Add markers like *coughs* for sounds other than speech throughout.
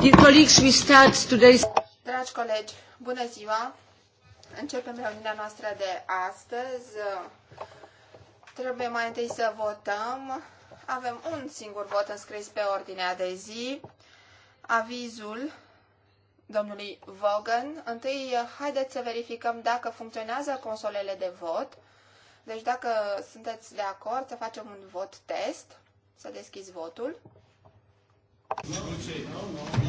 Dear colleagues, we start today's... Dragi colegi, bună ziua! Începem reuniunea noastră de astăzi. Trebuie mai întâi să votăm. Avem un singur vot înscris pe ordinea de zi. Avizul domnului Vogan. Întâi, haideți să verificăm dacă funcționează consolele de vot. Deci dacă sunteți de acord, să facem un vot test. Să deschizi votul. No, no, no.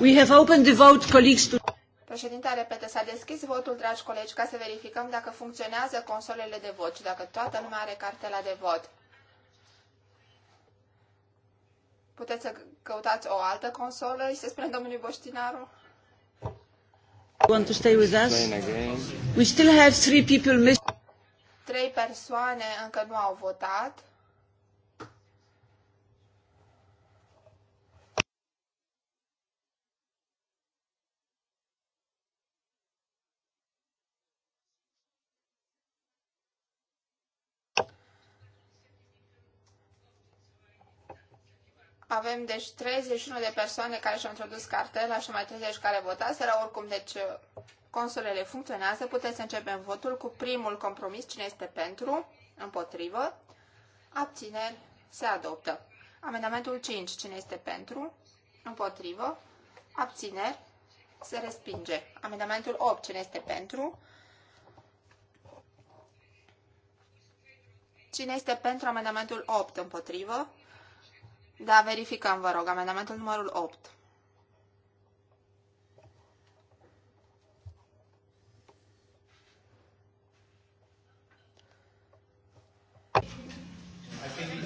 We have opened the vote, colleagues, to... Președinta repetă, s-a deschis votul, dragi colegi, ca să verificăm dacă funcționează consolele de vot și dacă toată lumea are cartela de vot. Puteți să căutați o altă consolă și să spunem domnului Boștinaru? Want to stay with us? We still have three people missing. Trei persoane încă nu au votat. Avem deci 31 de persoane care și-au introdus cartela și mai 30 care votaseră. Oricum, deci consolele funcționează. Puteți să începem votul cu primul compromis. Cine este pentru? Împotrivă? Abțineri? Se adoptă. Amendamentul 5. Cine este pentru? Împotrivă? Abțineri? Se respinge. Amendamentul 8. Cine este pentru? Cine este pentru amendamentul 8? Împotrivă? Da, verificăm, vă rog, amendamentul numărul 8.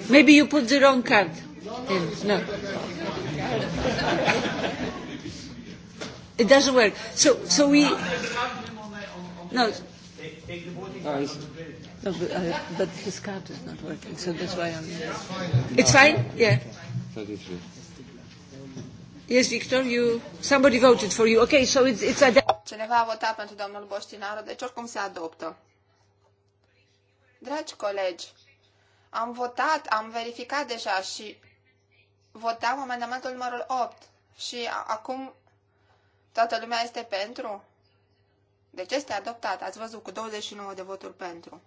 Maybe you put the wrong card. No. It doesn't work. So, so we. No. No, but, uh, but his card is not working, so that's why I'm. It's fine. Yeah. Yes, Victor, you... Somebody voted for you. Okay, so it's, it's a... Cineva a votat pentru domnul Boștinaru, deci oricum se adoptă. Dragi colegi, am votat, am verificat deja și votam amendamentul numărul 8 și acum toată lumea este pentru? Deci este adoptat, ați văzut, cu 29 de voturi pentru.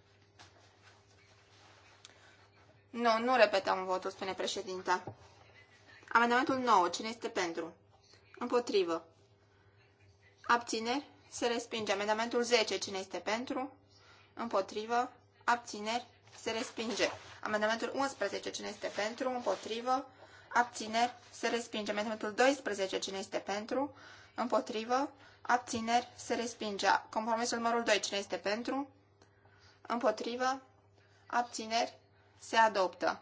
Nu, nu repetăm votul, spune președinta. Amendamentul 9. Cine este pentru? Împotrivă. Abțineri. Se respinge. Amendamentul 10. Cine este pentru? Împotrivă. Abțineri. Se respinge. Amendamentul 11. Cine este pentru? Împotrivă. Abțineri. Se respinge. Amendamentul 12. Cine este pentru? Împotrivă. Abțineri. Se respinge. Compromisul numărul 2. Cine este pentru? Împotrivă. Abțineri. Se adoptă.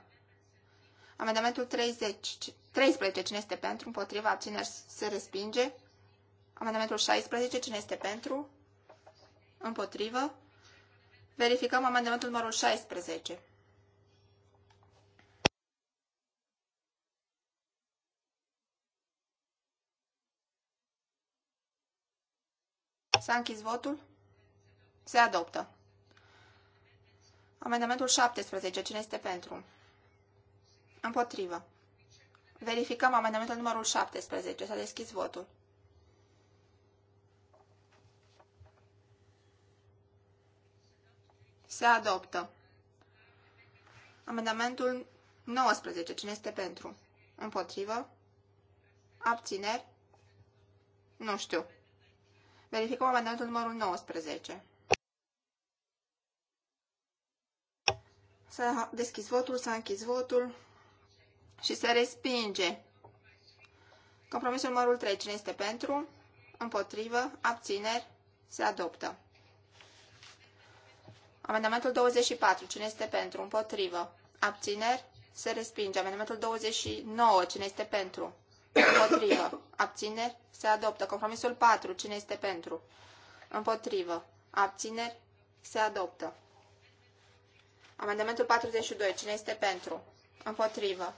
Amendamentul 30. 13. Cine este pentru? Împotriva Cine se respinge. Amendamentul 16. Cine este pentru? Împotrivă. Verificăm amendamentul numărul 16. S-a închis votul? Se adoptă. Amendamentul 17. Cine este pentru? Împotrivă. Verificăm amendamentul numărul 17. S-a deschis votul. Se adoptă. Amendamentul 19. Cine este pentru? Împotrivă? Abțineri? Nu știu. Verificăm amendamentul numărul 19. S-a deschis votul, s-a închis votul și se respinge. Compromisul numărul 3. Cine este pentru? Împotrivă? Abțineri? Se adoptă. Amendamentul 24. Cine este pentru? Împotrivă? Abțineri? Se respinge. Amendamentul 29. Cine este pentru? Împotrivă. Abțineri? Se adoptă. Compromisul 4. Cine este pentru? Împotrivă. Abțineri? Se adoptă. Amendamentul 42. Cine este pentru? Împotrivă.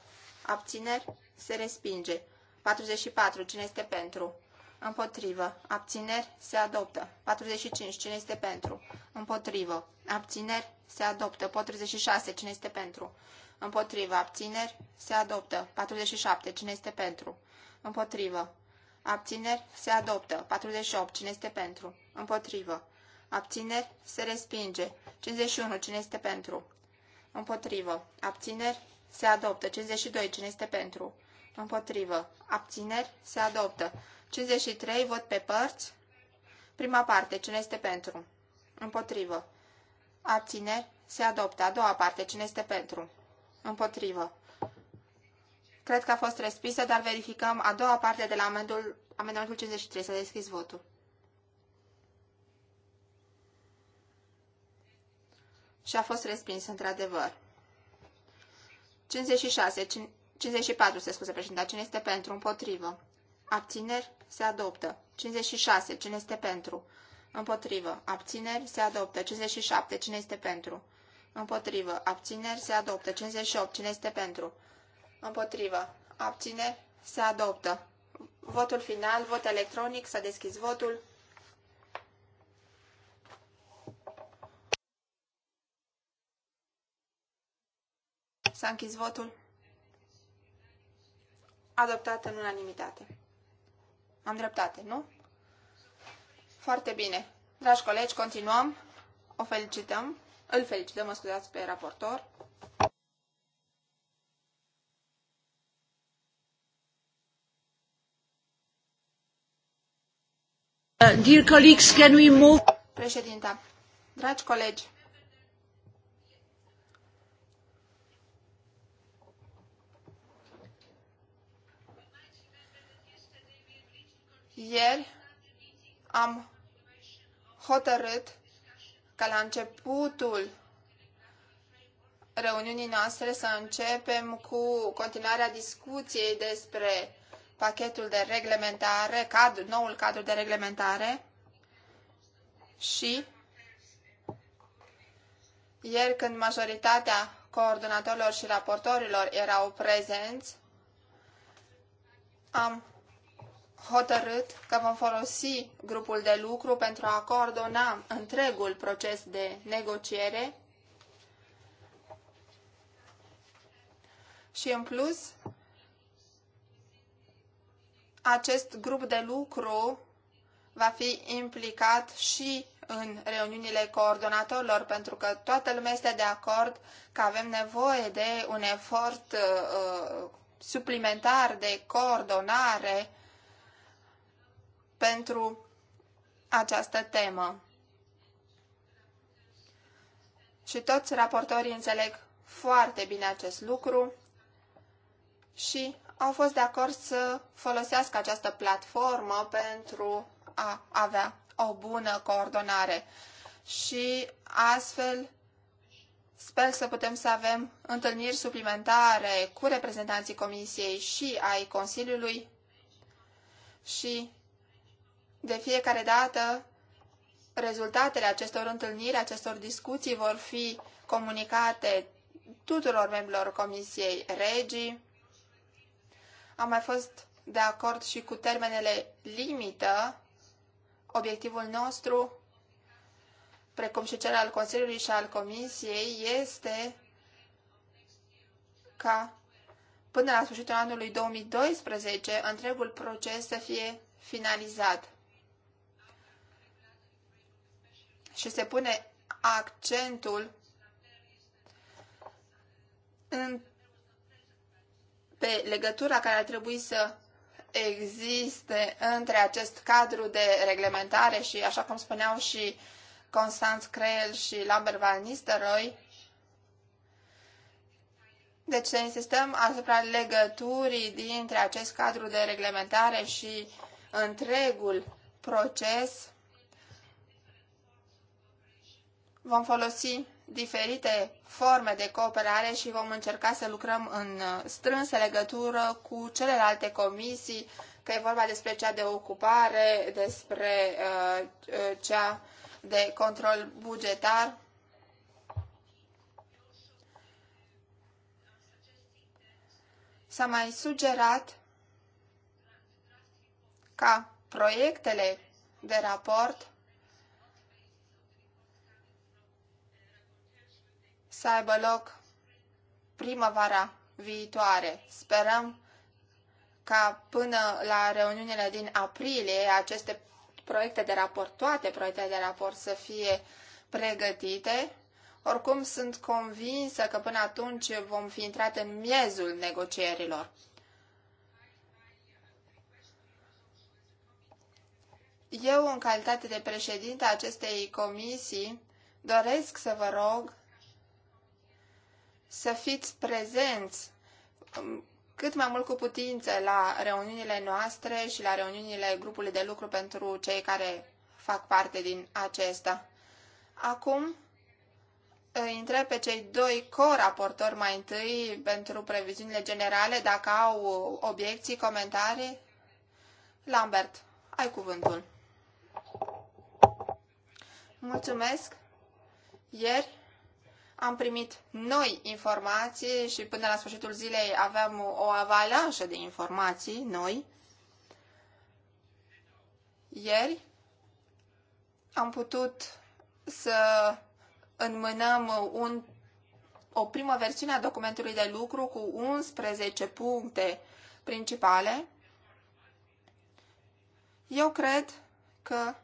Abțineri? Se respinge. 44. Cine este pentru? Împotrivă. Abțineri? Se adoptă. 45. Cine este pentru? Împotrivă. Abțineri? Se adoptă. 46. Cine este pentru? Împotrivă. Abțineri? Se adoptă. 47. Cine este pentru? Împotrivă. Abțineri? Se adoptă. 48. Cine este pentru? Împotrivă. Abțineri? Se respinge. 51. Cine este pentru? Împotrivă. Abțineri? se adoptă. 52. Cine este pentru? Împotrivă. Abțineri, se adoptă. 53. Vot pe părți. Prima parte. Cine este pentru? Împotrivă. Abțineri, se adoptă. A doua parte. Cine este pentru? Împotrivă. Cred că a fost respinsă, dar verificăm a doua parte de la amendul, amendamentul 53. Să deschis votul. Și a fost respinsă, într-adevăr. 56, 54, se scuze președinte. cine este pentru, împotrivă. Abțineri, se adoptă. 56, cine este pentru, împotrivă. Abțineri, se adoptă. 57, cine este pentru, împotrivă. Abțineri, se adoptă. 58, cine este pentru, împotrivă. Abțineri, se adoptă. Votul final, vot electronic, s-a deschis votul. S-a închis votul. Adoptat în unanimitate. Am dreptate, nu? Foarte bine. Dragi colegi, continuăm. O felicităm. Îl felicităm, mă scuzați, pe raportor. Uh, dear colleagues, can we move... Președinta, dragi colegi, Ieri am hotărât ca la începutul reuniunii noastre să începem cu continuarea discuției despre pachetul de reglementare, cadru, noul cadru de reglementare și ieri când majoritatea coordonatorilor și raportorilor erau prezenți, am hotărât că vom folosi grupul de lucru pentru a coordona întregul proces de negociere și în plus acest grup de lucru va fi implicat și în reuniunile coordonatorilor, pentru că toată lumea este de acord că avem nevoie de un efort uh, suplimentar de coordonare pentru această temă. Și toți raportorii înțeleg foarte bine acest lucru și au fost de acord să folosească această platformă pentru a avea o bună coordonare. Și astfel sper să putem să avem întâlniri suplimentare cu reprezentanții Comisiei și ai Consiliului și de fiecare dată, rezultatele acestor întâlniri, acestor discuții vor fi comunicate tuturor membrilor Comisiei Regii. Am mai fost de acord și cu termenele limită. Obiectivul nostru, precum și cel al Consiliului și al Comisiei, este ca până la sfârșitul anului 2012 întregul proces să fie finalizat. și se pune accentul în, pe legătura care ar trebui să existe între acest cadru de reglementare și, așa cum spuneau și Constanț Creel și Lambert Van Nistelrooy, deci să insistăm asupra legăturii dintre acest cadru de reglementare și întregul proces Vom folosi diferite forme de cooperare și vom încerca să lucrăm în uh, strânsă legătură cu celelalte comisii, că e vorba despre cea de ocupare, despre uh, uh cea de control bugetar. S-a mai sugerat ca proiectele de raport să aibă loc primăvara viitoare. Sperăm ca până la reuniunile din aprilie aceste proiecte de raport, toate proiectele de raport să fie pregătite. Oricum sunt convinsă că până atunci vom fi intrat în miezul negocierilor. Eu, în calitate de președinte acestei comisii, doresc să vă rog să fiți prezenți um, cât mai mult cu putință la reuniunile noastre și la reuniunile grupului de lucru pentru cei care fac parte din acesta. Acum intră pe cei doi co-raportori mai întâi pentru previziunile generale, dacă au obiecții, comentarii. Lambert, ai cuvântul. Mulțumesc. Ieri am primit noi informații și până la sfârșitul zilei aveam o avalanșă de informații noi. Ieri am putut să înmânăm un, o primă versiune a documentului de lucru cu 11 puncte principale. Eu cred că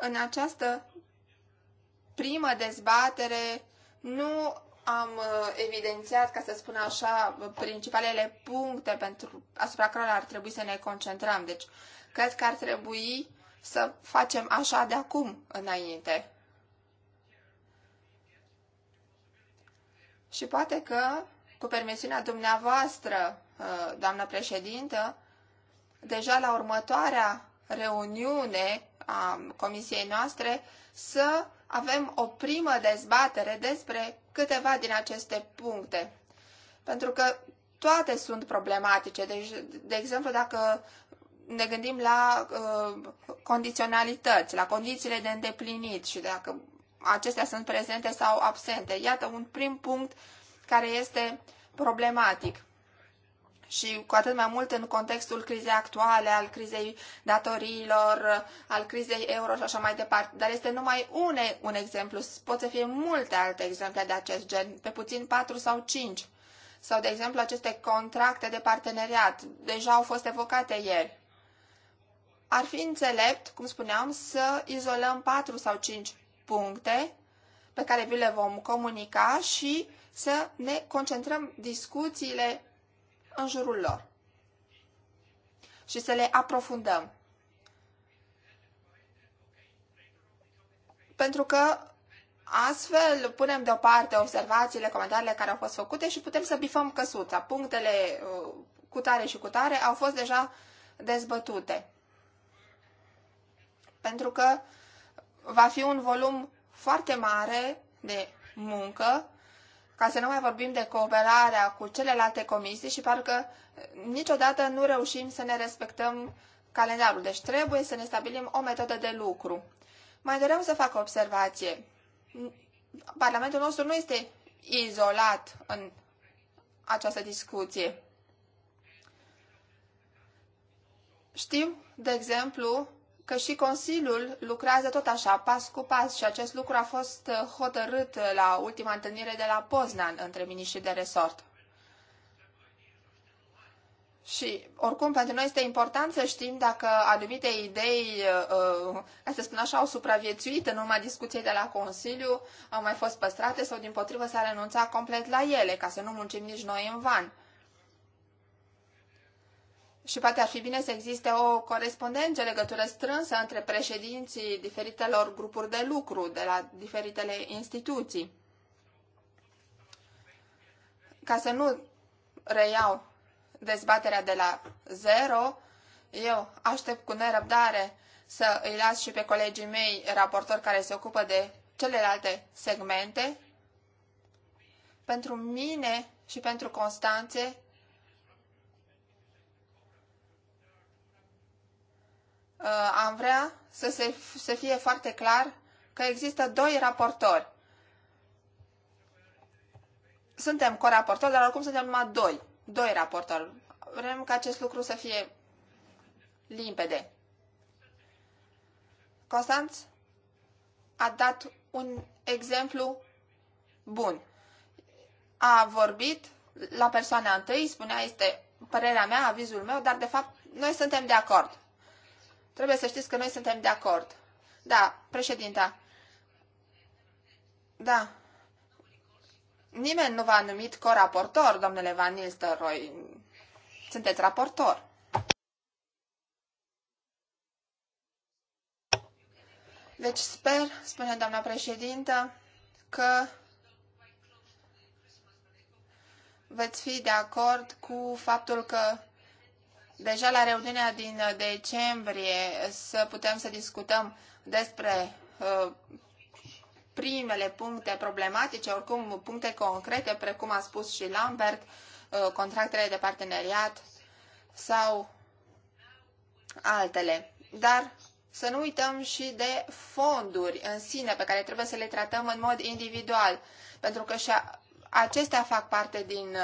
în această primă dezbatere nu am uh, evidențiat, ca să spun așa, principalele puncte pentru, asupra cărora ar trebui să ne concentrăm. Deci, cred că ar trebui să facem așa de acum înainte. Și poate că, cu permisiunea dumneavoastră, uh, doamnă președintă, deja la următoarea reuniune a comisiei noastre să avem o primă dezbatere despre câteva din aceste puncte. Pentru că toate sunt problematice. Deci, de exemplu, dacă ne gândim la uh, condiționalități, la condițiile de îndeplinit și dacă acestea sunt prezente sau absente. Iată un prim punct care este problematic și cu atât mai mult în contextul crizei actuale, al crizei datoriilor, al crizei euro și așa mai departe. Dar este numai une, un exemplu. Pot să fie multe alte exemple de acest gen, pe puțin patru sau cinci. Sau, de exemplu, aceste contracte de parteneriat. Deja au fost evocate ieri. Ar fi înțelept, cum spuneam, să izolăm patru sau cinci puncte pe care vi le vom comunica și să ne concentrăm discuțiile în jurul lor și să le aprofundăm. Pentru că astfel punem deoparte observațiile, comentariile care au fost făcute și putem să bifăm căsuța. Punctele uh, cu tare și cu tare au fost deja dezbătute. Pentru că va fi un volum foarte mare de muncă ca să nu mai vorbim de cooperarea cu celelalte comisii și parcă eh, niciodată nu reușim să ne respectăm calendarul. Deci trebuie să ne stabilim o metodă de lucru. Mai doream să fac o observație. Parlamentul nostru nu este izolat în această discuție. Știu, de exemplu, că și Consiliul lucrează tot așa, pas cu pas, și acest lucru a fost uh, hotărât uh, la ultima întâlnire de la Poznan între miniștrii de resort. Și, oricum, pentru noi este important să știm dacă anumite idei, ca uh, să spun așa, au supraviețuit în urma discuției de la Consiliu, au mai fost păstrate sau, din potrivă, s-a renunțat complet la ele, ca să nu muncim nici noi în van. Și poate ar fi bine să existe o corespondență, legătură strânsă între președinții diferitelor grupuri de lucru de la diferitele instituții. Ca să nu reiau dezbaterea de la zero, eu aștept cu nerăbdare să îi las și pe colegii mei raportori care se ocupă de celelalte segmente. Pentru mine și pentru Constanțe, Uh, am vrea să, se, să fie foarte clar că există doi raportori. Suntem coraportori, dar oricum suntem numai doi. Doi raportori. Vrem ca acest lucru să fie limpede. Constanț a dat un exemplu bun. A vorbit la persoana întâi, spunea este părerea mea, avizul meu, dar de fapt noi suntem de acord. Trebuie să știți că noi suntem de acord. Da, președinta. Da. Nimeni nu v-a numit coraportor, domnule Van Nistelrooy. Sunteți raportor. Deci sper, spune doamna președintă, că veți fi de acord cu faptul că deja la reuniunea din uh, decembrie să putem să discutăm despre uh, primele puncte problematice, oricum puncte concrete, precum a spus și Lambert, uh, contractele de parteneriat sau altele. Dar să nu uităm și de fonduri în sine pe care trebuie să le tratăm în mod individual, pentru că și acestea fac parte din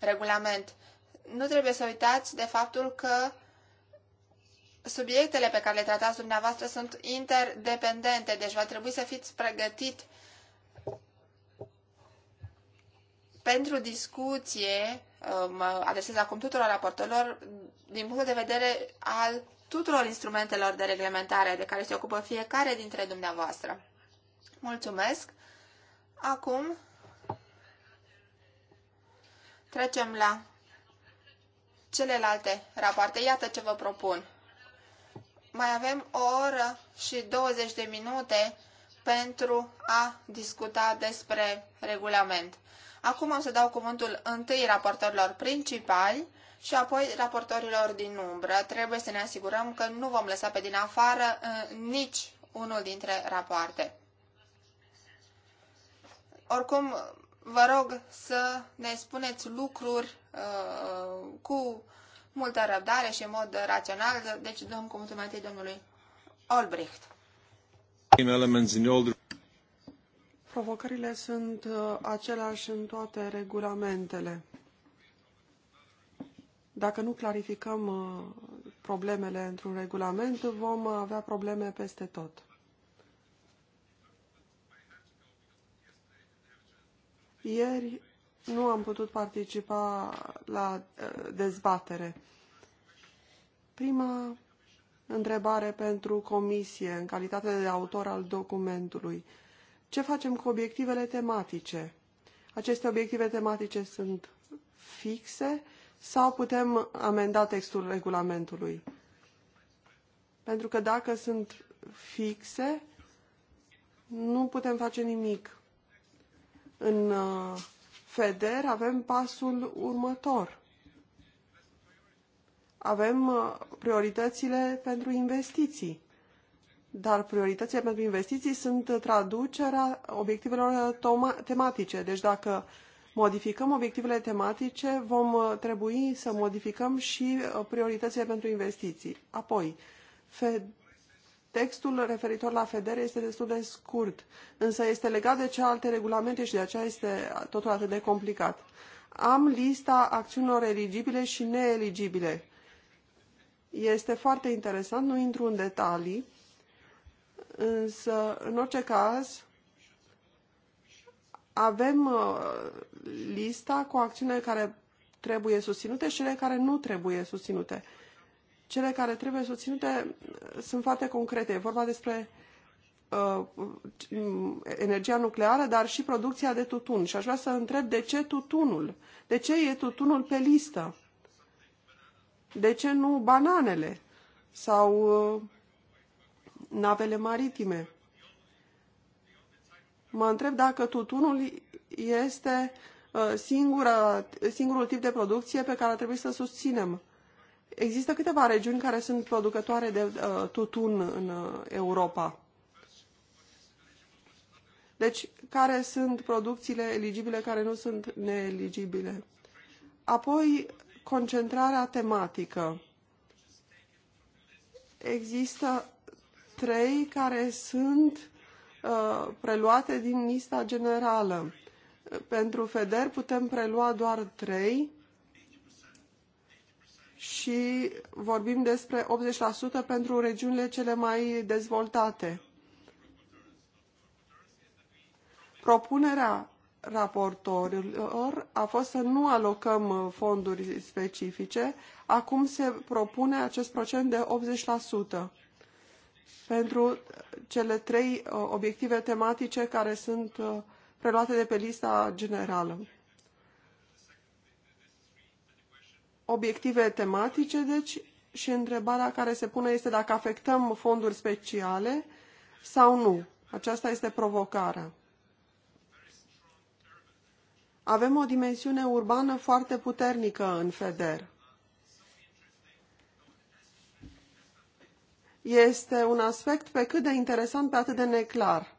regulament nu trebuie să uitați de faptul că subiectele pe care le tratați dumneavoastră sunt interdependente, deci va trebui să fiți pregătit pentru discuție, mă adresez acum tuturor raportorilor, din punctul de vedere al tuturor instrumentelor de reglementare de care se ocupă fiecare dintre dumneavoastră. Mulțumesc! Acum trecem la celelalte rapoarte. Iată ce vă propun. Mai avem o oră și 20 de minute pentru a discuta despre regulament. Acum o să dau cuvântul întâi raportorilor principali și apoi raportorilor din umbră. Trebuie să ne asigurăm că nu vom lăsa pe din afară ă, nici unul dintre rapoarte. Oricum, vă rog să ne spuneți lucruri uh, cu multă răbdare și în mod rațional. Deci dăm cu mai întâi domnului Olbricht. Provocările sunt uh, aceleași în toate regulamentele. Dacă nu clarificăm uh, problemele într-un regulament, vom avea probleme peste tot. Ieri nu am putut participa la eh, dezbatere. Prima întrebare pentru comisie, în calitate de autor al documentului. Ce facem cu obiectivele tematice? Aceste obiective tematice sunt fixe sau putem amenda textul regulamentului? Pentru că dacă sunt fixe, nu putem face nimic. În uh, FEDER avem pasul următor. Avem uh, prioritățile pentru investiții. Dar prioritățile pentru investiții sunt traducerea obiectivelor tematice. Deci dacă modificăm obiectivele tematice, vom uh, trebui să modificăm și prioritățile pentru investiții. Apoi, FEDER Textul referitor la FEDER este destul de scurt, însă este legat de cealaltă regulamente și de aceea este totul atât de complicat. Am lista acțiunilor eligibile și neeligibile. Este foarte interesant, nu intru în detalii, însă, în orice caz, avem uh, lista cu acțiunile care trebuie susținute și cele care nu trebuie susținute. Cele care trebuie susținute uh, sunt foarte concrete. E vorba despre uh, energia nucleară, dar și producția de tutun. Și aș vrea să întreb de ce tutunul? De ce e tutunul pe listă? De ce nu bananele sau uh, navele maritime? Mă întreb dacă tutunul este uh, singura, singurul tip de producție pe care trebuie să susținem. Există câteva regiuni care sunt producătoare de uh, tutun în uh, Europa. Deci, care sunt producțiile eligibile, care nu sunt neeligibile? Apoi, concentrarea tematică. Există trei care sunt uh, preluate din lista generală. Pentru FEDER putem prelua doar trei și vorbim despre 80% pentru regiunile cele mai dezvoltate. Propunerea raportorilor a fost să nu alocăm fonduri specifice. Acum se propune acest procent de 80% pentru cele trei uh, obiective tematice care sunt uh, preluate de pe lista generală. obiective tematice, deci, și întrebarea care se pune este dacă afectăm fonduri speciale sau nu. Aceasta este provocarea. Avem o dimensiune urbană foarte puternică în FEDER. Este un aspect pe cât de interesant, pe atât de neclar.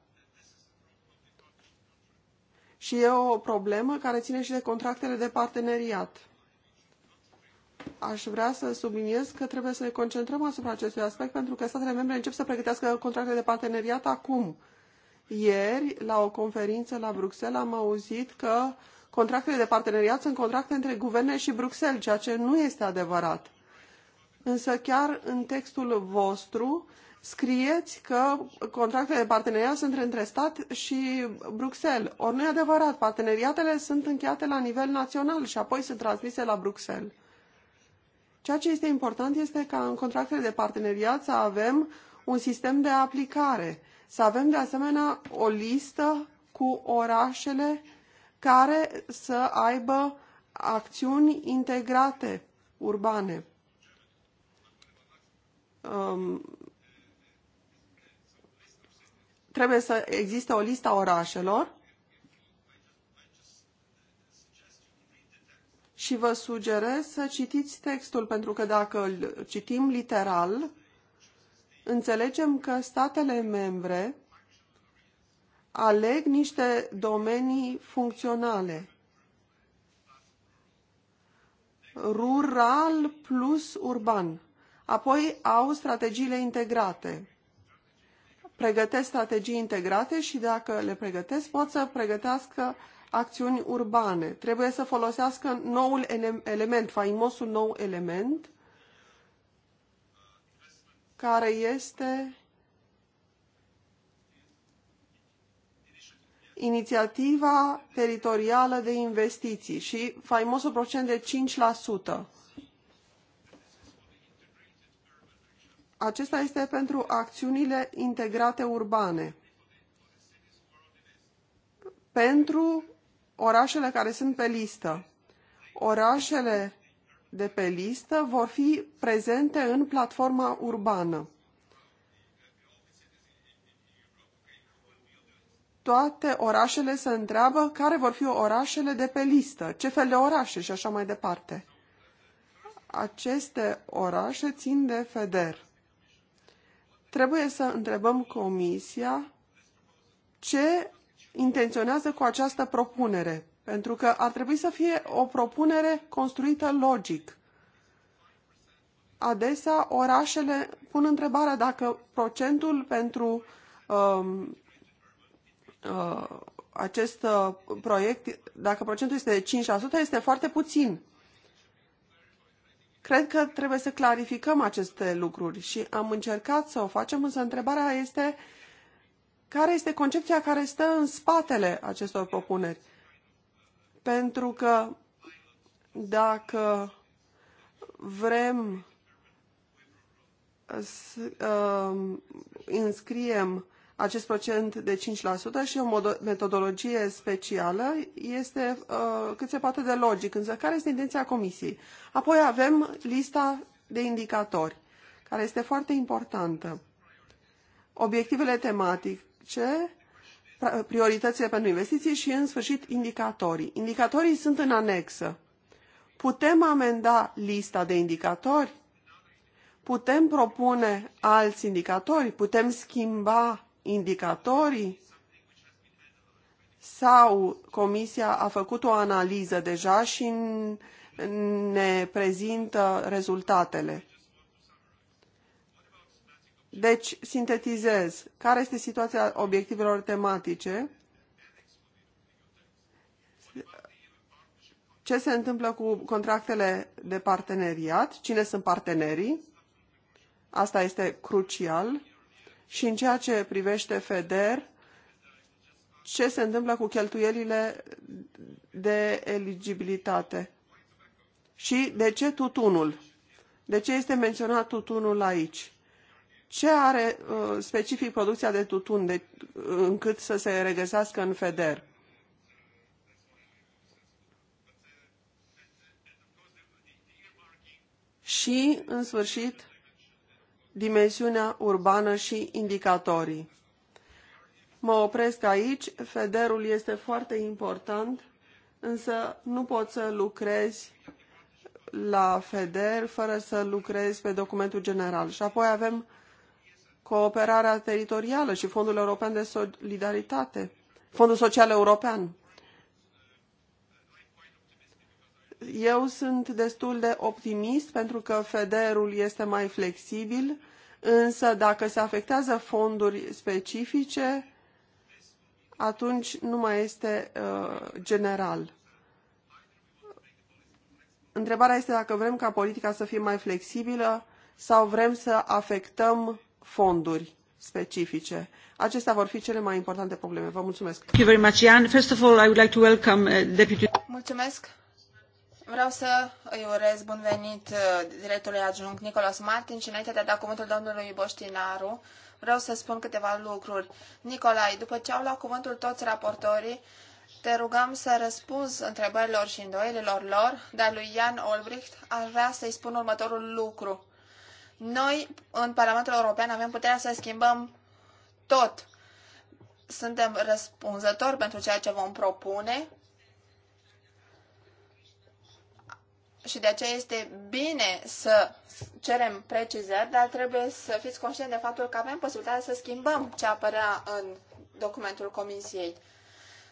Și e o problemă care ține și de contractele de parteneriat aș vrea să subliniez că trebuie să ne concentrăm asupra acestui aspect pentru că statele membre încep să pregătească contracte de parteneriat acum. Ieri, la o conferință la Bruxelles, am auzit că contractele de parteneriat sunt contracte între guverne și Bruxelles, ceea ce nu este adevărat. Însă chiar în textul vostru scrieți că contractele de parteneriat sunt între stat și Bruxelles. Ori nu e adevărat, parteneriatele sunt încheiate la nivel național și apoi sunt transmise la Bruxelles. Ceea ce este important este ca în contractele de parteneriat să avem un sistem de aplicare, să avem de asemenea o listă cu orașele care să aibă acțiuni integrate urbane. Um, trebuie să existe o listă orașelor și vă sugerez să citiți textul, pentru că dacă îl citim literal, înțelegem că statele membre aleg niște domenii funcționale. Rural plus urban. Apoi au strategiile integrate. Pregătesc strategii integrate și dacă le pregătesc pot să pregătească acțiuni urbane. Trebuie să folosească noul element, faimosul nou element, care este inițiativa teritorială de investiții și faimosul procent de 5%. Acesta este pentru acțiunile integrate urbane. Pentru orașele care sunt pe listă. Orașele de pe listă vor fi prezente în platforma urbană. Toate orașele se întreabă care vor fi orașele de pe listă, ce fel de orașe și așa mai departe. Aceste orașe țin de FEDER. Trebuie să întrebăm Comisia ce intenționează cu această propunere, pentru că ar trebui să fie o propunere construită logic. Adesea, orașele pun întrebarea dacă procentul pentru um, uh, acest uh, proiect, dacă procentul este de 5%, este foarte puțin. Cred că trebuie să clarificăm aceste lucruri și am încercat să o facem, însă întrebarea este uh, care este concepția care stă în spatele acestor propuneri? Pentru că dacă vrem să uh, înscriem acest procent de 5% și o metodologie specială este uh, cât se poate de logic. Însă care este intenția comisiei? Apoi avem lista de indicatori, care este foarte importantă. Obiectivele tematic, ce prioritățile pentru investiții și, în sfârșit, indicatorii. Indicatorii sunt în anexă. Putem amenda lista de indicatori? Putem propune alți indicatori? Putem schimba indicatorii? Sau Comisia a făcut o analiză deja și ne prezintă rezultatele? Deci, sintetizez. Care este situația obiectivelor tematice? Ce se întâmplă cu contractele de parteneriat? Cine sunt partenerii? Asta este crucial. Și în ceea ce privește FEDER, ce se întâmplă cu cheltuielile de eligibilitate? Și de ce tutunul? De ce este menționat tutunul aici? ce are uh, specific producția de tutun de, uh, încât să se regăsească în FEDER? Și, în sfârșit, dimensiunea urbană și indicatorii. Mă opresc aici, federul este foarte important, însă nu poți să lucrezi la FEDER fără să lucrezi pe documentul general. Și apoi avem cooperarea teritorială și Fondul European de Solidaritate, Fondul Social European. Eu sunt destul de optimist pentru că federul este mai flexibil, însă dacă se afectează fonduri specifice, atunci nu mai este uh, general. Întrebarea este dacă vrem ca politica să fie mai flexibilă sau vrem să afectăm fonduri specifice. Acestea vor fi cele mai importante probleme. Vă mulțumesc. Thank you very much, Ian. First of all, I would like to welcome uh, Deputy... Mulțumesc. Vreau să îi urez bun venit uh, directorului adjunct Nicolas Martin și înainte de a da cuvântul domnului Boștinaru, vreau să spun câteva lucruri. Nicolai, după ce au luat cuvântul toți raportorii, te rugăm să răspunzi întrebărilor și îndoielilor lor, dar lui Ian Olbricht aș vrea să-i spun următorul lucru. Noi, în Parlamentul European, avem puterea să schimbăm tot. Suntem răspunzători pentru ceea ce vom propune și de aceea este bine să cerem precizări, dar trebuie să fiți conștienți de faptul că avem posibilitatea să schimbăm ce apărea în documentul Comisiei.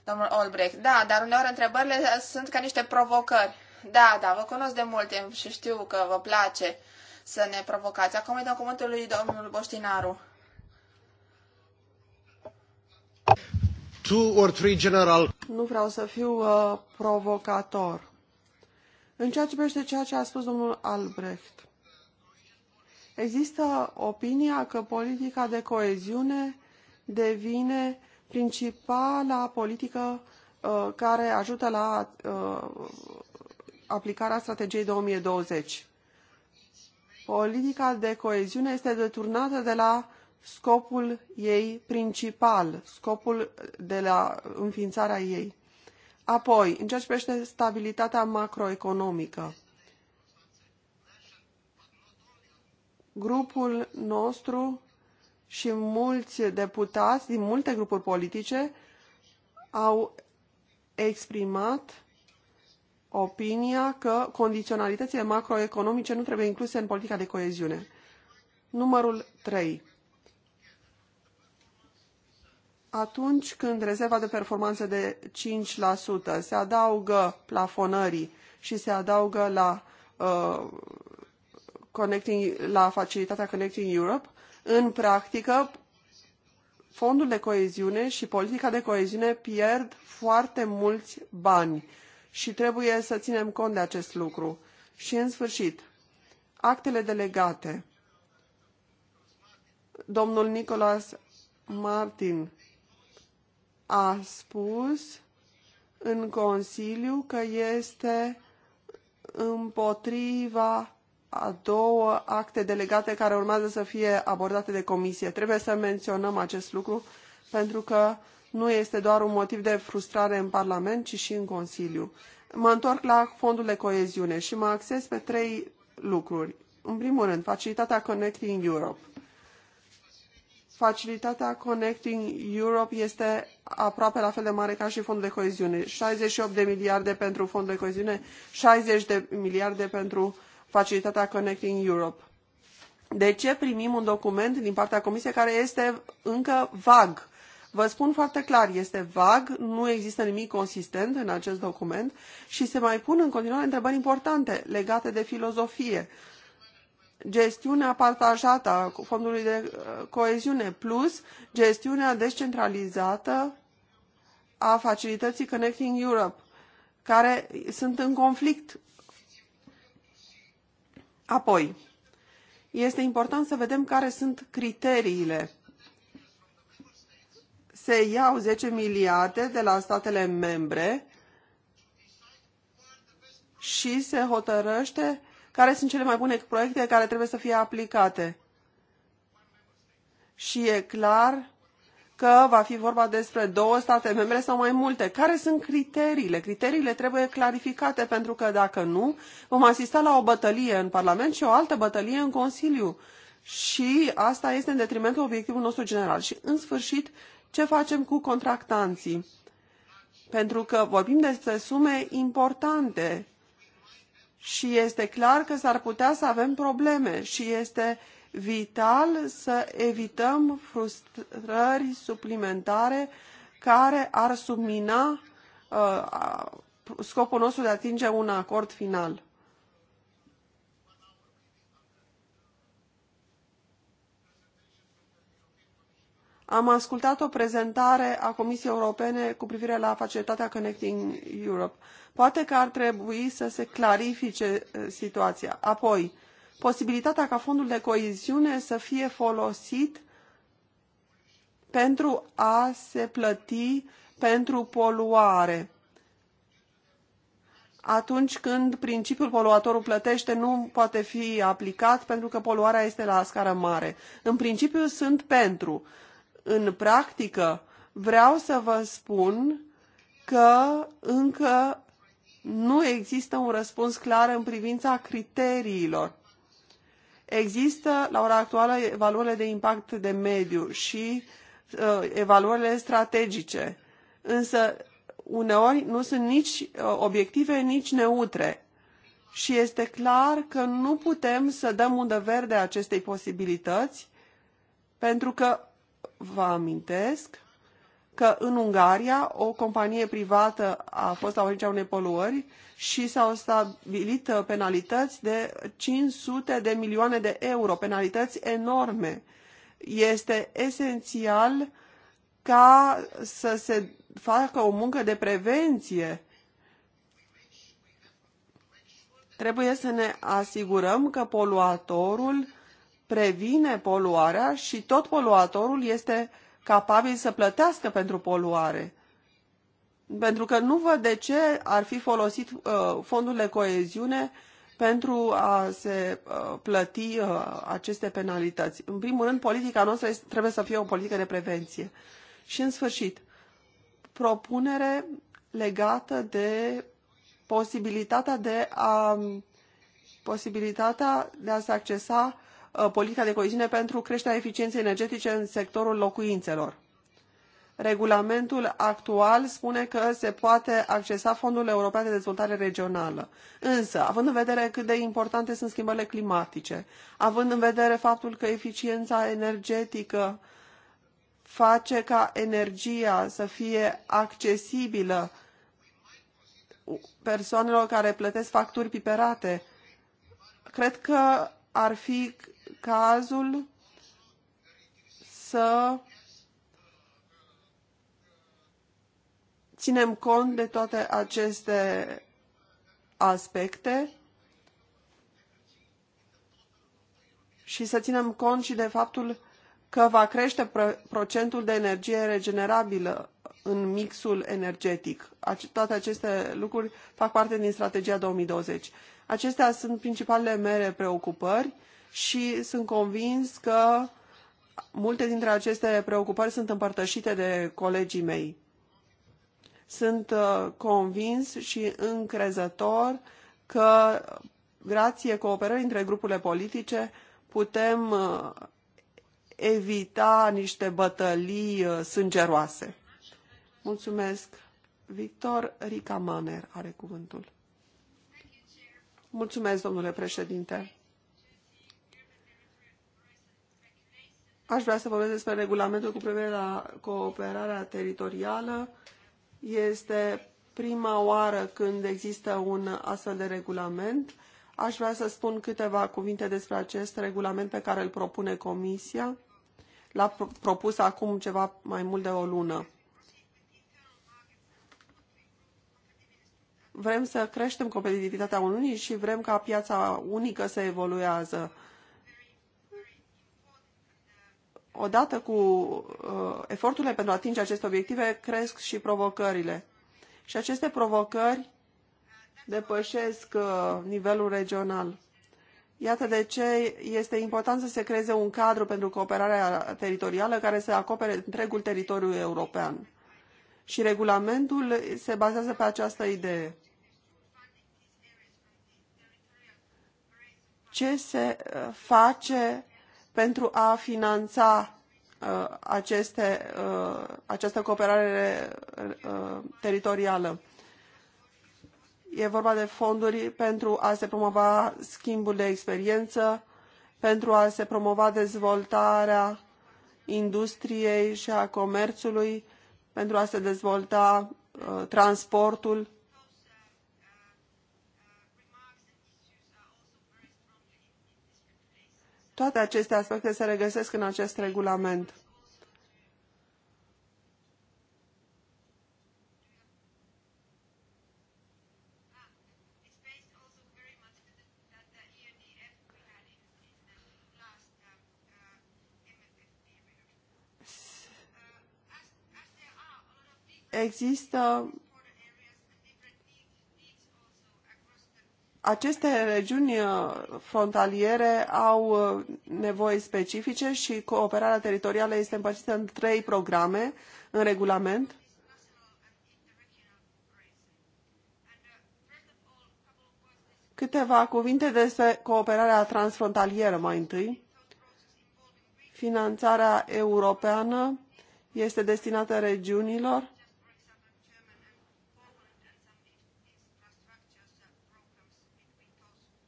Domnul Olbrecht, da, dar uneori întrebările sunt ca niște provocări. Da, da, vă cunosc de mult timp și știu că vă place să ne provocați. Acum îi dau cuvântul lui domnul Boștinaru. Two or three general. Nu vreau să fiu uh, provocator. În ceea ce privește ceea ce a spus domnul Albrecht, există opinia că politica de coeziune devine principala politică uh, care ajută la uh, aplicarea strategiei 2020 politica de coeziune este deturnată de la scopul ei principal, scopul de la înființarea ei. Apoi, în ceea ce privește stabilitatea macroeconomică, grupul nostru și mulți deputați din multe grupuri politice au exprimat opinia că condiționalitățile macroeconomice nu trebuie incluse în politica de coeziune. Numărul 3. Atunci când rezerva de performanță de 5% se adaugă plafonării și se adaugă la, uh, connecting, la facilitatea Connecting Europe, în practică, fondul de coeziune și politica de coeziune pierd foarte mulți bani și trebuie să ținem cont de acest lucru. Și în sfârșit, actele delegate. Domnul Nicolas Martin a spus în Consiliu că este împotriva a două acte delegate care urmează să fie abordate de comisie. Trebuie să menționăm acest lucru pentru că nu este doar un motiv de frustrare în Parlament, ci și în Consiliu. Mă întorc la fondul de coeziune și mă axez pe trei lucruri. În primul rând, facilitatea Connecting Europe. Facilitatea Connecting Europe este aproape la fel de mare ca și fondul de coeziune. 68 de miliarde pentru fondul de coeziune, 60 de miliarde pentru facilitatea Connecting Europe. De ce primim un document din partea Comisiei care este încă vag? Vă spun foarte clar, este vag, nu există nimic consistent în acest document și se mai pun în continuare întrebări importante legate de filozofie. Gestiunea partajată a fondului de uh, coeziune plus gestiunea descentralizată a facilității Connecting Europe, care sunt în conflict. Apoi, este important să vedem care sunt criteriile se iau 10 miliarde de la statele membre și se hotărăște care sunt cele mai bune proiecte care trebuie să fie aplicate. Și e clar că va fi vorba despre două state membre sau mai multe. Care sunt criteriile? Criteriile trebuie clarificate pentru că dacă nu, vom asista la o bătălie în Parlament și o altă bătălie în Consiliu. Și asta este în detrimentul obiectivului nostru general. Și în sfârșit, ce facem cu contractanții? Pentru că vorbim despre sume importante și este clar că s-ar putea să avem probleme și este vital să evităm frustrări suplimentare care ar submina uh, scopul nostru de a atinge un acord final. Am ascultat o prezentare a Comisiei Europene cu privire la facilitatea Connecting Europe. Poate că ar trebui să se clarifice eh, situația. Apoi, posibilitatea ca fondul de coeziune să fie folosit pentru a se plăti pentru poluare. Atunci când principiul poluatorul plătește nu poate fi aplicat pentru că poluarea este la scară mare. În principiu sunt pentru, în practică, vreau să vă spun că încă nu există un răspuns clar în privința criteriilor. Există, la ora actuală, evaluările de impact de mediu și uh, evaluările strategice, însă uneori nu sunt nici uh, obiective, nici neutre. Și este clar că nu putem să dăm undă verde acestei posibilități, pentru că vă amintesc că în Ungaria o companie privată a fost la originea unei poluări și s-au stabilit uh, penalități de 500 de milioane de euro, penalități enorme. Este esențial ca să se facă o muncă de prevenție. Trebuie să ne asigurăm că poluatorul previne poluarea și tot poluatorul este capabil să plătească pentru poluare. Pentru că nu văd de ce ar fi folosit uh, fondul de coeziune pentru a se uh, plăti uh, aceste penalități. În primul rând, politica noastră este, trebuie să fie o politică de prevenție. Și în sfârșit, propunere legată de posibilitatea de a posibilitatea de a se accesa Uh, politica de coeziune pentru creșterea eficienței energetice în sectorul locuințelor. Regulamentul actual spune că se poate accesa Fondul European de Dezvoltare Regională. Însă, având în vedere cât de importante sunt schimbările climatice, având în vedere faptul că eficiența energetică face ca energia să fie accesibilă persoanelor care plătesc facturi piperate, cred că ar fi cazul să ținem cont de toate aceste aspecte și să ținem cont și de faptul că va crește procentul de energie regenerabilă în mixul energetic. Toate aceste lucruri fac parte din strategia 2020. Acestea sunt principalele mele preocupări și sunt convins că multe dintre aceste preocupări sunt împărtășite de colegii mei. Sunt uh, convins și încrezător că, grație cooperării între grupurile politice, putem uh, evita niște bătălii uh, sângeroase. Mulțumesc. Victor Rica Maner are cuvântul. Mulțumesc, domnule președinte. Aș vrea să vorbesc despre regulamentul cu privire la cooperarea teritorială. Este prima oară când există un astfel de regulament. Aș vrea să spun câteva cuvinte despre acest regulament pe care îl propune Comisia. L-a propus acum ceva mai mult de o lună. Vrem să creștem competitivitatea Uniunii și vrem ca piața unică să evoluează. odată cu uh, eforturile pentru a atinge aceste obiective, cresc și provocările. Și aceste provocări depășesc uh, nivelul regional. Iată de ce este important să se creeze un cadru pentru cooperarea teritorială care să acopere întregul teritoriu european. Și regulamentul se bazează pe această idee. Ce se uh, face pentru a finanța uh, aceste, uh, această cooperare uh, teritorială. E vorba de fonduri pentru a se promova schimbul de experiență, pentru a se promova dezvoltarea industriei și a comerțului, pentru a se dezvolta uh, transportul Toate aceste aspecte se regăsesc în acest regulament. există aceste regiuni uh, frontaliere au uh, nevoi specifice și cooperarea teritorială este împărțită în trei programe în regulament. Câteva cuvinte despre cooperarea transfrontalieră mai întâi. Finanțarea europeană este destinată regiunilor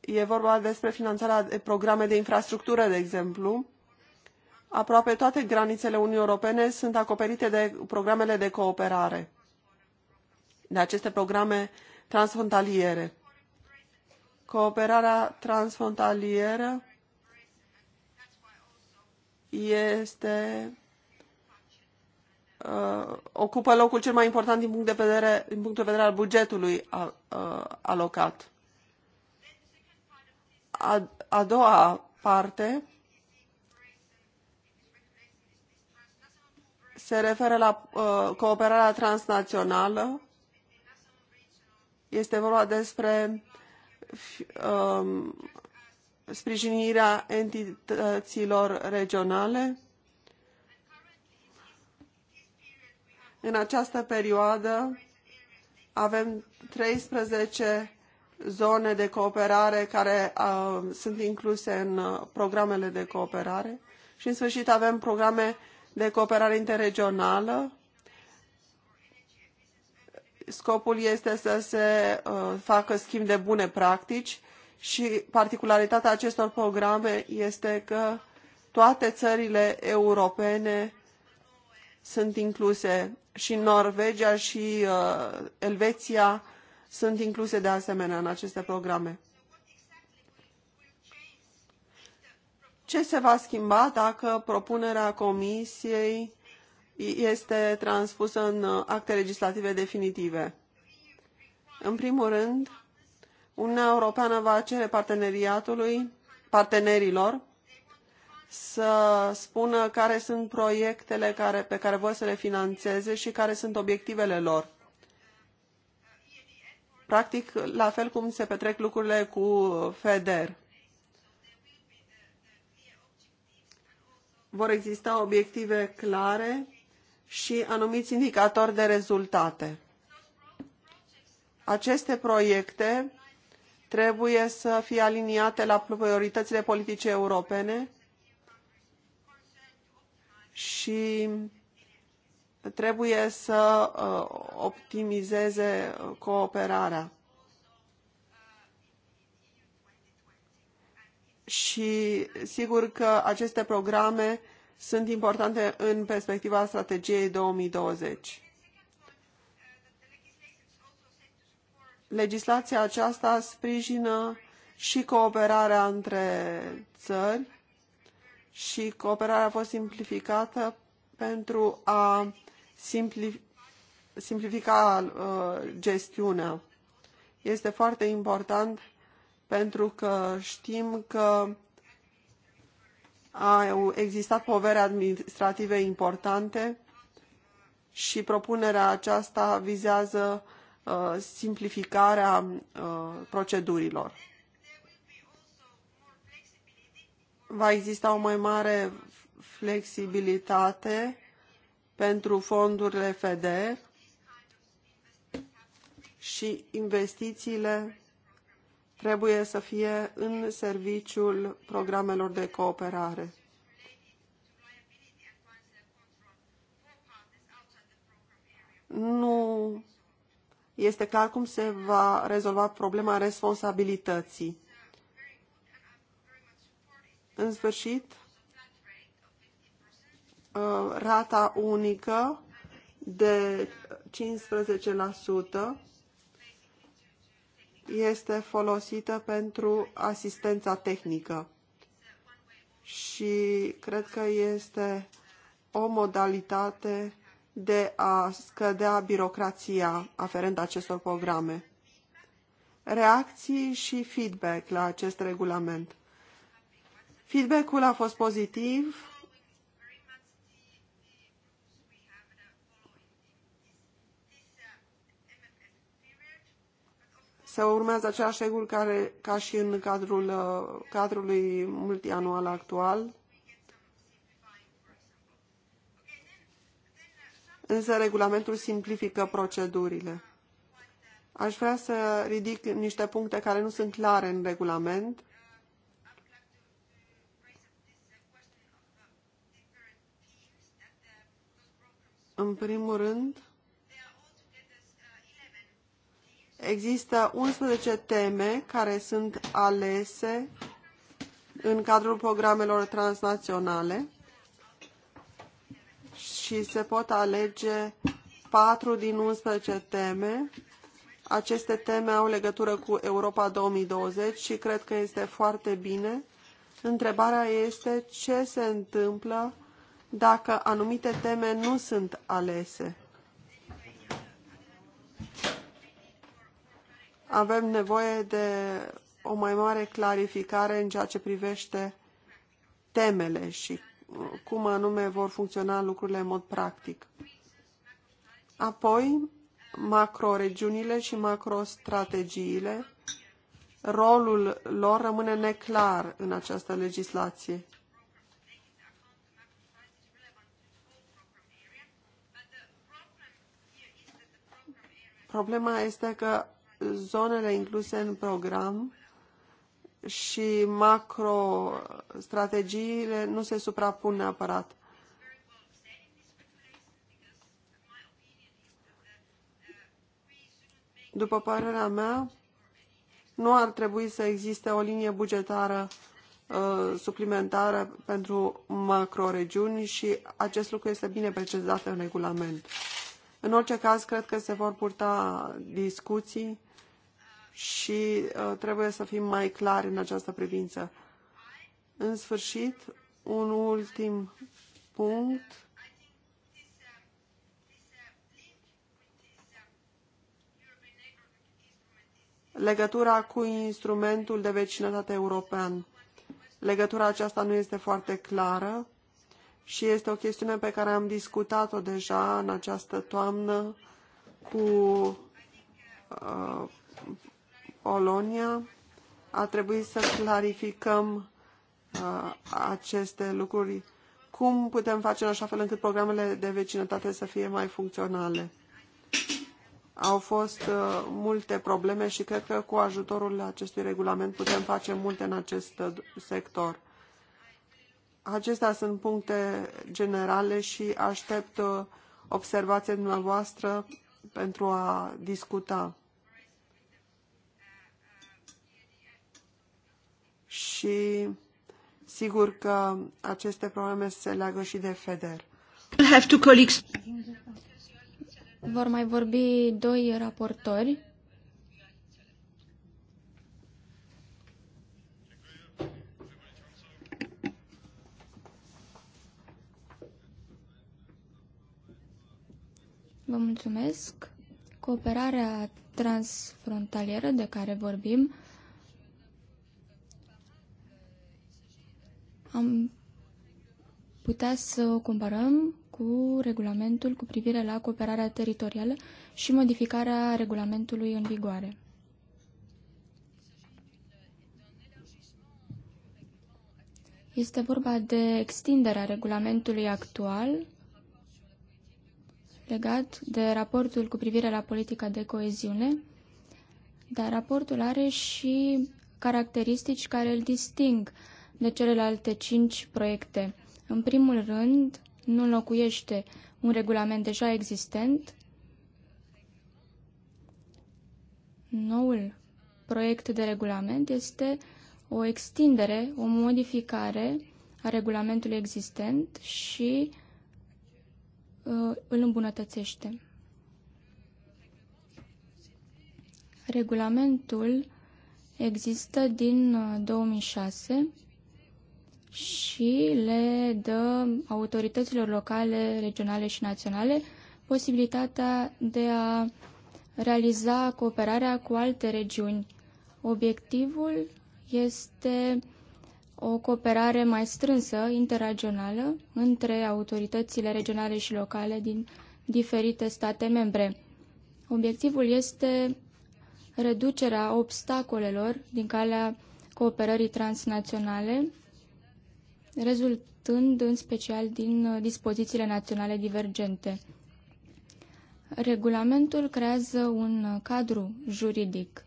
E vorba despre finanțarea de programe de infrastructură, de exemplu. Aproape toate granițele Uniunii Europene sunt acoperite de programele de cooperare, de aceste programe transfrontaliere. Cooperarea transfrontalieră este uh, ocupă locul cel mai important din punct de vedere, din punct de vedere al bugetului uh, uh alocat. A, a doua parte se referă la uh, cooperarea transnațională. Este vorba despre uh, sprijinirea entităților regionale. În această perioadă avem 13 zone de cooperare care uh, sunt incluse în uh, programele de cooperare și, în sfârșit, avem programe de cooperare interregională. Scopul este să se uh, facă schimb de bune practici și particularitatea acestor programe este că toate țările europene sunt incluse și Norvegia și uh, Elveția sunt incluse de asemenea în aceste programe. Ce se va schimba dacă propunerea Comisiei este transpusă în acte legislative definitive? În primul rând, Uniunea Europeană va cere parteneriatului, partenerilor să spună care sunt proiectele care, pe care vor să le financeze și care sunt obiectivele lor practic la fel cum se petrec lucrurile cu FEDER. Vor exista obiective clare și anumiți indicatori de rezultate. Aceste proiecte trebuie să fie aliniate la prioritățile politice europene și trebuie să uh, optimizeze uh, cooperarea. Și sigur că aceste programe sunt importante în perspectiva strategiei 2020. Legislația aceasta sprijină și cooperarea între țări și cooperarea a fost simplificată pentru a simplifica uh, gestiunea. Este foarte important pentru că știm că au existat povere administrative importante și propunerea aceasta vizează uh, simplificarea uh, procedurilor. Va exista o mai mare flexibilitate pentru fondurile FEDER și investițiile trebuie să fie în serviciul programelor de cooperare. Nu este clar cum se va rezolva problema responsabilității. În sfârșit, Uh, rata unică de 15% este folosită pentru asistența tehnică și cred că este o modalitate de a scădea birocrația aferent acestor programe. Reacții și feedback la acest regulament. Feedback-ul a fost pozitiv, se urmează aceeași reguli care, ca și în cadrul uh, cadrului multianual actual. Însă regulamentul simplifică procedurile. Aș vrea să ridic niște puncte care nu sunt clare în regulament. În primul rând, Există 11 teme care sunt alese în cadrul programelor transnaționale și se pot alege 4 din 11 teme. Aceste teme au legătură cu Europa 2020 și cred că este foarte bine. Întrebarea este ce se întâmplă dacă anumite teme nu sunt alese. avem nevoie de o mai mare clarificare în ceea ce privește temele și uh, cum anume vor funcționa lucrurile în mod practic. Apoi, macroregiunile și macrostrategiile, rolul lor rămâne neclar în această legislație. Problema este că zonele incluse în program și macro-strategiile nu se suprapun neapărat. După părerea mea, nu ar trebui să existe o linie bugetară uh, suplimentară pentru macroregiuni și acest lucru este bine precizat în regulament. În orice caz, cred că se vor purta discuții și uh, trebuie să fim mai clari în această privință. În sfârșit, un ultim punct. Legătura cu instrumentul de vecinătate european. Legătura aceasta nu este foarte clară și este o chestiune pe care am discutat-o deja în această toamnă cu uh, Polonia a trebuit să clarificăm uh, aceste lucruri. Cum putem face în așa fel încât programele de vecinătate să fie mai funcționale? Au fost uh, multe probleme și cred că cu ajutorul acestui regulament putem face multe în acest uh, sector. Acestea sunt puncte generale și aștept uh, observația dumneavoastră pentru a discuta. și sigur că aceste probleme se leagă și de FEDER. Vor mai vorbi doi raportori. Vă mulțumesc. Cooperarea transfrontalieră de care vorbim am putea să comparăm cu regulamentul cu privire la cooperarea teritorială și modificarea regulamentului în vigoare. Este vorba de extinderea regulamentului actual legat de raportul cu privire la politica de coeziune, dar raportul are și caracteristici care îl disting de celelalte cinci proiecte. În primul rând, nu înlocuiește un regulament deja existent. Noul proiect de regulament este o extindere, o modificare a regulamentului existent și uh, îl îmbunătățește. Regulamentul există din 2006 uh, și le dă autorităților locale, regionale și naționale posibilitatea de a realiza cooperarea cu alte regiuni. Obiectivul este o cooperare mai strânsă, interregională, între autoritățile regionale și locale din diferite state membre. Obiectivul este reducerea obstacolelor din calea cooperării transnaționale rezultând în special din uh, dispozițiile naționale divergente. Regulamentul creează un uh, cadru juridic.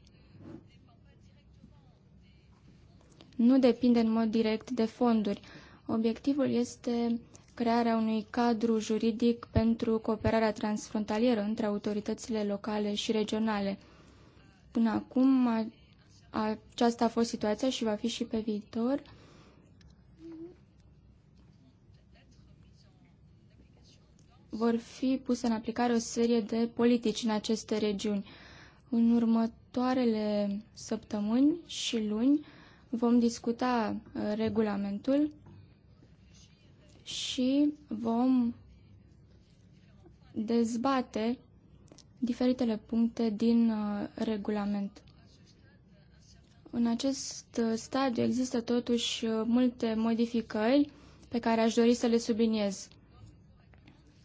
Nu depinde în mod direct de fonduri. Obiectivul este crearea unui cadru juridic pentru cooperarea transfrontalieră între autoritățile locale și regionale. Până acum aceasta a fost situația și va fi și pe viitor. vor fi puse în aplicare o serie de politici în aceste regiuni. În următoarele săptămâni și luni vom discuta uh, regulamentul și vom dezbate diferitele puncte din uh, regulament. În acest uh, stadiu există totuși multe modificări pe care aș dori să le subliniez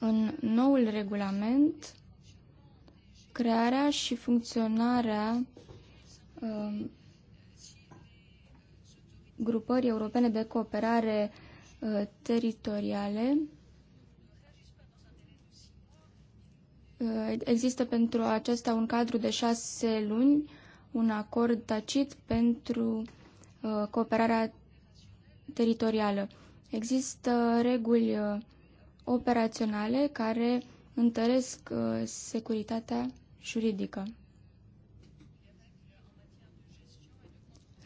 în noul regulament crearea și funcționarea um, grupării europene de cooperare uh, teritoriale uh, Există pentru acesta un cadru de șase luni, un acord tacit pentru uh, cooperarea teritorială. Există reguli operaționale care întăresc uh, securitatea juridică.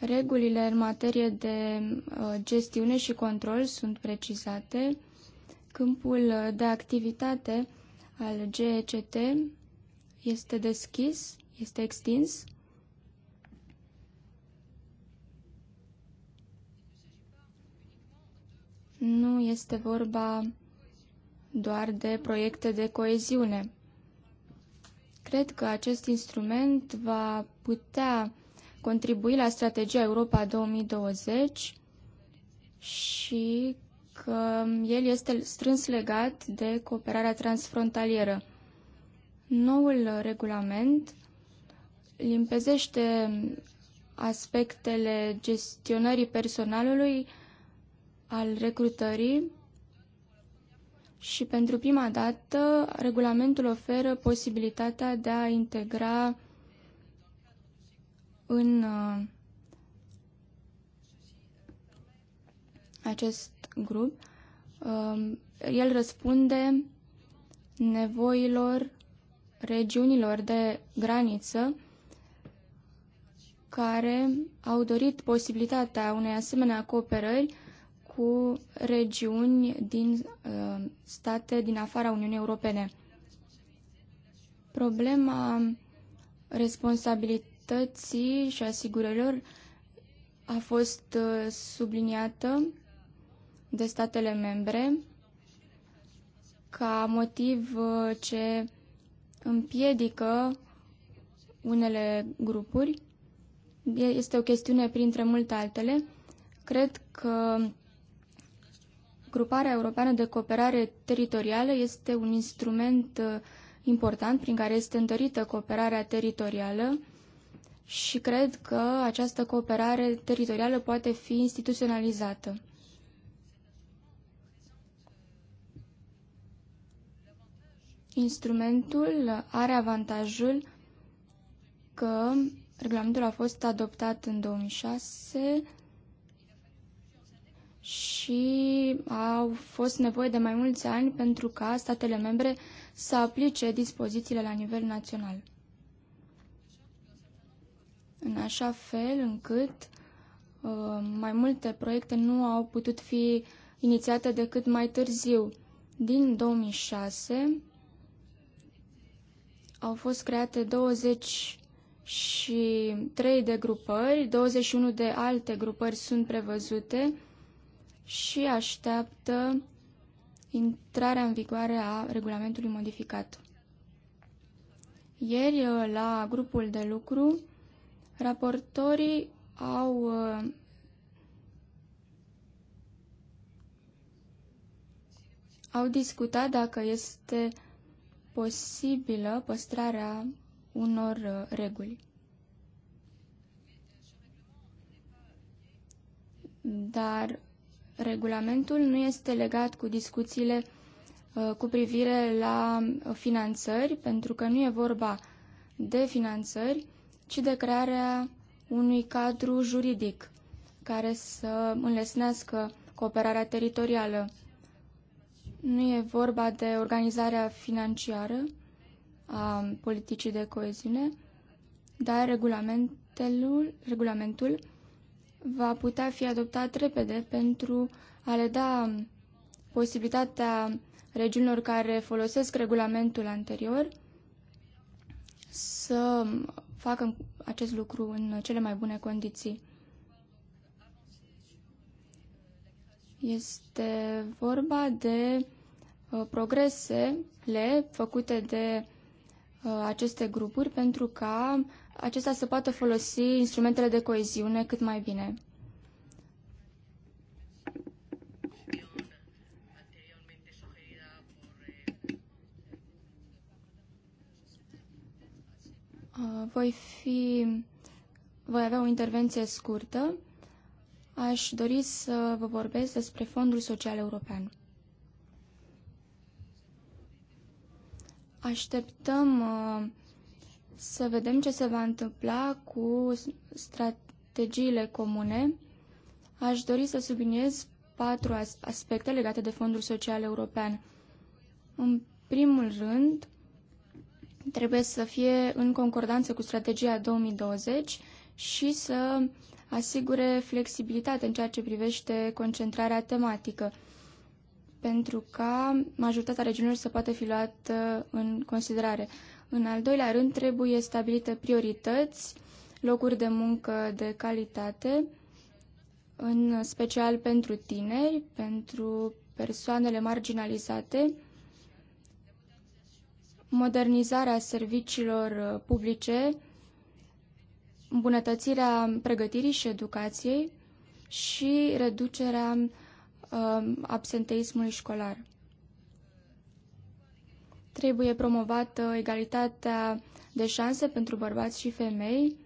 Regulile în materie de uh, gestiune și control sunt precizate. Câmpul de activitate al GECT este deschis, este extins. Nu este vorba doar de proiecte de coeziune. Cred că acest instrument va putea contribui la strategia Europa 2020 și că el este strâns legat de cooperarea transfrontalieră. Noul regulament limpezește aspectele gestionării personalului, al recrutării și pentru prima dată regulamentul oferă posibilitatea de a integra în uh, acest grup. Um, el răspunde nevoilor regiunilor de graniță care au dorit posibilitatea unei asemenea cooperări cu regiuni din uh, state din afara Uniunii Europene. Problema responsabilității și asigurărilor a fost uh, subliniată de statele membre ca motiv uh, ce împiedică unele grupuri. Este o chestiune printre multe altele. Cred că Gruparea Europeană de Cooperare Teritorială este un instrument uh, important prin care este întărită cooperarea teritorială și cred că această cooperare teritorială poate fi instituționalizată. Instrumentul are avantajul că regulamentul a fost adoptat în 2006 și au fost nevoie de mai mulți ani pentru ca statele membre să aplice dispozițiile la nivel național. În așa fel încât uh, mai multe proiecte nu au putut fi inițiate decât mai târziu. Din 2006 au fost create 20 și 3 de grupări, 21 de alte grupări sunt prevăzute și așteaptă intrarea în vigoare a regulamentului modificat. Ieri, uh, la grupul de lucru, raportorii au uh, au discutat dacă este posibilă păstrarea unor uh, reguli. Dar Regulamentul nu este legat cu discuțiile uh, cu privire la finanțări, pentru că nu e vorba de finanțări, ci de crearea unui cadru juridic care să înlesnească cooperarea teritorială. Nu e vorba de organizarea financiară a politicii de coeziune, dar regulamentul, regulamentul va putea fi adoptat repede pentru a le da posibilitatea regiunilor care folosesc regulamentul anterior să facă acest lucru în cele mai bune condiții. Este vorba de uh, progresele făcute de uh, aceste grupuri pentru ca acesta să poată folosi instrumentele de coeziune cât mai bine. Voi fi, voi avea o intervenție scurtă. Aș dori să vă vorbesc despre Fondul Social European. Așteptăm uh, să vedem ce se va întâmpla cu strategiile comune. Aș dori să subliniez patru aspecte legate de Fondul Social European. În primul rând, trebuie să fie în concordanță cu strategia 2020 și să asigure flexibilitate în ceea ce privește concentrarea tematică, pentru ca majoritatea regiunilor să poată fi luată în considerare. În al doilea rând, trebuie stabilite priorități, locuri de muncă de calitate, în special pentru tineri, pentru persoanele marginalizate, modernizarea serviciilor uh, publice, îmbunătățirea pregătirii și educației și reducerea uh, absenteismului școlar. Trebuie promovată egalitatea de șanse pentru bărbați și femei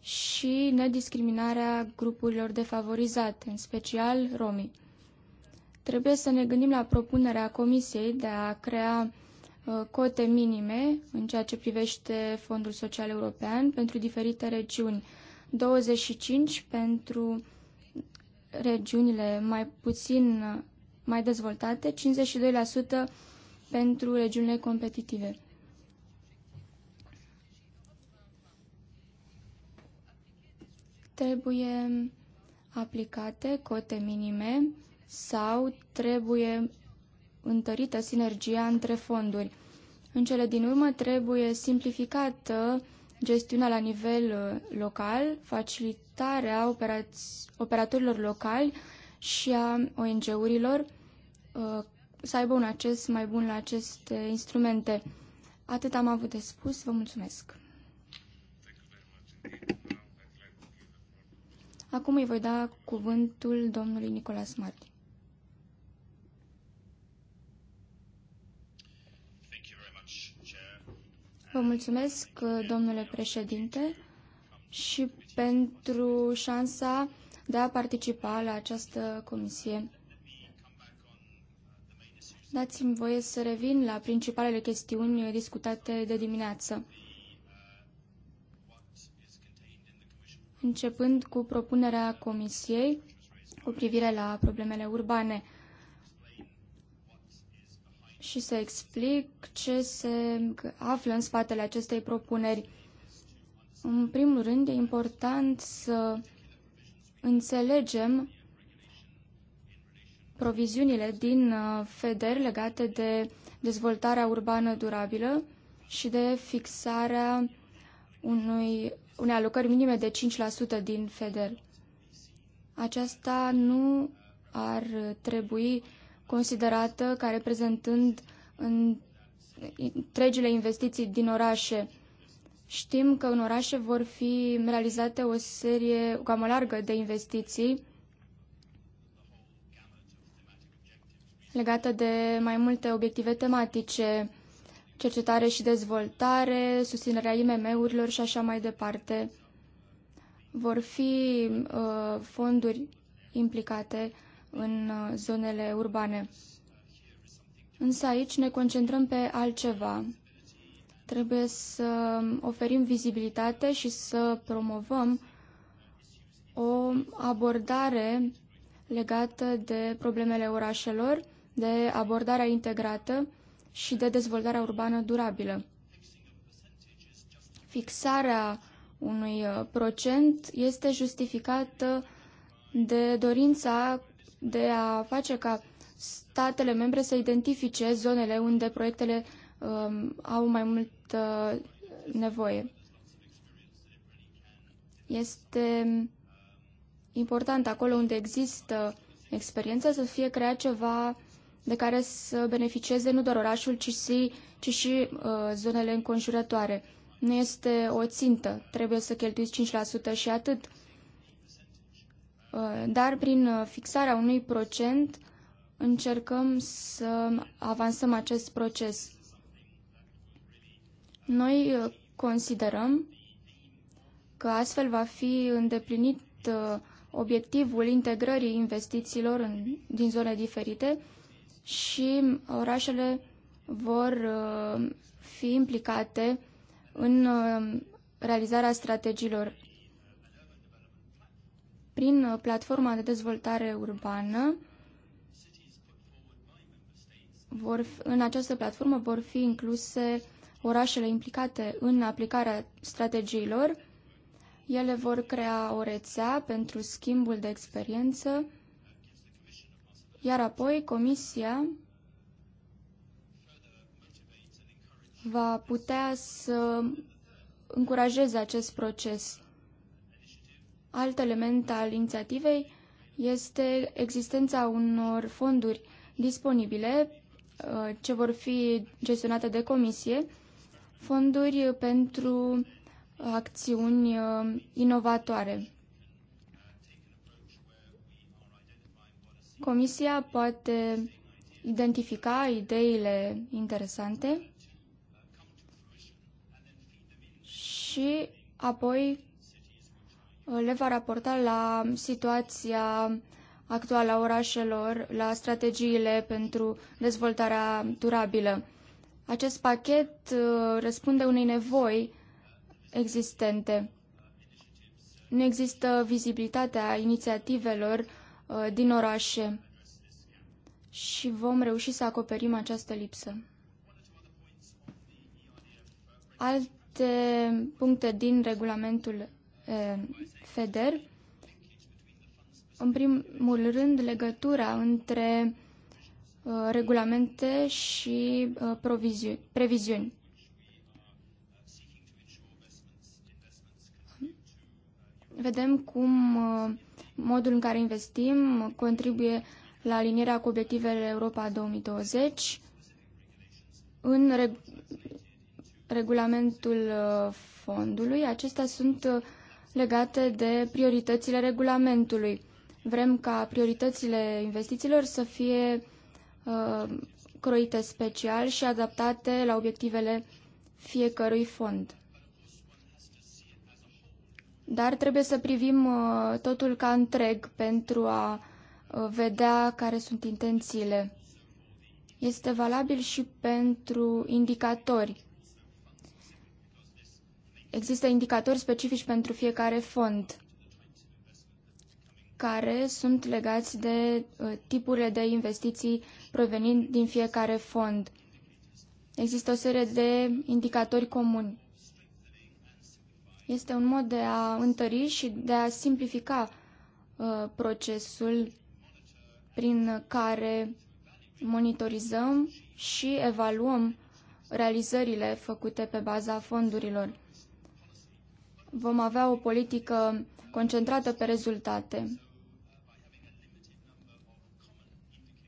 și nediscriminarea grupurilor defavorizate, în special romii. Trebuie să ne gândim la propunerea Comisiei de a crea uh, cote minime în ceea ce privește Fondul Social European pentru diferite regiuni. 25 pentru regiunile mai puțin uh, mai dezvoltate, 52% pentru regiunile competitive. Trebuie aplicate cote minime sau trebuie întărită sinergia între fonduri. În cele din urmă trebuie simplificată gestiunea la nivel uh, local, facilitarea operaț- operatorilor locali și a ONG-urilor uh, să aibă un acces mai bun la aceste instrumente. Atât am avut de spus, vă mulțumesc. Acum îi voi da cuvântul domnului Nicolas Martin. Vă mulțumesc, domnule președinte, și pentru șansa de a participa la această comisie Dați-mi voie să revin la principalele chestiuni discutate de dimineață. Începând cu propunerea Comisiei cu privire la problemele urbane și să explic ce se află în spatele acestei propuneri. În primul rând, e important să înțelegem proviziunile din uh, FEDER legate de dezvoltarea urbană durabilă și de fixarea unui, unei alocări minime de 5% din FEDER. Aceasta nu ar trebui considerată ca reprezentând în întregile investiții din orașe. Știm că în orașe vor fi realizate o serie, o largă de investiții legată de mai multe obiective tematice, cercetare și dezvoltare, susținerea IMM-urilor și așa mai departe. Vor fi uh, fonduri implicate în uh, zonele urbane. Însă aici ne concentrăm pe altceva. Trebuie să um, oferim vizibilitate și să promovăm o abordare legată de problemele orașelor de abordarea integrată și de dezvoltarea urbană durabilă. Fixarea unui uh, procent este justificată de dorința de a face ca statele membre să identifice zonele unde proiectele um, au mai multă nevoie. Este important acolo unde există experiență să fie creat ceva de care să beneficieze nu doar orașul, ci și, ci și uh, zonele înconjurătoare. Nu este o țintă, trebuie să cheltuiți 5% și atât. Uh, dar prin uh, fixarea unui procent încercăm să avansăm acest proces. Noi uh, considerăm că astfel va fi îndeplinit uh, obiectivul integrării investițiilor în, din zone diferite și orașele vor uh, fi implicate în uh, realizarea strategiilor. Prin uh, platforma de dezvoltare urbană, vor, în această platformă vor fi incluse orașele implicate în aplicarea strategiilor. Ele vor crea o rețea pentru schimbul de experiență iar apoi Comisia va putea să încurajeze acest proces. Alt element al inițiativei este existența unor fonduri disponibile uh, ce vor fi gestionate de comisie, fonduri pentru acțiuni uh, inovatoare. Comisia poate identifica ideile interesante și apoi uh, le va raporta la situația actuală a orașelor, la strategiile pentru dezvoltarea durabilă. Acest pachet uh, răspunde unei nevoi existente. Nu există vizibilitatea inițiativelor Uh, din orașe și vom reuși să acoperim această lipsă. Alte puncte din regulamentul uh, FEDER, în primul rând legătura între uh, regulamente și previziuni. Vedem cum modul în care investim contribuie la alinierea cu obiectivele Europa 2020 în reg regulamentul uh, fondului. Acestea sunt uh, legate de prioritățile regulamentului. Vrem ca prioritățile investițiilor să fie uh, croite special și adaptate la obiectivele fiecărui fond dar trebuie să privim uh, totul ca întreg pentru a uh, vedea care sunt intențiile. Este valabil și pentru indicatori. Există indicatori specifici pentru fiecare fond care sunt legați de uh, tipurile de investiții provenind din fiecare fond. Există o serie de indicatori comuni este un mod de a întări și de a simplifica uh, procesul prin care monitorizăm și evaluăm realizările făcute pe baza fondurilor. Vom avea o politică concentrată pe rezultate.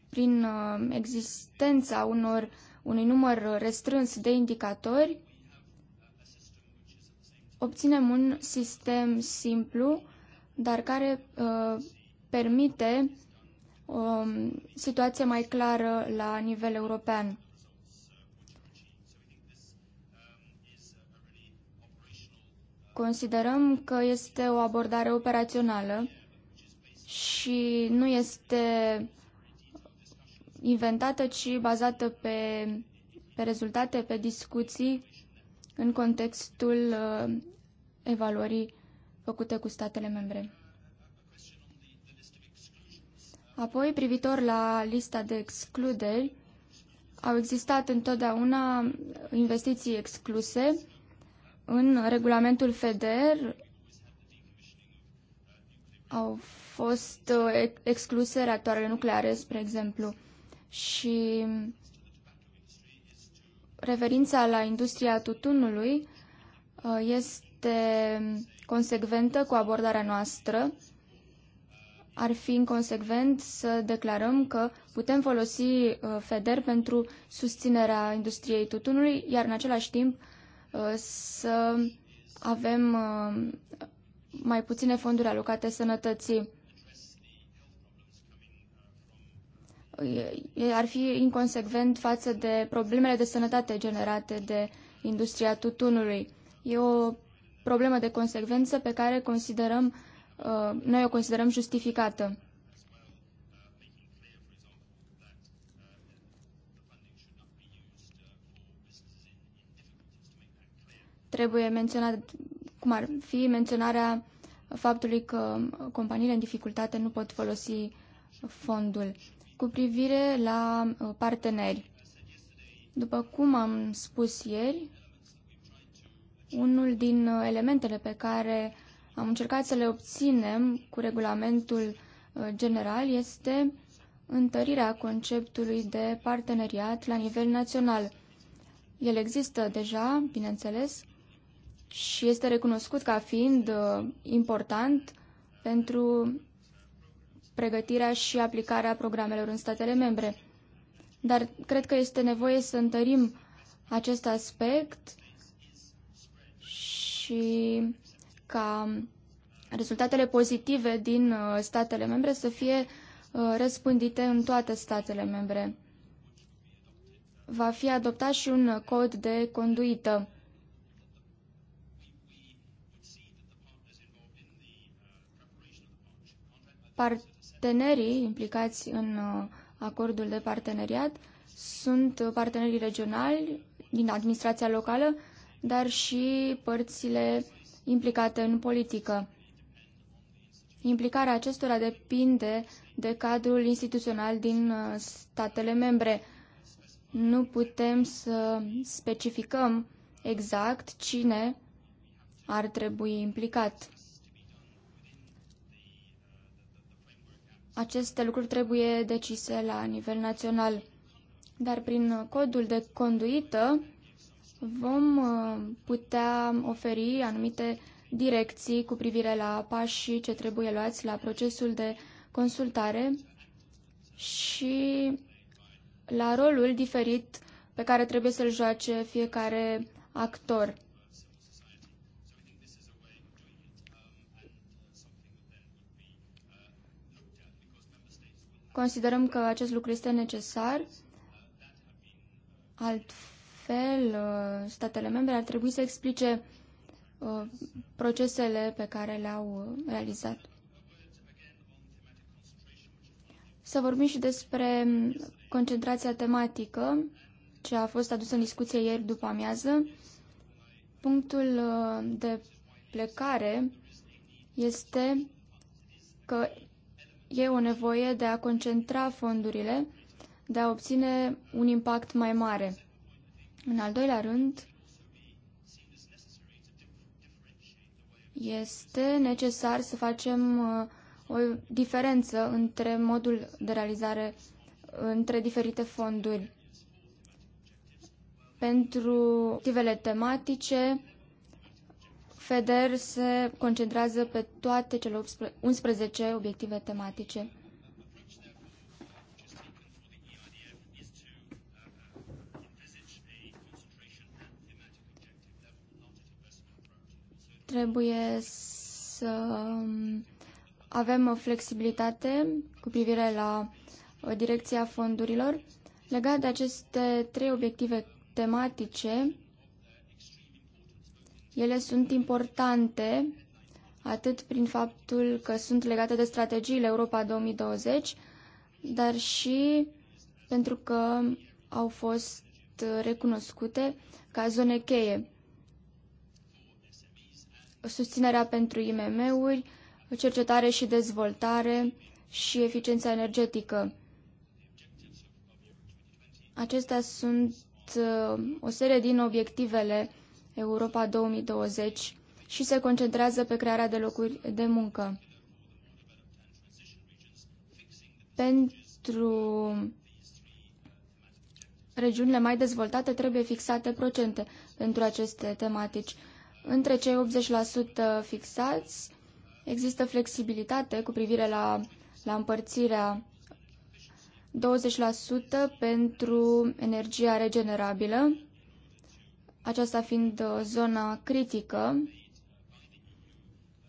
Prin uh, existența unor, unui număr restrâns de indicatori, obținem un sistem simplu, dar care uh, permite o um, situație mai clară la nivel european. Considerăm că este o abordare operațională și nu este inventată, ci bazată pe, pe rezultate, pe discuții în contextul uh, evaluării făcute cu statele membre. Apoi, privitor la lista de excluderi, au existat întotdeauna investiții excluse în regulamentul FEDER, au fost uh, excluse reactoarele nucleare, spre exemplu, și referința la industria tutunului uh, este consecventă cu abordarea noastră. Ar fi inconsecvent să declarăm că putem folosi uh, FEDER pentru susținerea industriei tutunului, iar în același timp uh, să avem mai puține fonduri alocate sănătății. ar fi inconsecvent față de problemele de sănătate generate de industria tutunului. E o problemă de consecvență pe care considerăm, uh, noi o considerăm justificată. Trebuie menționat cum ar fi menționarea faptului că companiile în dificultate nu pot folosi fondul cu privire la uh, parteneri. După cum am spus ieri, unul din uh, elementele pe care am încercat să le obținem cu regulamentul uh, general este întărirea conceptului de parteneriat la nivel național. El există deja, bineînțeles, și este recunoscut ca fiind important pentru pregătirea și aplicarea programelor în statele membre. Dar cred că este nevoie să întărim acest aspect și ca rezultatele pozitive din uh, statele membre să fie uh, răspândite în toate statele membre. Va fi adoptat și un cod de conduită. Part Partenerii implicați în uh, acordul de parteneriat sunt partenerii regionali din administrația locală, dar și părțile implicate în politică. Implicarea acestora depinde de cadrul instituțional din uh, statele membre. Nu putem să specificăm exact cine ar trebui implicat. Aceste lucruri trebuie decise la nivel național. Dar prin codul de conduită vom uh, putea oferi anumite direcții cu privire la pașii ce trebuie luați la procesul de consultare și la rolul diferit pe care trebuie să-l joace fiecare actor. Considerăm că acest lucru este necesar. Altfel, uh, statele membre ar trebui să explice uh, procesele pe care le-au uh, realizat. Să vorbim și despre um, concentrația tematică, ce a fost adusă în discuție ieri după amiază. Punctul de plecare este că e o nevoie de a concentra fondurile, de a obține un impact mai mare. În al doilea rând, este necesar să facem uh, o diferență între modul de realizare între diferite fonduri. Pentru obiectivele tematice, FEDER se concentrează pe toate cele 11 obiective tematice. Trebuie să um, avem o flexibilitate cu privire la uh, direcția fondurilor. Legat de aceste trei obiective tematice, ele sunt importante atât prin faptul că sunt legate de strategiile Europa 2020, dar și pentru că au fost recunoscute ca zone cheie. Susținerea pentru IMM-uri, cercetare și dezvoltare și eficiența energetică. Acestea sunt uh, o serie din obiectivele Europa 2020 și se concentrează pe crearea de locuri de muncă. Pentru regiunile mai dezvoltate trebuie fixate procente pentru aceste tematici. Între cei 80% fixați există flexibilitate cu privire la, la împărțirea 20% pentru energia regenerabilă, aceasta fiind uh, zona critică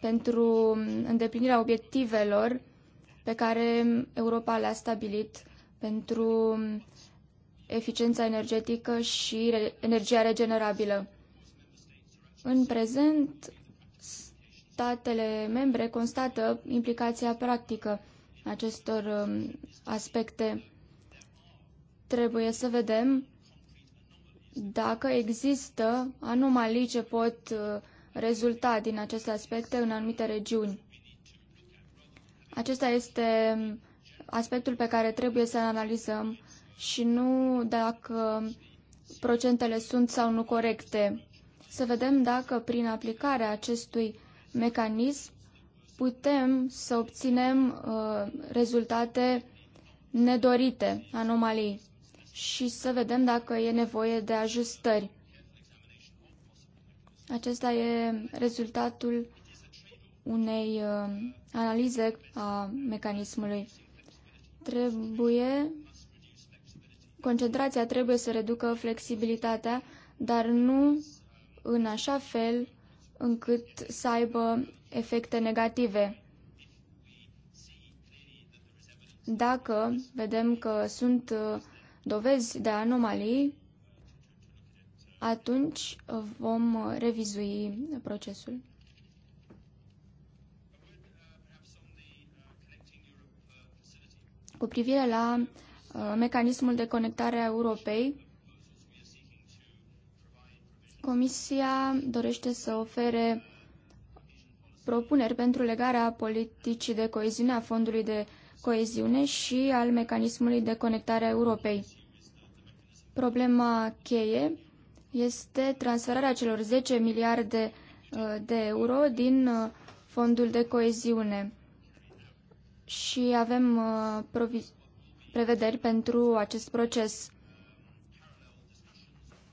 pentru îndeplinirea obiectivelor pe care Europa le-a stabilit pentru eficiența energetică și energia regenerabilă. În prezent, statele membre constată implicația practică acestor um, aspecte. Trebuie să vedem dacă există anomalii ce pot uh, rezulta din aceste aspecte în anumite regiuni. Acesta este um, aspectul pe care trebuie să-l analizăm și nu dacă procentele sunt sau nu corecte. Să vedem dacă prin aplicarea acestui mecanism putem să obținem uh, rezultate nedorite, anomalii și să vedem dacă e nevoie de ajustări. Acesta e rezultatul unei uh, analize a mecanismului. Trebuie concentrația trebuie să reducă flexibilitatea, dar nu în așa fel încât să aibă efecte negative. Dacă vedem că sunt uh, dovezi de anomalii, atunci uh, vom uh, revizui procesul. Cu privire la uh, mecanismul de conectare a Europei, Comisia dorește să ofere propuneri pentru legarea politicii de coeziune a fondului de coeziune și al mecanismului de conectare a Europei. Problema cheie este transferarea celor 10 miliarde uh, de euro din uh, fondul de coeziune și avem uh, prevederi pentru acest proces.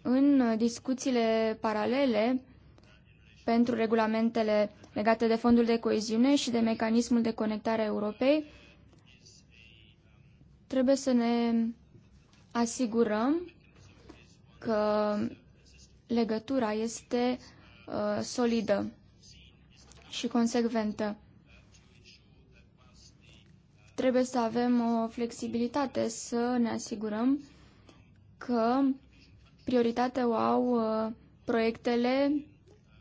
În discuțiile paralele pentru regulamentele legate de fondul de coeziune și de mecanismul de conectare a Europei, trebuie să ne asigurăm că legătura este uh, solidă și consecventă. Trebuie să avem o flexibilitate, să ne asigurăm că prioritatea o au uh, proiectele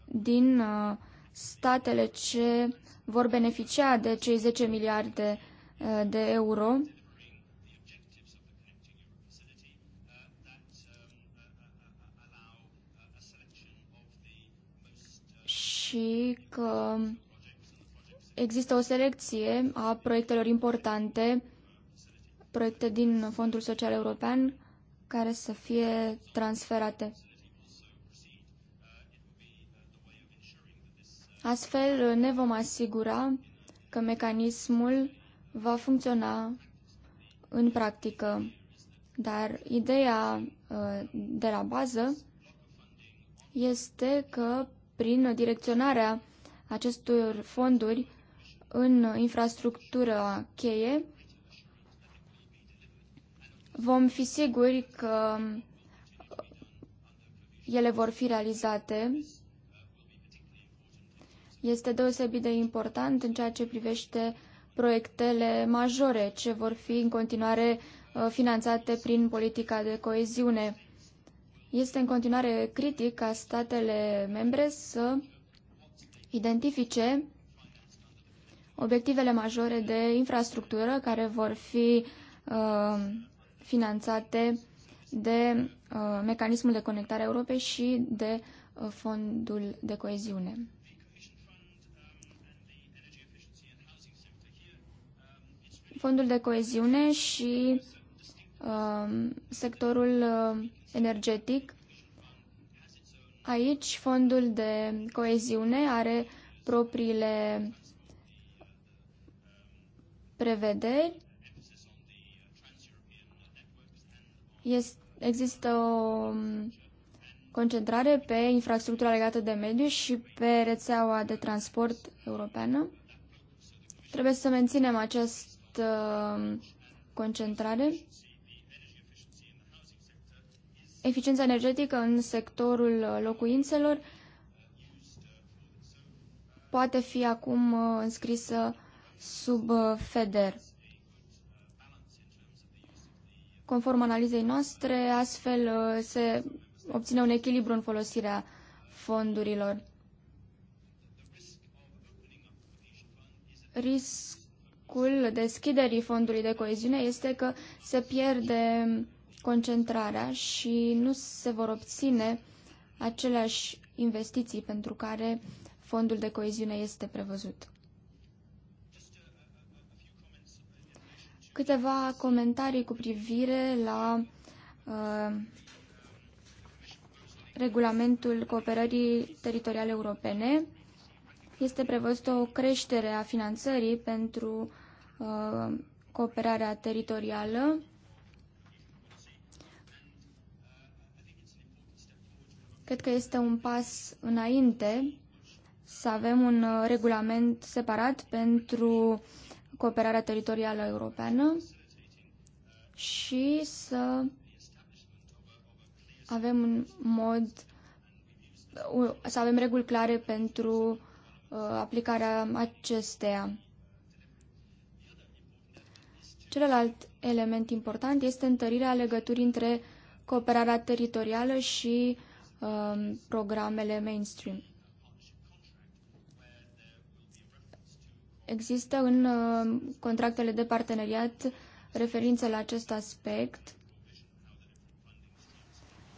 din uh, statele ce vor beneficia de cei 10 miliarde uh, de euro și că există o selecție a proiectelor importante, proiecte din Fondul Social European, care să fie transferate. Astfel ne vom asigura că mecanismul va funcționa în practică. Dar ideea uh, de la bază este că prin direcționarea acestor fonduri în infrastructură cheie, vom fi siguri că ele vor fi realizate. Este deosebit de important în ceea ce privește proiectele majore, ce vor fi în continuare uh, finanțate prin politica de coeziune. Este în continuare critic ca statele membre să identifice obiectivele majore de infrastructură care vor fi uh, finanțate de uh, mecanismul de conectare a Europei și de uh, fondul de coeziune. Fondul de coeziune și uh, sectorul uh, energetic. Aici, fondul de coeziune are propriile prevederi. Este, există o concentrare pe infrastructura legată de mediu și pe rețeaua de transport europeană. Trebuie să menținem această concentrare eficiența energetică în sectorul uh, locuințelor poate fi acum uh, înscrisă sub uh, FEDER. Conform analizei noastre, astfel se obține un echilibru în folosirea fondurilor. Riscul deschiderii fondului de coeziune este că se pierde concentrarea și nu se vor obține aceleași investiții pentru care fondul de coeziune este prevăzut. Câteva comentarii cu privire la uh, regulamentul cooperării teritoriale europene. Este prevăzută o creștere a finanțării pentru uh, cooperarea teritorială Cred că este un pas înainte să avem un uh, regulament separat pentru cooperarea teritorială europeană și să avem un mod să avem reguli clare pentru uh, aplicarea acesteia. Celălalt element important este întărirea legăturii între cooperarea teritorială și uh, Um, programele mainstream. Există în um, contractele de parteneriat referințe la acest aspect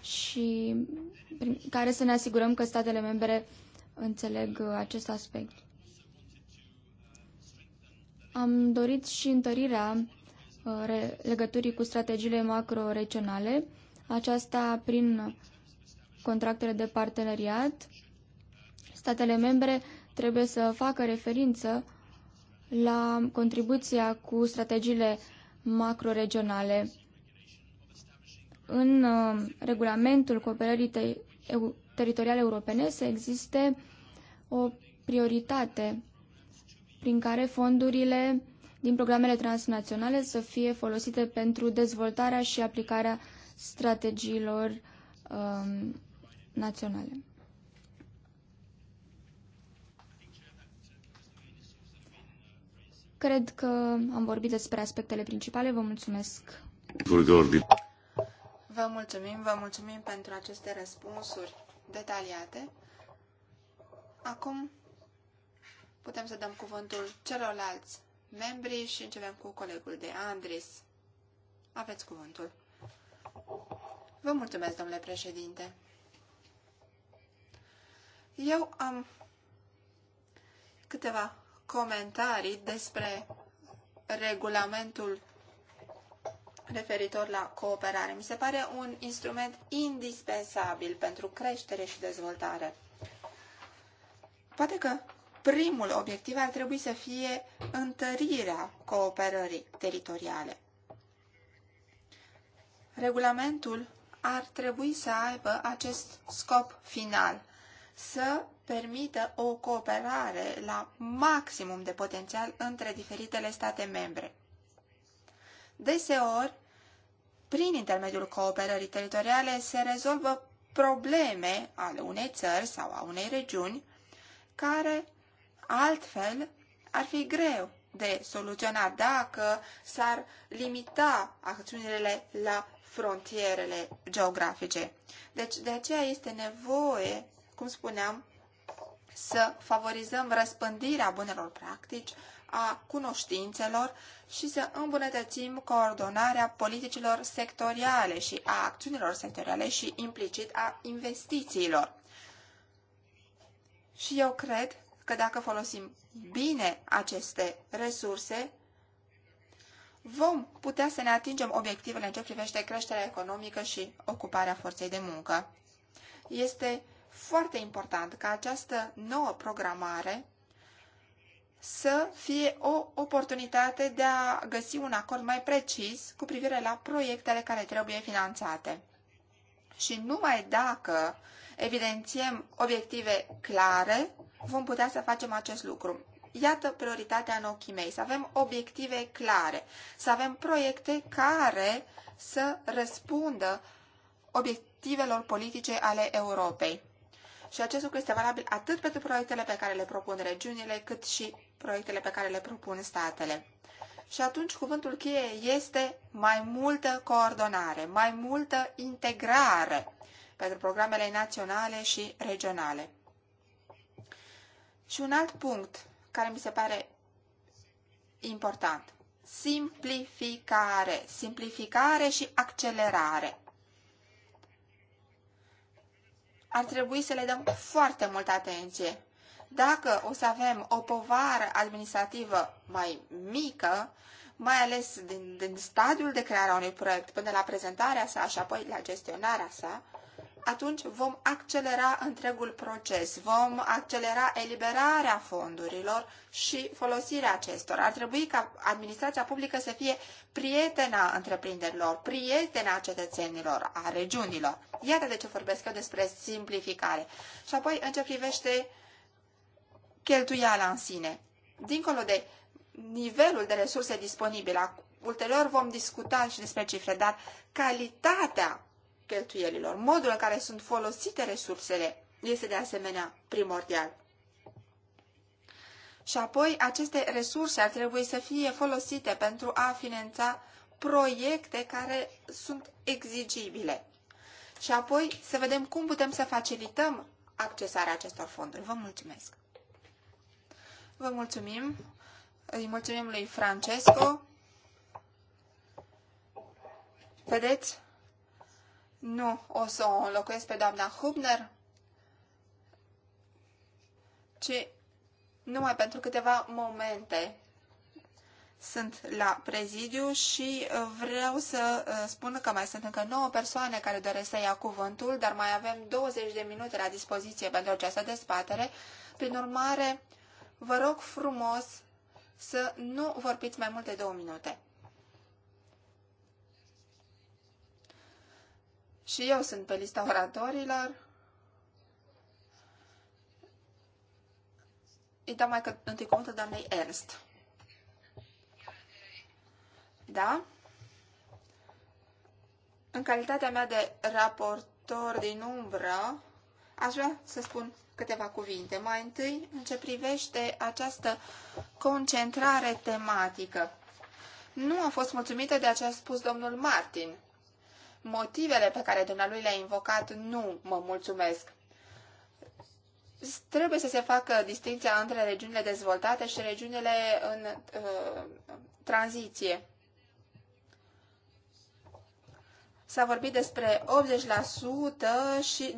și prin care să ne asigurăm că statele membre înțeleg uh, acest aspect. Am dorit și întărirea uh, legăturii cu strategiile macro-regionale, aceasta prin contractele de parteneriat, statele membre trebuie să facă referință la contribuția cu strategiile macroregionale. În uh, regulamentul cooperării teritoriale europene să existe o prioritate prin care fondurile din programele transnaționale să fie folosite pentru dezvoltarea și aplicarea strategiilor um, naționale. Cred că am vorbit despre aspectele principale. Vă mulțumesc. Vă mulțumim, vă mulțumim pentru aceste răspunsuri detaliate. Acum putem să dăm cuvântul celorlalți membri și începem cu colegul de Andris. Aveți cuvântul. Vă mulțumesc, domnule președinte. Eu am câteva comentarii despre regulamentul referitor la cooperare. Mi se pare un instrument indispensabil pentru creștere și dezvoltare. Poate că primul obiectiv ar trebui să fie întărirea cooperării teritoriale. Regulamentul ar trebui să aibă acest scop final să permită o cooperare la maximum de potențial între diferitele state membre. Deseori, prin intermediul cooperării teritoriale se rezolvă probleme ale unei țări sau a unei regiuni care altfel ar fi greu de soluționat dacă s-ar limita acțiunile la frontierele geografice. Deci de aceea este nevoie cum spuneam, să favorizăm răspândirea bunelor practici, a cunoștințelor și să îmbunătățim coordonarea politicilor sectoriale și a acțiunilor sectoriale și implicit a investițiilor. Și eu cred că dacă folosim bine aceste resurse, vom putea să ne atingem obiectivele în ce privește creșterea economică și ocuparea forței de muncă. Este foarte important ca această nouă programare să fie o oportunitate de a găsi un acord mai precis cu privire la proiectele care trebuie finanțate. Și numai dacă evidențiem obiective clare, vom putea să facem acest lucru. Iată prioritatea în ochii mei, să avem obiective clare, să avem proiecte care să răspundă obiectivelor politice ale Europei. Și acest lucru este valabil atât pentru proiectele pe care le propun regiunile, cât și proiectele pe care le propun statele. Și atunci cuvântul cheie este mai multă coordonare, mai multă integrare pentru programele naționale și regionale. Și un alt punct care mi se pare important. Simplificare. Simplificare și accelerare. ar trebui să le dăm foarte multă atenție. Dacă o să avem o povară administrativă mai mică, mai ales din, din stadiul de creare a unui proiect până la prezentarea sa și apoi la gestionarea sa, atunci vom accelera întregul proces, vom accelera eliberarea fondurilor și folosirea acestor. Ar trebui ca administrația publică să fie prietena întreprinderilor, prietena cetățenilor, a regiunilor. Iată de ce vorbesc eu despre simplificare. Și apoi, în ce privește cheltuiala în sine, dincolo de nivelul de resurse disponibile, ulterior vom discuta și despre cifre, dar calitatea cheltuielilor. Modul în care sunt folosite resursele este de asemenea primordial. Și apoi, aceste resurse ar trebui să fie folosite pentru a finanța proiecte care sunt exigibile. Și apoi să vedem cum putem să facilităm accesarea acestor fonduri. Vă mulțumesc! Vă mulțumim! Îi mulțumim lui Francesco. Vedeți? Nu, o să o înlocuiesc pe doamna Hubner, ci numai pentru câteva momente sunt la prezidiu și uh, vreau să uh, spun că mai sunt încă 9 persoane care doresc să ia cuvântul, dar mai avem 20 de minute la dispoziție pentru această dezbatere. Prin urmare, vă rog frumos să nu vorbiți mai mult de două minute. Și eu sunt pe lista oratorilor. Îi dau mai că întâi cuvântul doamnei Ernst. Da? În calitatea mea de raportor din umbră, aș vrea să spun câteva cuvinte. Mai întâi, în ce privește această concentrare tematică. Nu a fost mulțumită de ce a spus domnul Martin motivele pe care dumnealui le-a invocat nu mă mulțumesc. Trebuie să se facă distinția între regiunile dezvoltate și regiunile în uh, tranziție. S-a vorbit despre 80% și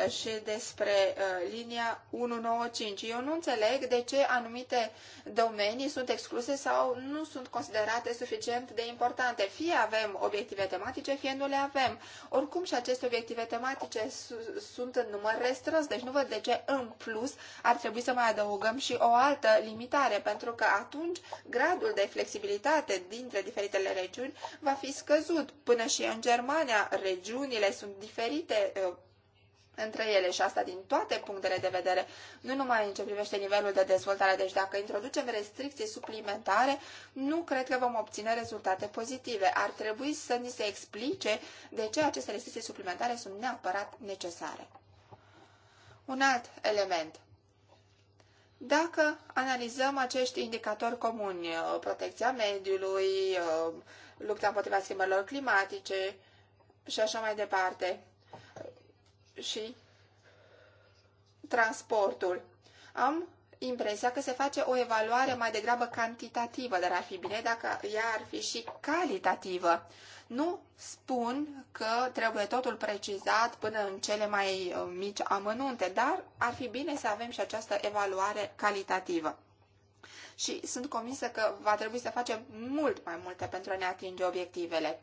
20% și despre uh, linia 195. Eu nu înțeleg de ce anumite domenii sunt excluse sau nu sunt considerate suficient de importante. Fie avem obiective tematice, fie nu le avem. Oricum și aceste obiective tematice sunt în număr restrâns, deci nu văd de ce în plus ar trebui să mai adăugăm și o altă limitare, pentru că atunci gradul de flexibilitate dintre diferitele regiuni va fi scăzut până până și în Germania regiunile sunt diferite uh, între ele și asta din toate punctele de vedere, nu numai în ce privește nivelul de dezvoltare. Deci dacă introducem restricții suplimentare, nu cred că vom obține rezultate pozitive. Ar trebui să ni se explice de ce aceste restricții suplimentare sunt neapărat necesare. Un alt element. Dacă analizăm acești indicatori comuni, uh, protecția mediului, uh, lupta împotriva schimbărilor climatice și așa mai departe. Și transportul. Am impresia că se face o evaluare mai degrabă cantitativă, dar ar fi bine dacă ea ar fi și calitativă. Nu spun că trebuie totul precizat până în cele mai mici amănunte, dar ar fi bine să avem și această evaluare calitativă și sunt convinsă că va trebui să facem mult mai multe pentru a ne atinge obiectivele.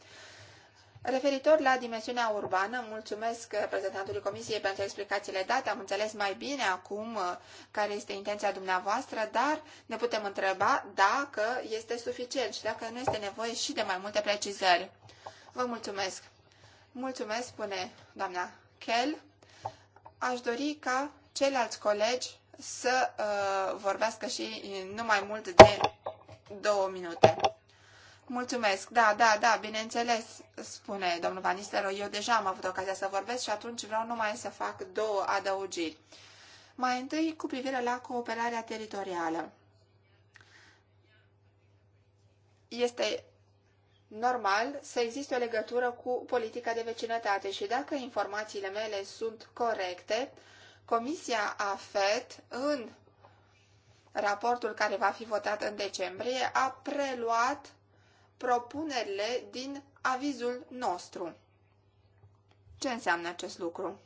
Referitor la dimensiunea urbană, mulțumesc reprezentantului Comisiei pentru explicațiile date. Am înțeles mai bine acum uh, care este intenția dumneavoastră, dar ne putem întreba dacă este suficient și dacă nu este nevoie și de mai multe precizări. Vă mulțumesc. Mulțumesc, spune doamna Kell. Aș dori ca ceilalți colegi să uh, vorbească și nu mai mult de două minute. Mulțumesc, da, da, da, bineînțeles, spune domnul Van Nistelrooy. Eu deja am avut ocazia să vorbesc și atunci vreau numai să fac două adăugiri. Mai întâi, cu privire la cooperarea teritorială. Este normal să existe o legătură cu politica de vecinătate și dacă informațiile mele sunt corecte, uh, Comisia AFET, în raportul care va fi votat în decembrie, a preluat propunerile din avizul nostru. Ce înseamnă acest lucru?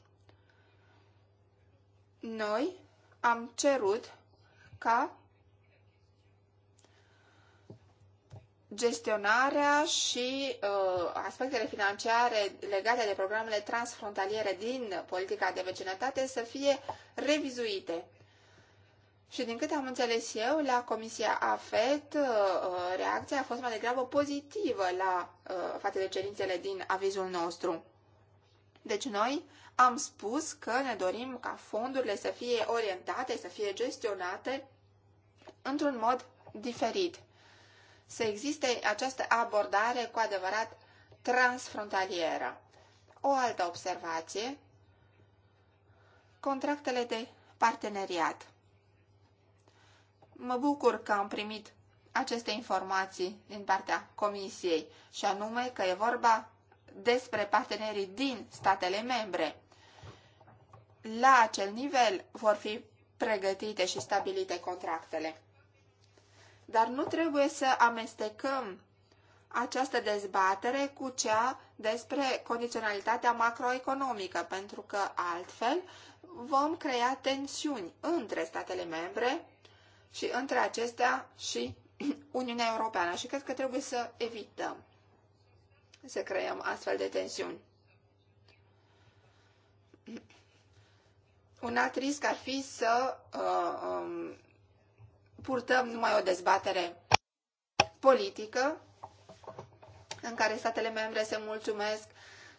Noi am cerut ca gestionarea și uh, aspectele financiare legate de programele transfrontaliere din politica de vecinătate să fie revizuite. Și din câte am înțeles eu, la Comisia AFET, uh, reacția a fost mai degrabă pozitivă la uh, față de cerințele din avizul nostru. Deci noi am spus că ne dorim ca fondurile să fie orientate, să fie gestionate într-un mod diferit să existe această abordare cu adevărat transfrontalieră. O altă observație, contractele de parteneriat. Mă bucur că am primit aceste informații din partea Comisiei, și anume că e vorba despre partenerii din statele membre. La acel nivel vor fi pregătite și stabilite contractele. Dar nu trebuie să amestecăm această dezbatere cu cea despre condiționalitatea macroeconomică, pentru că altfel vom crea tensiuni între statele membre și între acestea și *clears throat* Uniunea Europeană și cred că trebuie să evităm să creăm astfel de tensiuni. *clears throat* Un alt risc ar fi să uh, um, purtăm numai o dezbatere politică în care statele membre se mulțumesc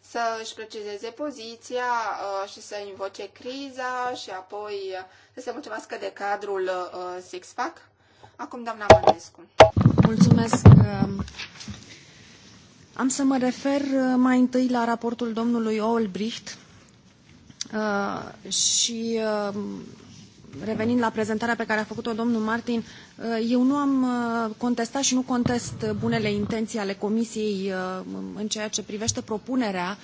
să își precizeze poziția uh, și să invoce criza și apoi uh, să se mulțumească de cadrul uh, six-pack. Acum, doamna Mănescu. Mulțumesc. Am să mă refer mai întâi la raportul domnului Olbricht și revenind la prezentarea pe care a făcut-o domnul Martin, uh, eu nu am uh, contestat și nu contest bunele intenții ale Comisiei uh, în ceea ce privește propunerea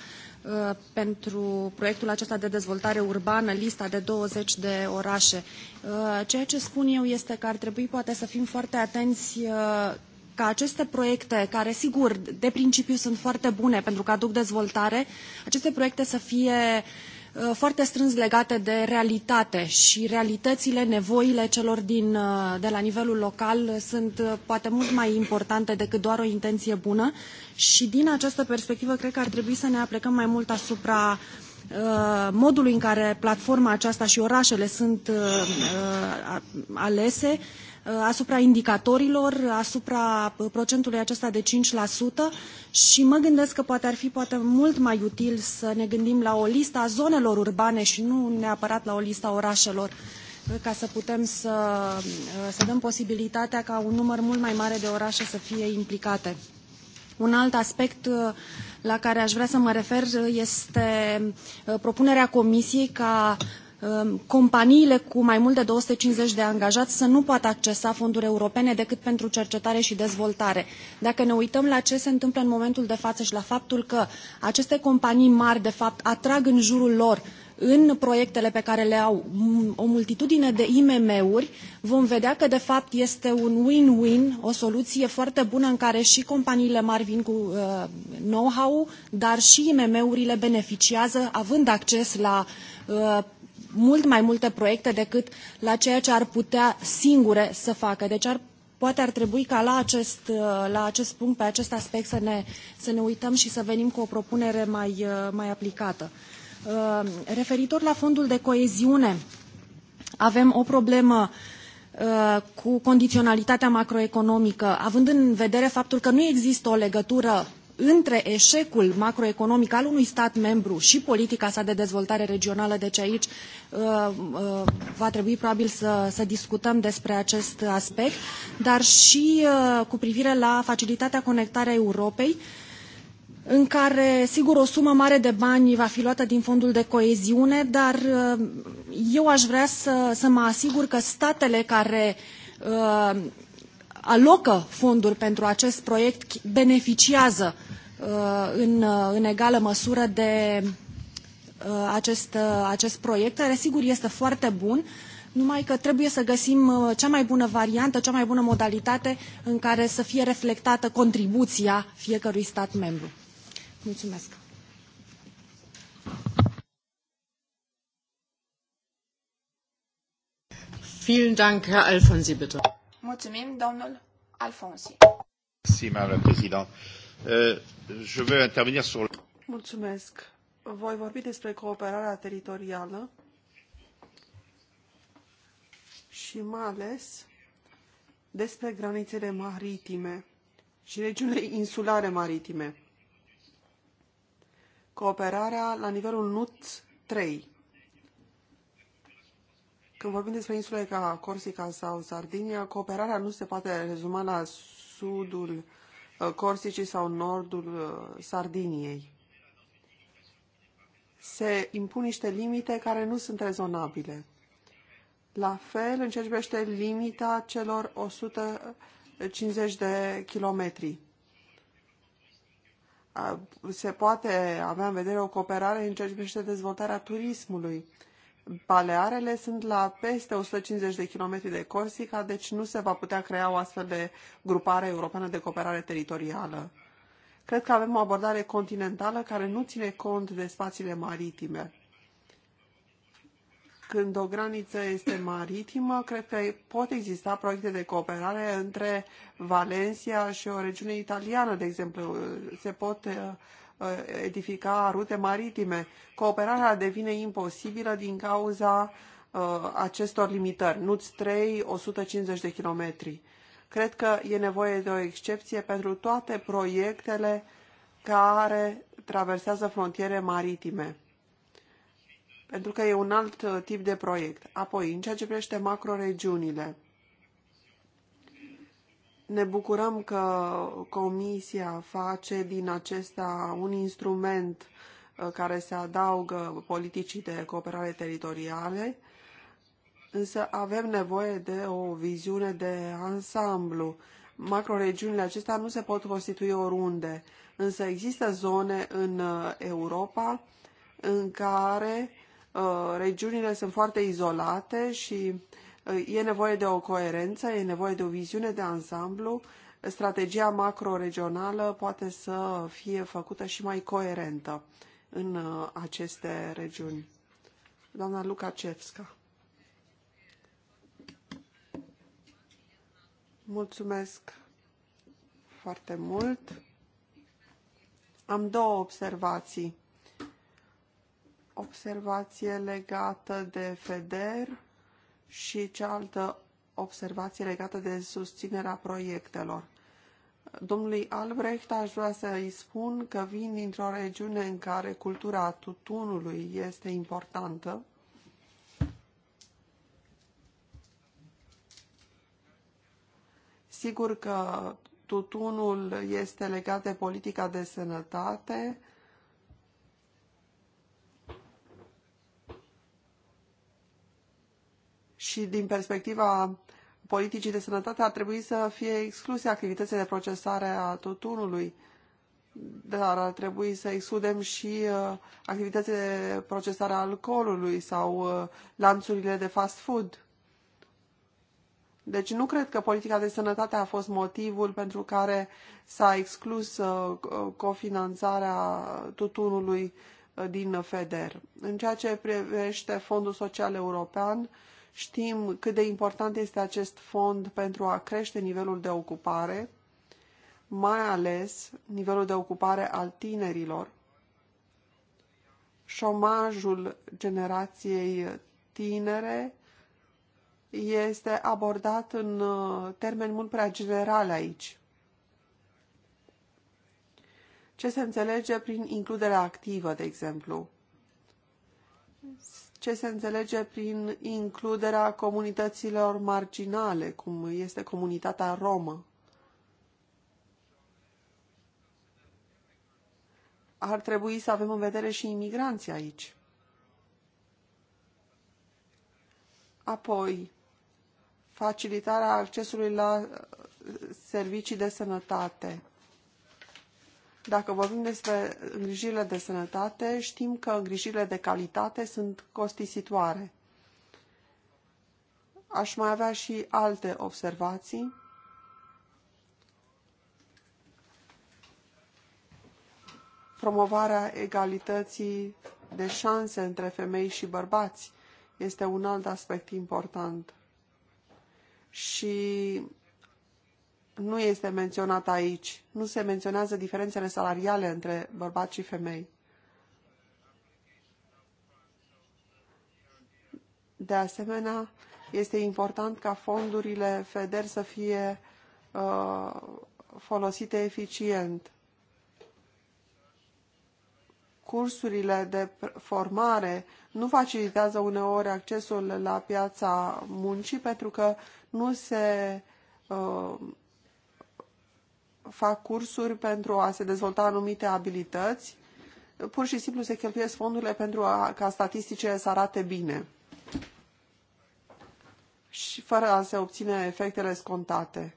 pentru proiectul acesta de dezvoltare urbană, lista de 20 de orașe. Ceea ce spun eu este că ar trebui poate să fim foarte atenți ca aceste proiecte, care sigur de principiu sunt foarte bune pentru că aduc dezvoltare, aceste proiecte să fie uh, Uh, foarte strâns legate de realitate și realitățile, nevoile celor din, uh, de la nivelul local sunt uh, poate mult mai importante decât doar o intenție bună și din această perspectivă cred că ar trebui să ne aplecăm mai mult asupra modului în care platforma aceasta și orașele sunt alese Uh, asupra indicatorilor, asupra uh, procentului acesta de 5% și mă gândesc că poate ar fi poate mult mai util să ne gândim la o listă a zonelor urbane și nu neapărat la o listă a orașelor uh, ca să putem să, să dăm posibilitatea ca un număr mult mai mare de orașe să fie implicate. Un alt aspect la care aș vrea să mă refer este propunerea Comisiei ca Um, companiile cu mai mult de 250 de angajați să nu poată accesa fonduri europene decât pentru cercetare și dezvoltare. Dacă ne uităm la ce se întâmplă în momentul de față și la faptul că aceste companii mari, de fapt, atrag în jurul lor în proiectele pe care le au o multitudine de IMM-uri, vom vedea că, de fapt, este un win-win, o soluție foarte bună în care și companiile mari vin cu uh, know-how, dar și IMM-urile beneficiază, având acces la uh, mult mai multe proiecte decât la ceea ce ar putea singure să facă. Deci ar, poate ar trebui ca la acest, uh, la acest punct, pe acest aspect să ne, să ne uităm și să venim cu o propunere mai, uh, mai aplicată. Uh, referitor la fondul de coeziune, avem o problemă cu condiționalitatea macroeconomică, având în vedere faptul că nu există o legătură între eșecul macroeconomic al unui stat membru și politica sa de dezvoltare regională. Deci aici uh, uh, va trebui probabil să, să discutăm despre acest aspect, dar și uh, cu privire la facilitatea conectarea Europei, în care, sigur, o sumă mare de bani va fi luată din fondul de coeziune, dar eu aș vrea să, să mă asigur că statele care uh, alocă fonduri pentru acest proiect beneficiază Uh, în, uh, în egală măsură de uh, acest, acest proiect, care sigur este foarte bun, numai că trebuie să găsim cea mai bună variantă, cea mai bună modalitate în care să fie reflectată contribuția fiecărui stat membru. Mulțumesc! Vielen Dank, Herr Alfonsi, bitte. Mulțumim, domnul Alfonsi. Voi vorbi despre cooperarea teritorială și mai ales despre granițele maritime și regiunile insulare maritime. Cooperarea la nivelul NUT 3. Când vorbim despre insule ca Corsica sau Sardinia, cooperarea nu se poate rezuma la sudul Uh, Corsicii sau nordul uh, Sardiniei. Se impun niște limite care nu sunt rezonabile. La fel, în ce privește limita celor 150 de kilometri. Uh, se poate avea în vedere o cooperare în ce privește dezvoltarea turismului. Balearele sunt la peste 150 de kilometri de Corsica, deci nu se va putea crea o astfel de grupare europeană de cooperare teritorială. Cred că avem o abordare continentală care nu ține cont de spațiile maritime. Când o graniță este maritimă, cred că pot exista proiecte de cooperare între Valencia și o regiune italiană, de exemplu. Se pot uh, Uh, edifica rute maritime. Cooperarea devine imposibilă din cauza uh, acestor limitări, NUTS 3, 150 de kilometri. Cred că e nevoie de o excepție pentru toate proiectele care traversează frontiere maritime. Pentru că e un alt uh, tip de proiect. Apoi, în ceea ce privește macroregiunile, ne bucurăm că Comisia face din acesta un instrument uh, care se adaugă politicii de cooperare teritoriale, însă avem nevoie de o viziune de ansamblu. Macroregiunile acestea nu se pot constitui oriunde, însă există zone în uh, Europa în care uh, regiunile sunt foarte izolate și uh, E nevoie de o coerență, e nevoie de o viziune de ansamblu. Strategia macroregională poate să fie făcută și mai coerentă în uh, aceste regiuni. Doamna Lukacevska. Mulțumesc foarte mult. Am două observații. Observație legată de FEDER și cealaltă observație legată de susținerea proiectelor. Domnului Albrecht aș vrea să îi spun că vin dintr-o regiune în care cultura tutunului este importantă. Sigur că tutunul este legat de politica de sănătate, și din perspectiva politicii de sănătate ar trebui să fie excluse activitățile de procesare a tutunului, dar ar trebui să excludem și uh, activitățile de procesare a alcoolului sau uh, lanțurile de fast food. Deci nu cred că politica de sănătate a fost motivul pentru care s-a exclus uh, cofinanțarea tutunului din FEDER. În ceea ce privește Fondul Social European, Știm cât de important este acest fond pentru a crește nivelul de ocupare, mai ales nivelul de ocupare al tinerilor. Șomajul generației tinere este abordat în uh, termeni mult prea generale aici. Ce se înțelege prin includerea activă, de exemplu? ce se înțelege prin includerea comunităților marginale, cum este comunitatea romă. Ar trebui să avem în vedere și imigranții aici. Apoi, facilitarea accesului la uh, servicii de sănătate. Dacă vorbim despre îngrijirile de sănătate, știm că îngrijirile de calitate sunt costisitoare. Aș mai avea și alte observații. Promovarea egalității de șanse între femei și bărbați este un alt aspect important. Și nu este menționat aici. Nu se menționează diferențele salariale între bărbați și femei. De asemenea, este important ca fondurile FEDER să fie uh, folosite eficient. Cursurile de formare nu facilitează uneori accesul la piața muncii pentru că nu se uh, fac cursuri pentru a se dezvolta anumite abilități, pur și simplu se cheltuiesc fondurile pentru a, ca statisticile să arate bine și fără a se obține efectele scontate.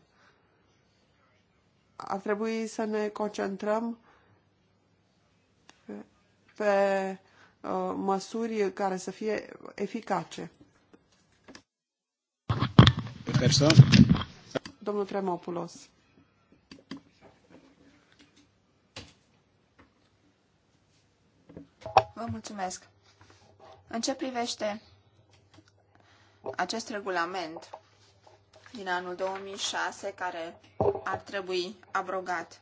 Ar trebui să ne concentrăm pe, pe uh, măsuri care să fie eficace. Domnul Tremopulos. Vă mulțumesc. În ce privește acest regulament din anul 2006 care ar trebui abrogat.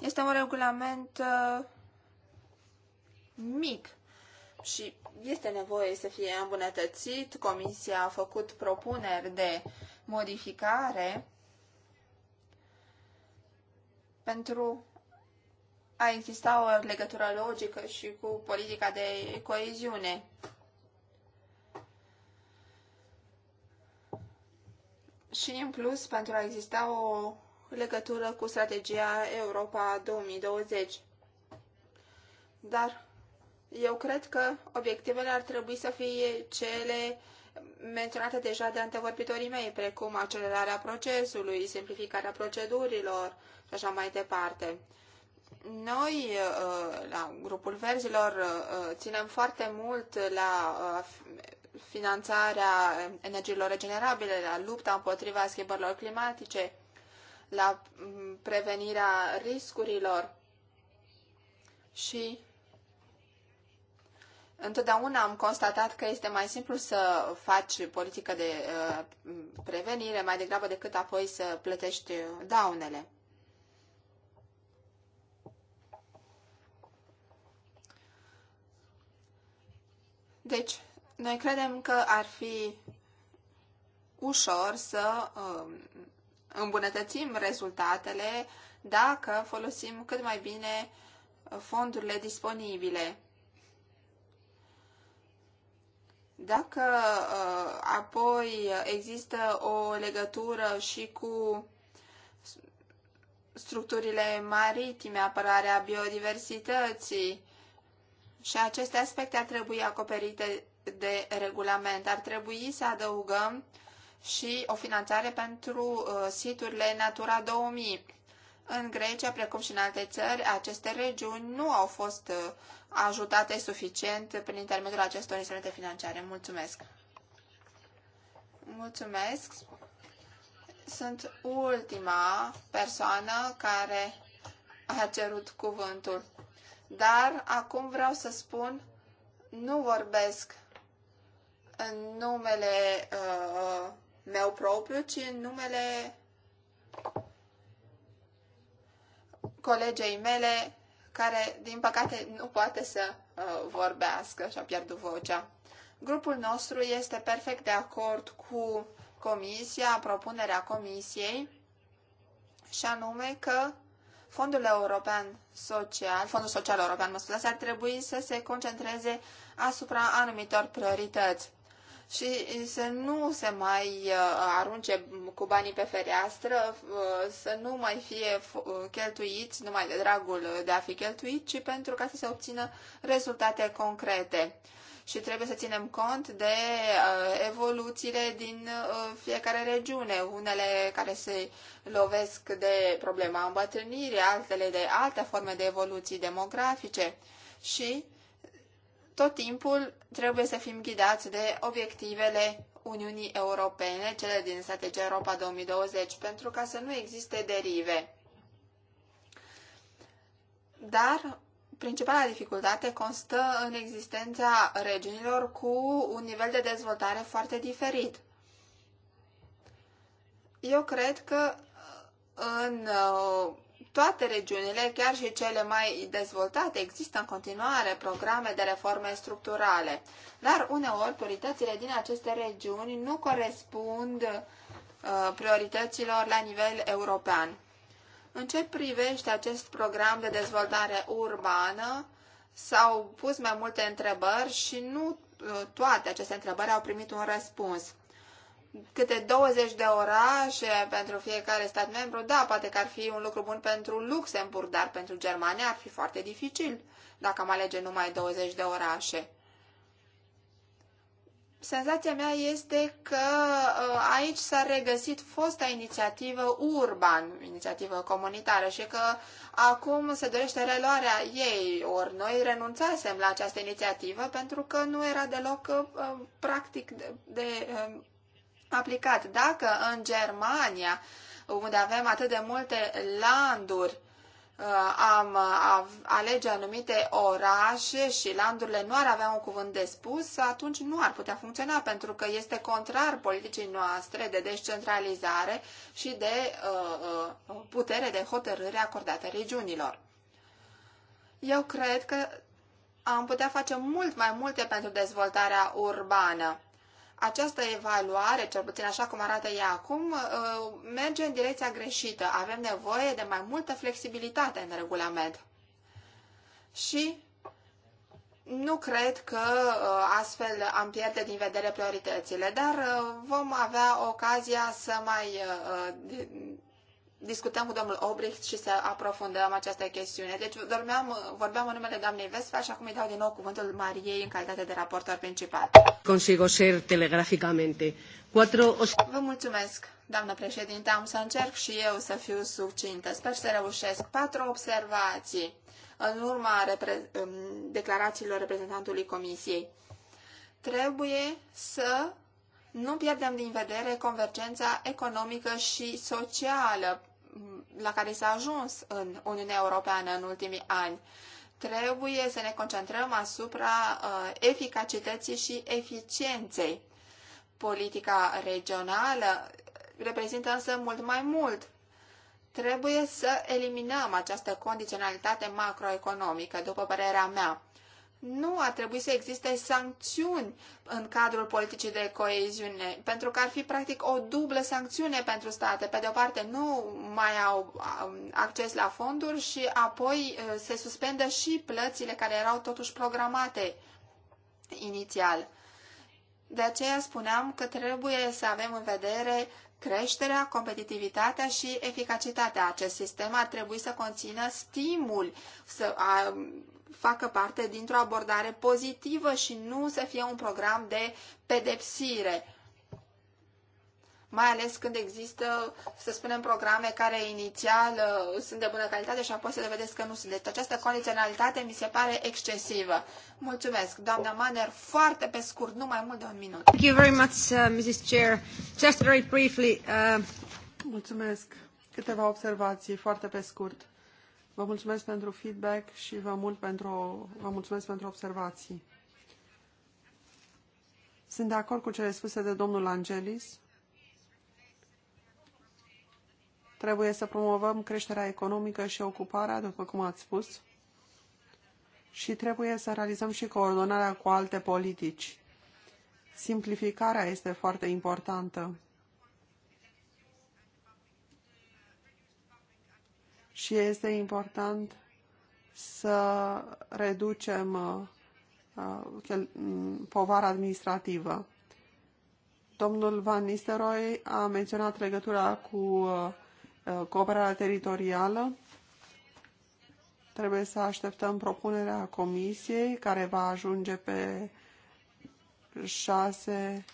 Este un regulament uh, mic și este nevoie să fie îmbunătățit. Comisia a făcut propuneri de modificare pentru a exista o legătură logică și cu politica de coeziune. Și în plus, pentru a exista o legătură cu strategia Europa 2020. Dar eu cred că obiectivele ar trebui să fie cele menționate deja de antevorbitorii mei, precum accelerarea procesului, simplificarea procedurilor și așa mai departe. Noi, uh, la grupul verzilor, uh, ținem foarte mult la uh, finanțarea energiilor regenerabile, la lupta împotriva schimbărilor climatice, la mm, prevenirea riscurilor și întotdeauna am constatat că este mai simplu să faci politică de prevenire mai degrabă decât apoi să plătești daunele. Deci, noi credem că ar fi ușor să um, îmbunătățim rezultatele dacă folosim cât mai bine uh, fondurile disponibile. Dacă uh, apoi există o legătură și cu structurile maritime, apărarea biodiversității, și aceste aspecte ar trebui acoperite de regulament. Ar trebui să adăugăm și o finanțare pentru uh, siturile Natura 2000. În Grecia, precum și în alte țări, aceste regiuni nu au fost uh, ajutate suficient prin intermediul acestor instrumente financiare. Mulțumesc! Mulțumesc! Sunt ultima persoană care a cerut cuvântul. Dar acum vreau să spun, nu vorbesc în numele uh, meu propriu, ci în numele colegei mele, care, din păcate, nu poate să uh, vorbească și a pierdut vocea. Grupul nostru este perfect de acord cu comisia, propunerea comisiei, și anume că Fondul European Social, Fondul Social European, mă scuzați, ar trebui să se concentreze asupra anumitor priorități și să nu se mai uh, arunce cu banii pe fereastră, uh, să nu mai fie uh, cheltuiți numai de dragul de a fi cheltuit, ci pentru ca să se obțină rezultate concrete și trebuie să ținem cont de uh, evoluțiile din uh, fiecare regiune, unele care se lovesc de problema îmbătrânirii, altele de alte forme de evoluții demografice și tot timpul trebuie să fim ghidați de obiectivele Uniunii Europene, cele din strategia Europa 2020, pentru ca să nu existe derive. Dar Principala dificultate constă în existența regiunilor cu un nivel de dezvoltare foarte diferit. Eu cred că în uh, toate regiunile, chiar și cele mai dezvoltate, există în continuare programe de reforme structurale, dar uneori prioritățile din aceste regiuni nu corespund uh, priorităților la nivel european. În ce privește acest program de dezvoltare urbană, s-au pus mai multe întrebări și nu uh, toate aceste întrebări au primit un răspuns. Câte 20 de orașe pentru fiecare stat membru, da, poate că ar fi un lucru bun pentru Luxemburg, dar pentru Germania ar fi foarte dificil dacă am alege numai 20 de orașe senzația mea este că uh, aici s-a regăsit fosta inițiativă urban, inițiativă comunitară și că acum se dorește reluarea ei, ori noi renunțasem la această inițiativă pentru că nu era deloc uh, practic de, de uh, aplicat. Dacă în Germania, unde avem atât de multe landuri, Uh, am uh, alege anumite orașe și landurile nu ar avea un cuvânt de spus, atunci nu ar putea funcționa pentru că este contrar politicii noastre de descentralizare și de uh, uh putere de hotărâre acordată regiunilor. Eu cred că am putea face mult mai multe pentru dezvoltarea urbană această evaluare, cel puțin așa cum arată ea acum, uh, merge în direcția greșită. Avem nevoie de mai multă flexibilitate în regulament. Și nu cred că uh, astfel am pierde din vedere prioritățile, dar uh, vom avea ocazia să mai discutăm cu domnul Obrecht și să aprofundăm această chestiune. Deci dormeam, vorbeam în numele doamnei Vespa și acum îi dau din nou cuvântul Mariei în calitate de raportor principal. Consigo ser telegraficamente. Cuatro... Vă mulțumesc, doamnă președinte. Am să încerc și eu să fiu succintă. Sper să reușesc. Patru observații în urma repre... declarațiilor reprezentantului Comisiei. Trebuie să nu pierdem din vedere convergența economică și socială la care s-a ajuns în Uniunea Europeană în ultimii ani. Trebuie să ne concentrăm asupra uh, eficacității și eficienței. Politica regională reprezintă însă mult mai mult. Trebuie să eliminăm această condiționalitate macroeconomică, după părerea mea nu ar trebui să existe sancțiuni în cadrul politicii de coeziune, pentru că ar fi practic o dublă sancțiune pentru state. Pe de o parte nu mai au um, acces la fonduri și apoi uh, se suspendă și plățile care erau totuși programate inițial. De aceea spuneam că trebuie să avem în vedere creșterea, competitivitatea și eficacitatea. Acest sistem ar trebui să conțină stimul să, a, facă parte dintr-o abordare pozitivă și nu să fie un program de pedepsire. Mai ales când există, să spunem, programe care inițial uh, sunt de bună calitate și apoi se dovedesc că nu sunt. Deci această condiționalitate mi se pare excesivă. Mulțumesc. Doamna Manner, foarte pe scurt, nu mai mult de un minut. Thank you very much, uh, Mrs. Chair. Just very briefly. Uh... Mulțumesc. Câteva observații, foarte pe scurt. Vă mulțumesc pentru feedback și vă, mult pentru, vă mulțumesc pentru observații. Sunt de acord cu cele spuse de domnul Angelis. Trebuie să promovăm creșterea economică și ocuparea, după cum ați spus, și trebuie să realizăm și coordonarea cu alte politici. Simplificarea este foarte importantă. și este important să reducem uh, uh, mm, povara administrativă. Domnul Van Nistelrooy a menționat legătura cu uh, cooperarea teritorială. Trebuie să așteptăm propunerea comisiei care va ajunge pe 6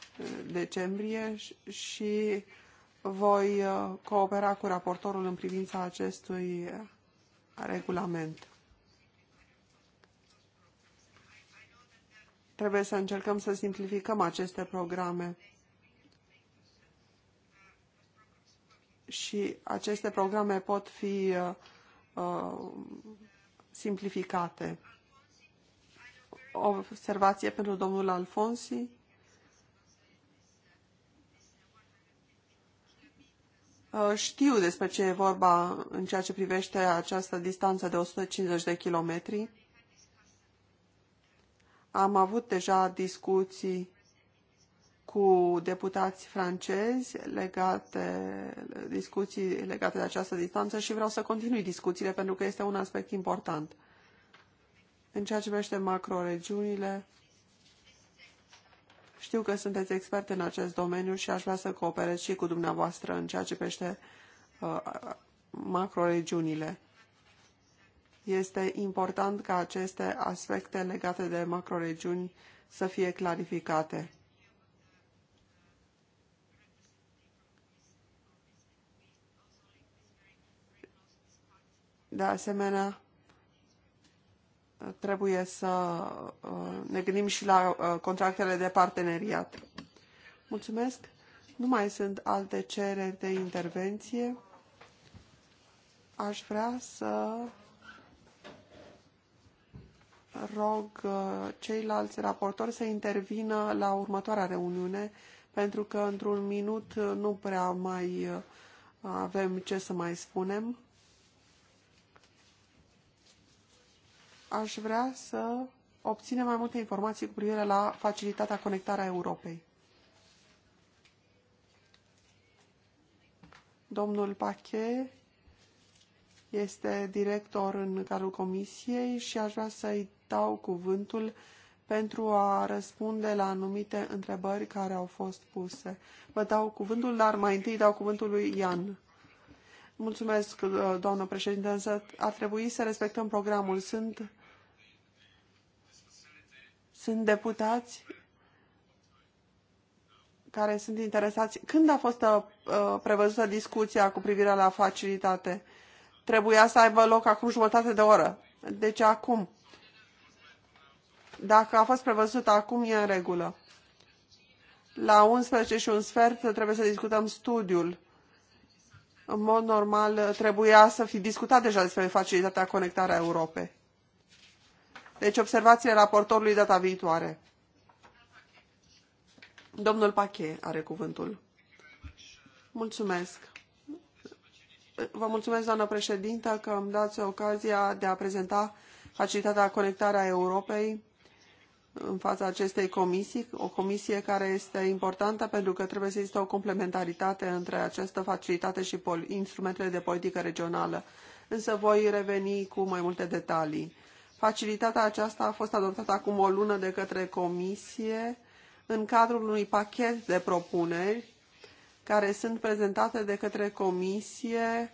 decembrie și voi uh, coopera cu raportorul în privința acestui regulament. Trebuie să încercăm să simplificăm aceste programe. Și aceste programe pot fi uh, uh simplificate. Observație pentru domnul Alfonsi. Uh, știu despre ce e vorba în ceea ce privește această distanță de 150 de kilometri. Am avut deja discuții cu deputați francezi legate, discuții legate de această distanță și vreau să continui discuțiile pentru că este un aspect important. În ceea ce privește macroregiunile, știu că sunteți expert în acest domeniu și aș vrea să cooperez și cu dumneavoastră în ceea ce pește uh, macroregiunile. Este important ca aceste aspecte legate de macroregiuni să fie clarificate. De asemenea, trebuie să uh, ne gândim și la uh, contractele de parteneriat. Mulțumesc. Nu mai sunt alte cereri de intervenție. Aș vrea să rog uh, ceilalți raportori să intervină la următoarea reuniune, pentru că într-un minut nu prea mai avem ce să mai spunem. aș vrea să obținem mai multe informații cu privire la facilitatea conectarea Europei. Domnul Pache este director în cadrul comisiei și aș vrea să-i dau cuvântul pentru a răspunde la anumite întrebări care au fost puse. Vă dau cuvântul, dar mai întâi dau cuvântul lui Ian. Mulțumesc, doamnă președinte, însă ar trebui să respectăm programul. Sunt sunt deputați care sunt interesați. Când a fost a, uh, prevăzută discuția cu privire la facilitate? Trebuia să aibă loc acum jumătate de oră. Deci acum. Dacă a fost prevăzut acum, e în regulă. La 11 și un sfert trebuie să discutăm studiul. În mod normal, trebuia să fi discutat deja despre facilitatea conectarea Europei. Deci observațiile raportorului data viitoare. Domnul Pache are cuvântul. Mulțumesc. Vă mulțumesc, doamnă președintă, că îmi dați ocazia de a prezenta facilitatea conectarea Europei în fața acestei comisii, o comisie care este importantă pentru că trebuie să existe o complementaritate între această facilitate și instrumentele de politică regională. Însă voi reveni cu mai multe detalii. Facilitatea aceasta a fost adoptată acum o lună de către Comisie în cadrul unui pachet de propuneri care sunt prezentate de către Comisie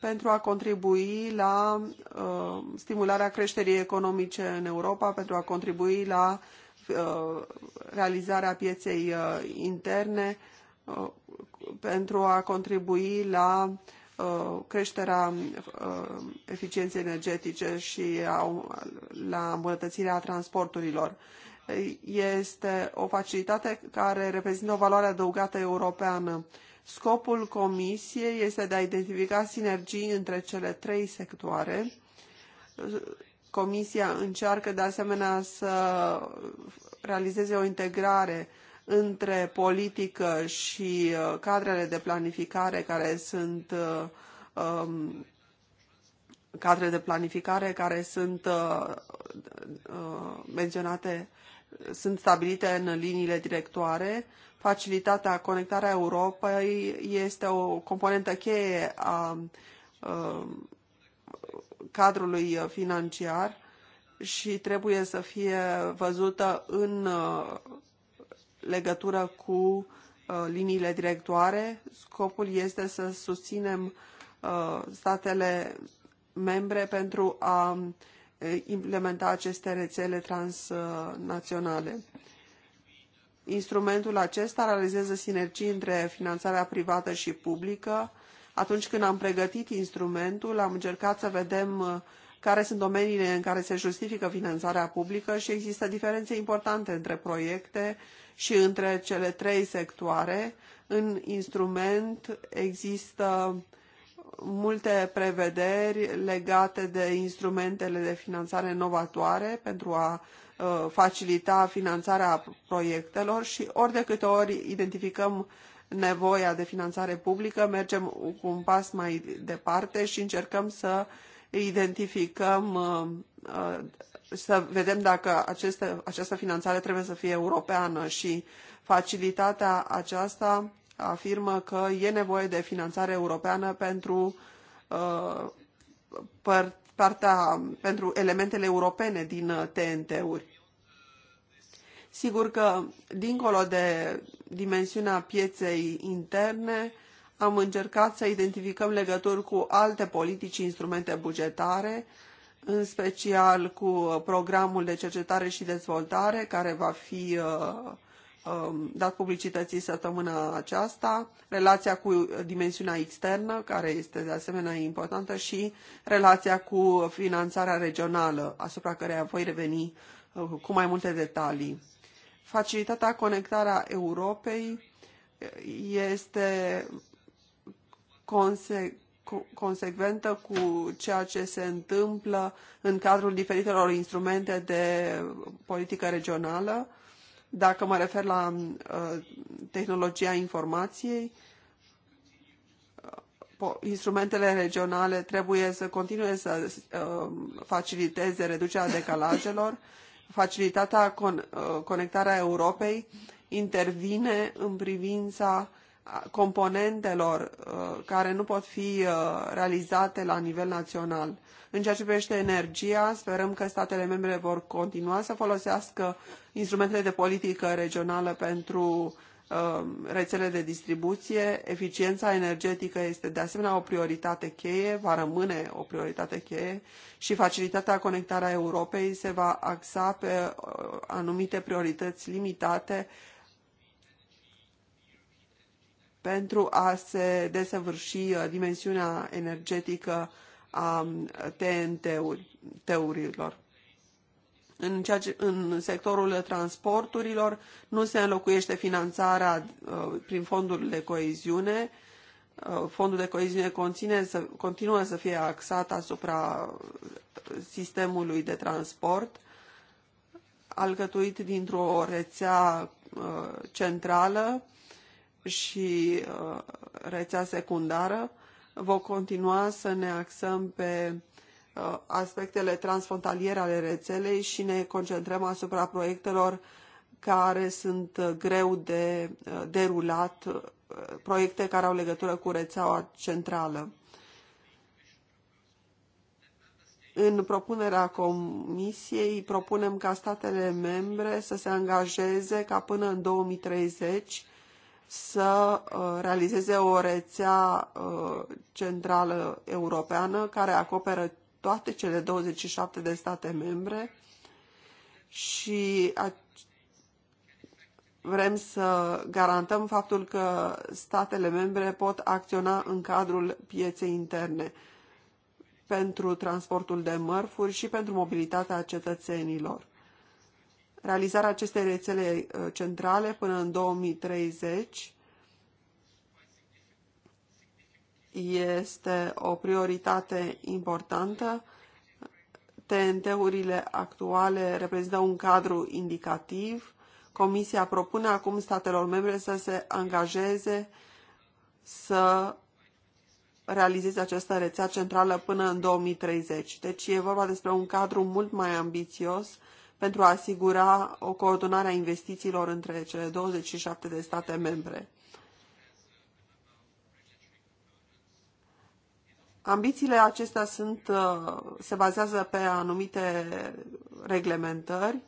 pentru a contribui la uh, stimularea creșterii economice în Europa, pentru a contribui la uh, realizarea pieței uh, interne, uh, pentru a contribui la uh, Uh, creșterea uh, eficienței energetice și la îmbunătățirea transporturilor. Este o facilitate care reprezintă o valoare adăugată europeană. Scopul Comisiei este de a identifica sinergii între cele trei sectoare. Comisia încearcă de asemenea să realizeze o integrare între politică și uh, cadrele de planificare care sunt uh, um, cadre de planificare care sunt uh, uh, menționate, sunt stabilite în liniile directoare. Facilitatea Conectarea Europei este o componentă cheie a uh, cadrului financiar și trebuie să fie văzută în uh, legătură cu uh, liniile directoare. Scopul este să susținem uh, statele membre pentru a uh, implementa aceste rețele transnaționale. Instrumentul acesta realizează sinergii între finanțarea privată și publică. Atunci când am pregătit instrumentul, am încercat să vedem care sunt domeniile în care se justifică finanțarea publică și există diferențe importante între proiecte, și între cele trei sectoare. În instrument există multe prevederi legate de instrumentele de finanțare novatoare pentru a ă, facilita finanțarea proiectelor și ori de câte ori identificăm nevoia de finanțare publică, mergem cu un pas mai departe și încercăm să identificăm ă, ă, să vedem dacă aceste, această finanțare trebuie să fie europeană și facilitatea aceasta afirmă că e nevoie de finanțare europeană pentru uh, partea pentru elementele europene din TNT-uri. Sigur că, dincolo de dimensiunea pieței interne, am încercat să identificăm legături cu alte politici și instrumente bugetare, în special cu programul de cercetare și dezvoltare care va fi uh, um, dat publicității săptămâna aceasta, relația cu dimensiunea externă, care este de asemenea importantă, și relația cu finanțarea regională, asupra căreia voi reveni uh, cu mai multe detalii. Facilitatea Conectarea Europei uh, este conse- consecventă cu ceea ce se întâmplă în cadrul diferitelor instrumente de politică regională. Dacă mă refer la uh, tehnologia informației, uh, instrumentele regionale trebuie să continue să uh, faciliteze reducerea decalajelor. Facilitatea Conectarea Europei intervine în privința componentelor uh, care nu pot fi uh, realizate la nivel național. În ceea ce privește energia, sperăm că statele membre vor continua să folosească instrumentele de politică regională pentru uh, rețele de distribuție. Eficiența energetică este de asemenea o prioritate cheie, va rămâne o prioritate cheie și facilitatea conectarea Europei se va axa pe anumite priorități limitate pentru a se desăvârși uh, dimensiunea energetică a um, TNT-urilor. În, ceea ce, în sectorul transporturilor nu se înlocuiește finanțarea uh, prin fondul de coeziune. Uh, fondul de coeziune conține să, continuă să fie axat asupra sistemului de transport, alcătuit dintr-o rețea centrală și uh, rețea secundară. Vom continua să ne axăm pe uh, aspectele transfrontaliere ale rețelei și ne concentrăm asupra proiectelor care sunt uh, greu de derulat, proiecte care au legătură cu rețeaua centrală. În propunerea Comisiei propunem ca statele membre să se angajeze ca până în 2030 să uh, realizeze o rețea uh, centrală europeană care acoperă toate cele 27 de state membre și vrem să garantăm faptul că statele membre pot acționa în cadrul pieței interne pentru transportul de mărfuri și pentru mobilitatea cetățenilor realizarea acestei rețele uh, centrale până în 2030 este o prioritate importantă. TNT-urile actuale reprezintă un cadru indicativ. Comisia propune acum statelor membre să se angajeze să realizeze această rețea centrală până în 2030. Deci e vorba despre un cadru mult mai ambițios pentru a asigura o coordonare a investițiilor între cele 27 de state membre. Ambițiile acestea sunt, uh, se bazează pe anumite reglementări.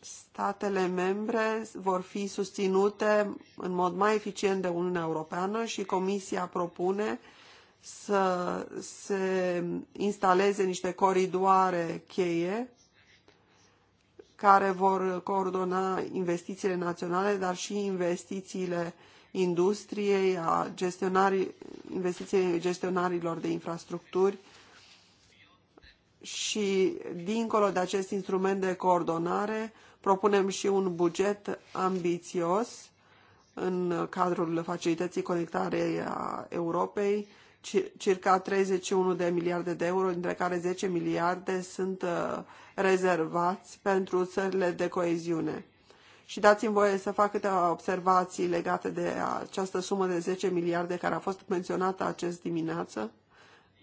Statele membre vor fi susținute în mod mai eficient de Uniunea Europeană și Comisia propune uh, să se instaleze niște coridoare cheie care vor coordona investițiile naționale, dar și investițiile industriei, a gestionarii, investițiile gestionarilor de infrastructuri și, dincolo de acest instrument de coordonare, propunem și un buget ambițios în cadrul facilității conectare a Europei, circa 31 de miliarde de euro, dintre care 10 miliarde sunt uh, rezervați pentru țările de coeziune. Și dați-mi voie să fac câteva observații legate de această sumă de 10 miliarde care a fost menționată acest dimineață.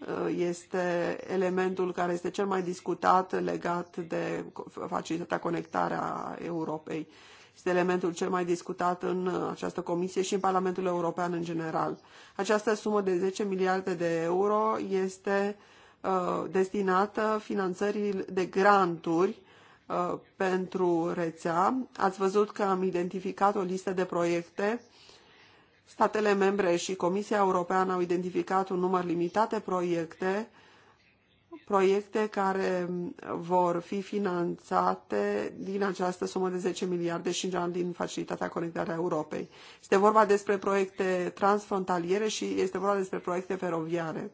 Uh, este elementul care este cel mai discutat legat de facilitatea conectarea Europei. Este elementul cel mai discutat în uh, această comisie și în Parlamentul European în general. Această sumă de 10 miliarde de euro este uh, destinată finanțării de granturi uh, pentru rețea. Ați văzut că am identificat o listă de proiecte Statele membre și Comisia Europeană au identificat un număr limitat de proiecte uh, proiecte care vor fi finanțate din această sumă de 10 miliarde și ani din Facilitatea Conectarea Europei. Este vorba despre proiecte transfrontaliere și este vorba despre proiecte feroviare.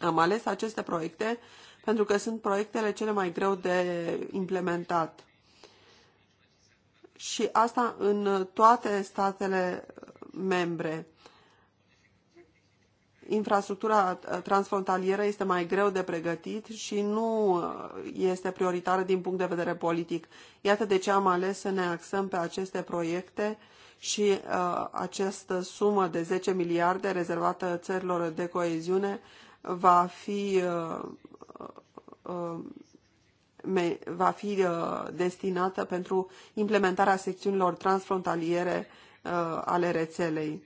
Am ales aceste proiecte pentru că sunt proiectele cele mai greu de implementat. Și asta în toate statele membre infrastructura uh, transfrontalieră este mai greu de pregătit și nu uh, este prioritară din punct de vedere politic. Iată de ce am ales să ne axăm pe aceste proiecte și uh, această sumă de 10 miliarde rezervată țărilor de coeziune va fi, uh, uh, uh, me, va fi uh, destinată pentru implementarea secțiunilor transfrontaliere uh, ale rețelei.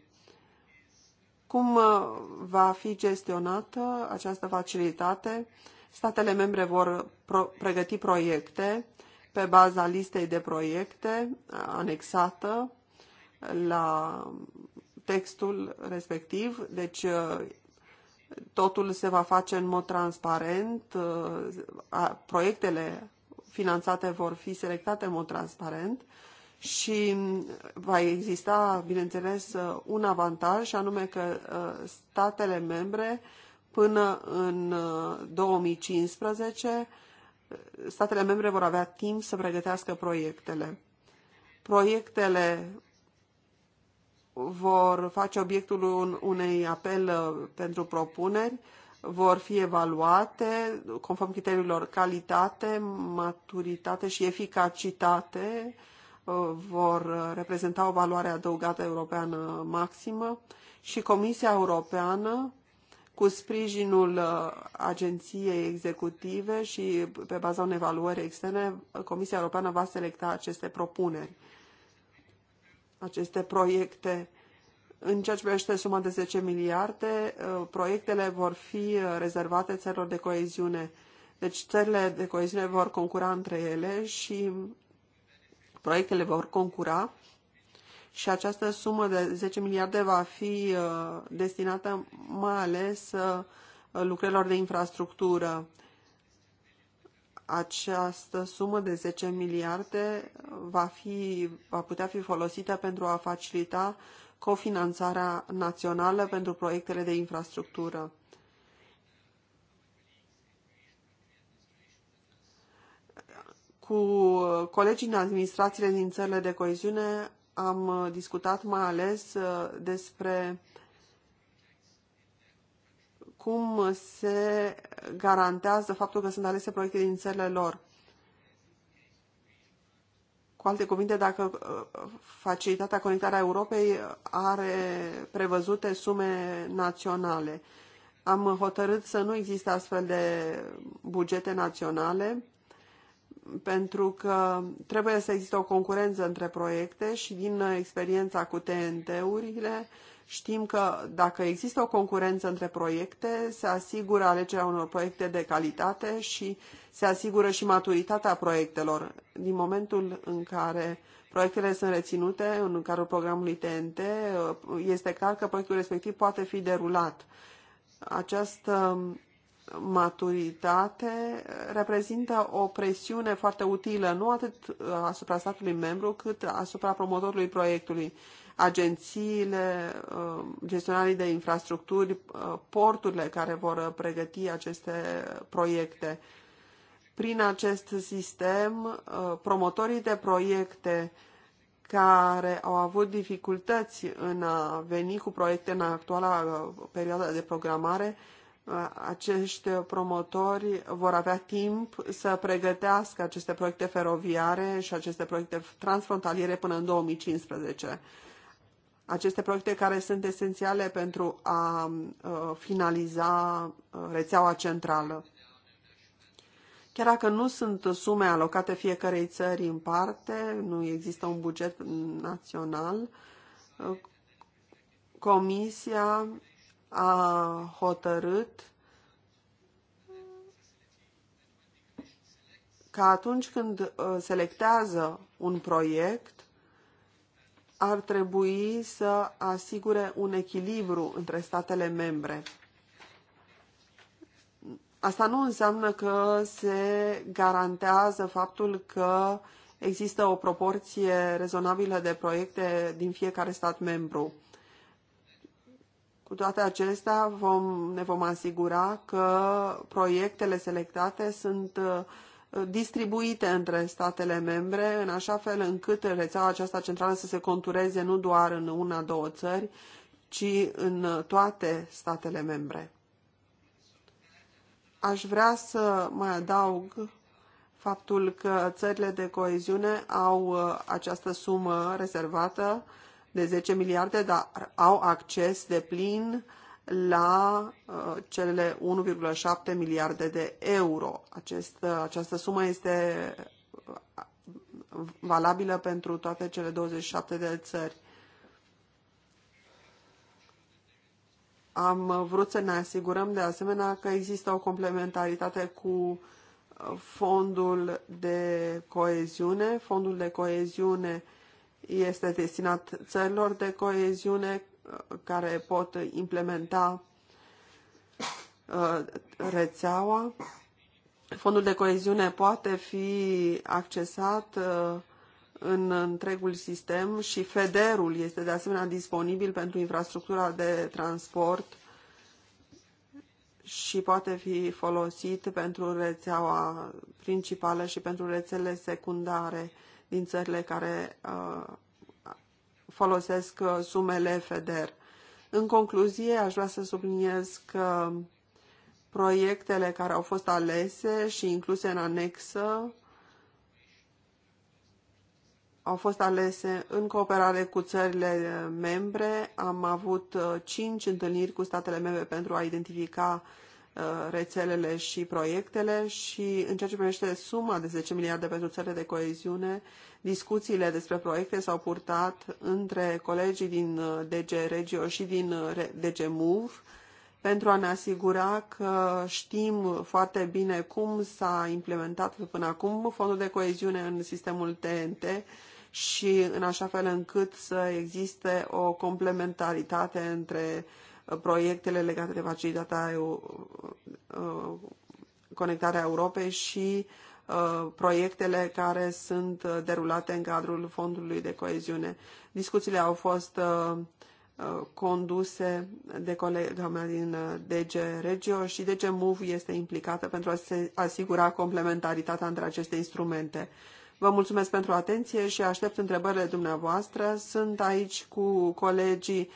Cum uh, va fi gestionată această facilitate? Statele membre vor pro pregăti proiecte pe baza listei de proiecte uh, anexată la textul respectiv, deci uh, totul se va face în mod transparent, proiectele finanțate vor fi selectate în mod transparent și va exista, bineînțeles, un avantaj, și anume că uh, statele membre până în 2015 uh, uh, statele membre vor avea timp să pregătească proiectele. Proiectele vor face obiectul unei apel pentru propuneri, vor fi evaluate conform criteriilor calitate, maturitate și eficacitate, Uh, vor uh, reprezenta o valoare adăugată europeană maximă și Comisia Europeană, cu sprijinul uh, agenției executive și pe baza unei evaluări externe, Comisia Europeană va selecta aceste propuneri, aceste proiecte. În ceea ce privește suma de 10 miliarde, proiectele vor fi rezervate țărilor de coeziune. Deci țările de coeziune vor concura între ele și proiectele vor concura și această sumă de 10 miliarde va fi uh, destinată mai ales uh, lucrărilor de infrastructură. Această sumă de 10 miliarde va, fi, va putea fi folosită pentru a facilita cofinanțarea națională pentru proiectele de infrastructură. Cu uh, colegii din administrațiile din țările de coeziune am uh, discutat mai ales uh, despre cum se garantează faptul că sunt alese proiecte din țările lor. Cu alte cuvinte, dacă facilitatea conectarea Europei are prevăzute sume naționale, am hotărât să nu existe astfel de bugete naționale pentru că trebuie să existe o concurență între proiecte și din experiența cu TNT-urile știm că dacă există o concurență între proiecte, se asigură alegerea unor proiecte de calitate și se asigură și maturitatea proiectelor. Din momentul în care proiectele sunt reținute în cadrul programului TNT, este clar că proiectul respectiv poate fi derulat. Această maturitate eh, reprezintă o presiune foarte utilă, nu atât eh, asupra statului membru, cât asupra promotorului proiectului. Agențiile, eh, gestionarii de infrastructuri, porturile care vor pregăti aceste proiecte. Prin acest sistem, promotorii de proiecte care au avut dificultăți în a veni cu proiecte în actuala perioadă de programare acești promotori vor avea timp să pregătească aceste proiecte feroviare și aceste proiecte transfrontaliere până în 2015. Aceste proiecte care sunt esențiale pentru a finaliza rețeaua centrală. Chiar dacă nu sunt sume alocate fiecarei țări în parte, nu există un buget național, Comisia a hotărât că atunci când uh, selectează un proiect, ar trebui să asigure un echilibru între statele membre. Asta nu înseamnă că se garantează faptul că există o proporție rezonabilă de proiecte din fiecare stat membru. Cu toate acestea vom, ne vom asigura că proiectele selectate sunt uh, distribuite între statele membre în așa fel încât rețeaua aceasta centrală să se contureze nu doar în una, două țări, ci în toate statele membre. Aș vrea să mai adaug faptul că țările de coeziune au uh, această sumă rezervată de 10 miliarde, dar au acces de plin la uh, cele 1,7 miliarde de euro. Acest, uh, această sumă este uh, valabilă pentru toate cele 27 de țări. Am vrut să ne asigurăm de asemenea că există o complementaritate cu uh, fondul de coeziune. Fondul de coeziune uh, este destinat țărilor de coeziune uh, care pot implementa uh, rețeaua. Fondul de coeziune poate fi accesat uh, în întregul sistem și federul este de asemenea disponibil pentru infrastructura de transport și poate fi folosit pentru rețeaua principală și pentru rețele secundare din țările care uh, folosesc uh, sumele FEDER. În concluzie, aș vrea să subliniez că proiectele care au fost alese și incluse în anexă au fost alese în cooperare cu țările membre. Am avut uh, cinci întâlniri cu statele membre pentru a identifica Uh, rețelele și proiectele și în ceea ce privește suma de 10 miliarde pentru țările de coeziune, discuțiile despre proiecte s-au purtat între colegii din uh, DG Regio și din uh, DG Move pentru a ne asigura că știm foarte bine cum s-a implementat până acum fondul de coeziune în sistemul TNT și în așa fel încât să existe o complementaritate între proiectele legate de facilitatea uh, conectarea Europei și uh, proiectele care sunt uh, derulate în cadrul Fondului de Coeziune. Discuțiile au fost conduse de colega mea din DG Regio și DG MUV este implicată pentru a se asigura complementaritatea între aceste instrumente. Vă mulțumesc pentru atenție și aștept întrebările dumneavoastră. Sunt aici cu colegii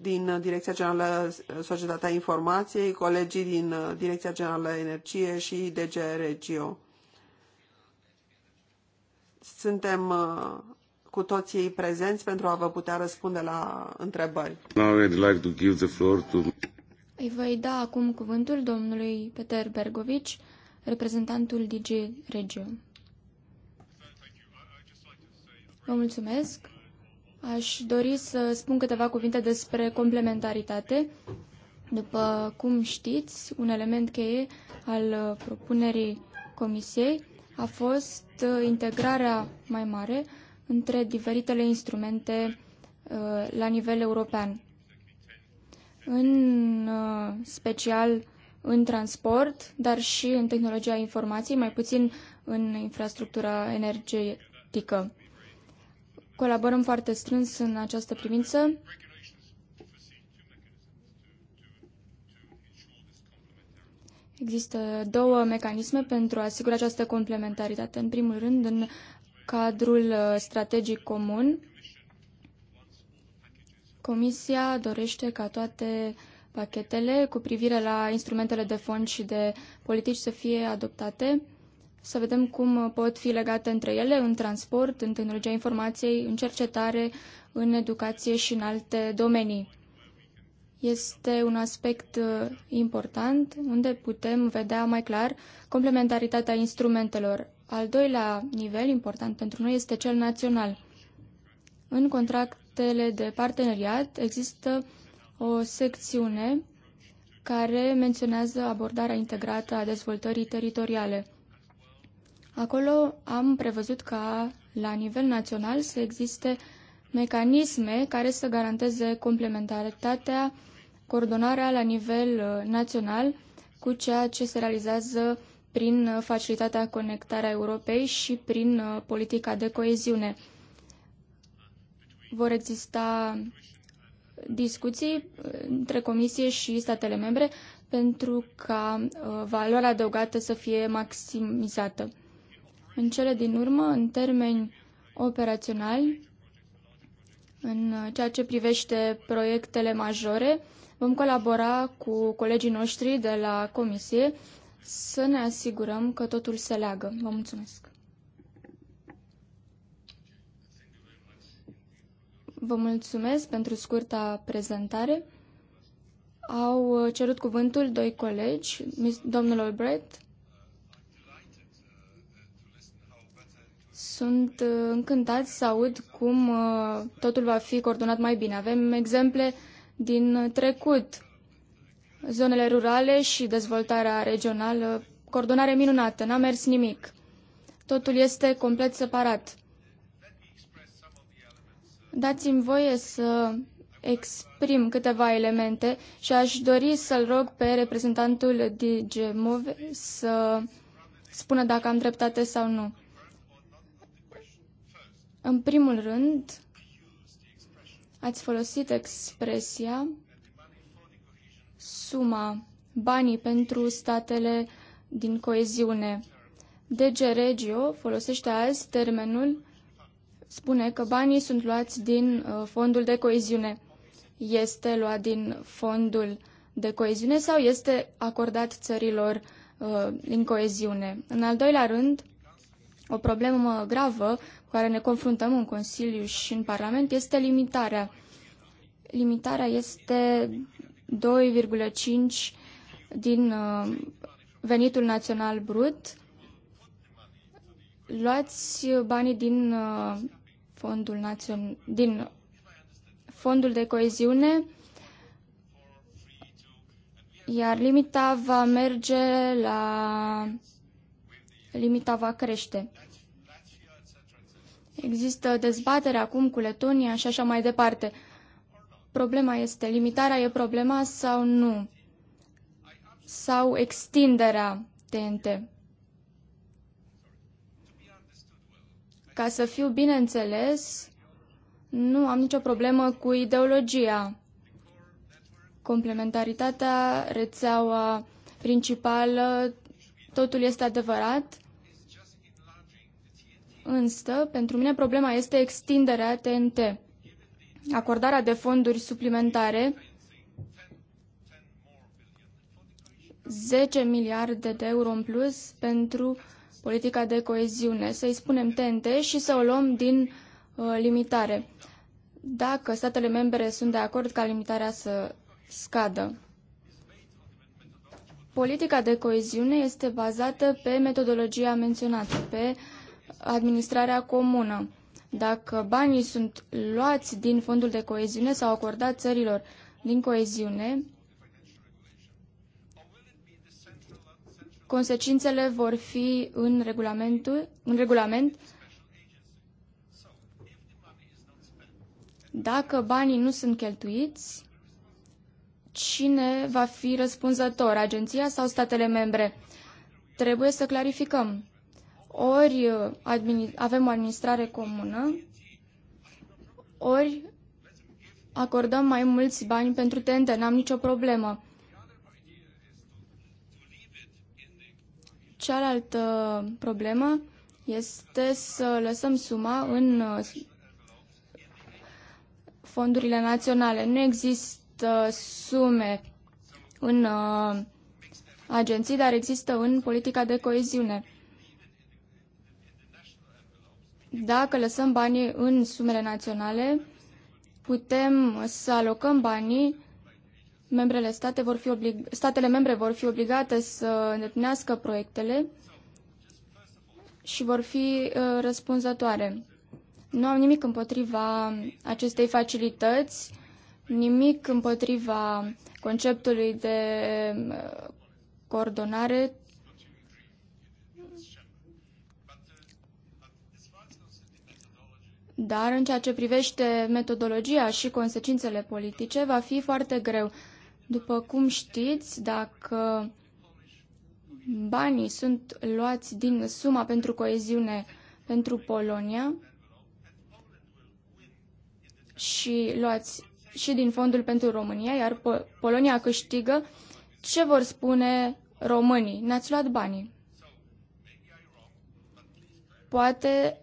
din uh, Direcția Generală uh, Societatea Informației, colegii din uh, Direcția Generală Energie și DG Regio. Suntem cu toții prezenți pentru a vă putea răspunde la întrebări. Now I'd like to give the floor to... Îi voi da acum cuvântul domnului Peter Bergovici, reprezentantul DG Regio. Vă mulțumesc. Aș dori să spun câteva cuvinte despre complementaritate. După cum știți, un element cheie al propunerii Comisiei a fost integrarea mai mare între diferitele instrumente uh, la nivel european. În uh, special în transport, dar și în tehnologia informației, mai puțin în infrastructura energetică. Colaborăm foarte strâns în această privință. Există două mecanisme pentru a asigura această complementaritate. În primul rând, în cadrul uh, strategic comun, Comisia dorește ca toate pachetele cu privire la instrumentele de fond și de politici să fie adoptate să vedem cum uh, pot fi legate între ele în transport, în tehnologia informației, în cercetare, în educație și în alte domenii. Este un aspect uh, important unde putem vedea mai clar complementaritatea instrumentelor. Al doilea nivel important pentru noi este cel național. În contractele de parteneriat există o secțiune care menționează abordarea integrată a dezvoltării teritoriale. Acolo am prevăzut ca la nivel național să existe mecanisme care să garanteze complementaritatea, coordonarea la nivel uh, național cu ceea ce se realizează prin uh, facilitatea conectarea Europei și prin uh, politica de coeziune. Vor exista discuții între Comisie și statele membre pentru ca valoarea adăugată să fie maximizată. În cele din urmă, în termeni operaționali, în ceea ce privește proiectele majore, vom colabora cu colegii noștri de la Comisie să ne asigurăm că totul se leagă. Vă mulțumesc! Vă mulțumesc pentru scurta prezentare. Au cerut cuvântul doi colegi, domnul Albrecht Sunt uh, încântat să aud cum uh, totul va fi coordonat mai bine. Avem exemple din trecut. Zonele rurale și dezvoltarea regională, coordonare minunată, n-a mers nimic. Totul este complet separat. Dați-mi voie să exprim câteva elemente și aș dori să-l rog pe reprezentantul DG Move să spună dacă am dreptate sau nu. În primul rând, ați folosit expresia suma banii pentru statele din coeziune. DG Regio folosește azi termenul, spune că banii sunt luați din uh, fondul de coeziune. Este luat din fondul de coeziune sau este acordat țărilor uh, din coeziune? În al doilea rând, o problemă gravă cu care ne confruntăm în Consiliu și în Parlament este limitarea. Limitarea este 2,5 din uh, venitul național brut. Luați banii din uh, fondul, națion... din fondul de coeziune, iar limita va merge la limita va crește. Există dezbatere acum cu Letonia și așa mai departe. Problema este, limitarea e problema sau nu? Sau extinderea TNT? Ca să fiu bine înțeles, nu am nicio problemă cu ideologia. Complementaritatea, rețeaua principală, totul este adevărat însă pentru mine problema este extinderea TNT, acordarea de fonduri suplimentare, 10 miliarde de euro în plus pentru politica de coeziune, să-i spunem TNT și să o luăm din uh, limitare. Dacă statele membre sunt de acord ca limitarea să scadă. Politica de coeziune este bazată pe metodologia menționată, pe uh, administrarea comună. Dacă banii sunt luați din fondul de coeziune sau acordat țărilor din coeziune, consecințele vor fi în, regulamentul, în regulament dacă banii nu sunt cheltuiți, cine va fi răspunzător, agenția sau statele membre? Trebuie să clarificăm ori uh, avem o administrare comună, ori acordăm mai mulți bani pentru TNT, n-am nicio problemă. Cealaltă problemă este să lăsăm suma în uh, fondurile naționale. Nu există sume în uh, agenții, dar există în politica de coeziune. Dacă lăsăm banii în sumele naționale, putem să alocăm banii membrele state vor fi oblig... statele membre vor fi obligate să îndeplinească proiectele și vor fi uh, răspunzătoare. Nu am nimic împotriva acestei facilități, nimic împotriva conceptului de uh, coordonare, Dar în ceea ce privește metodologia și consecințele politice, va fi foarte greu. După cum știți, dacă banii sunt luați din suma pentru coeziune pentru Polonia și luați și din fondul pentru România, iar Polonia câștigă, ce vor spune românii? Ne-ați luat banii. Poate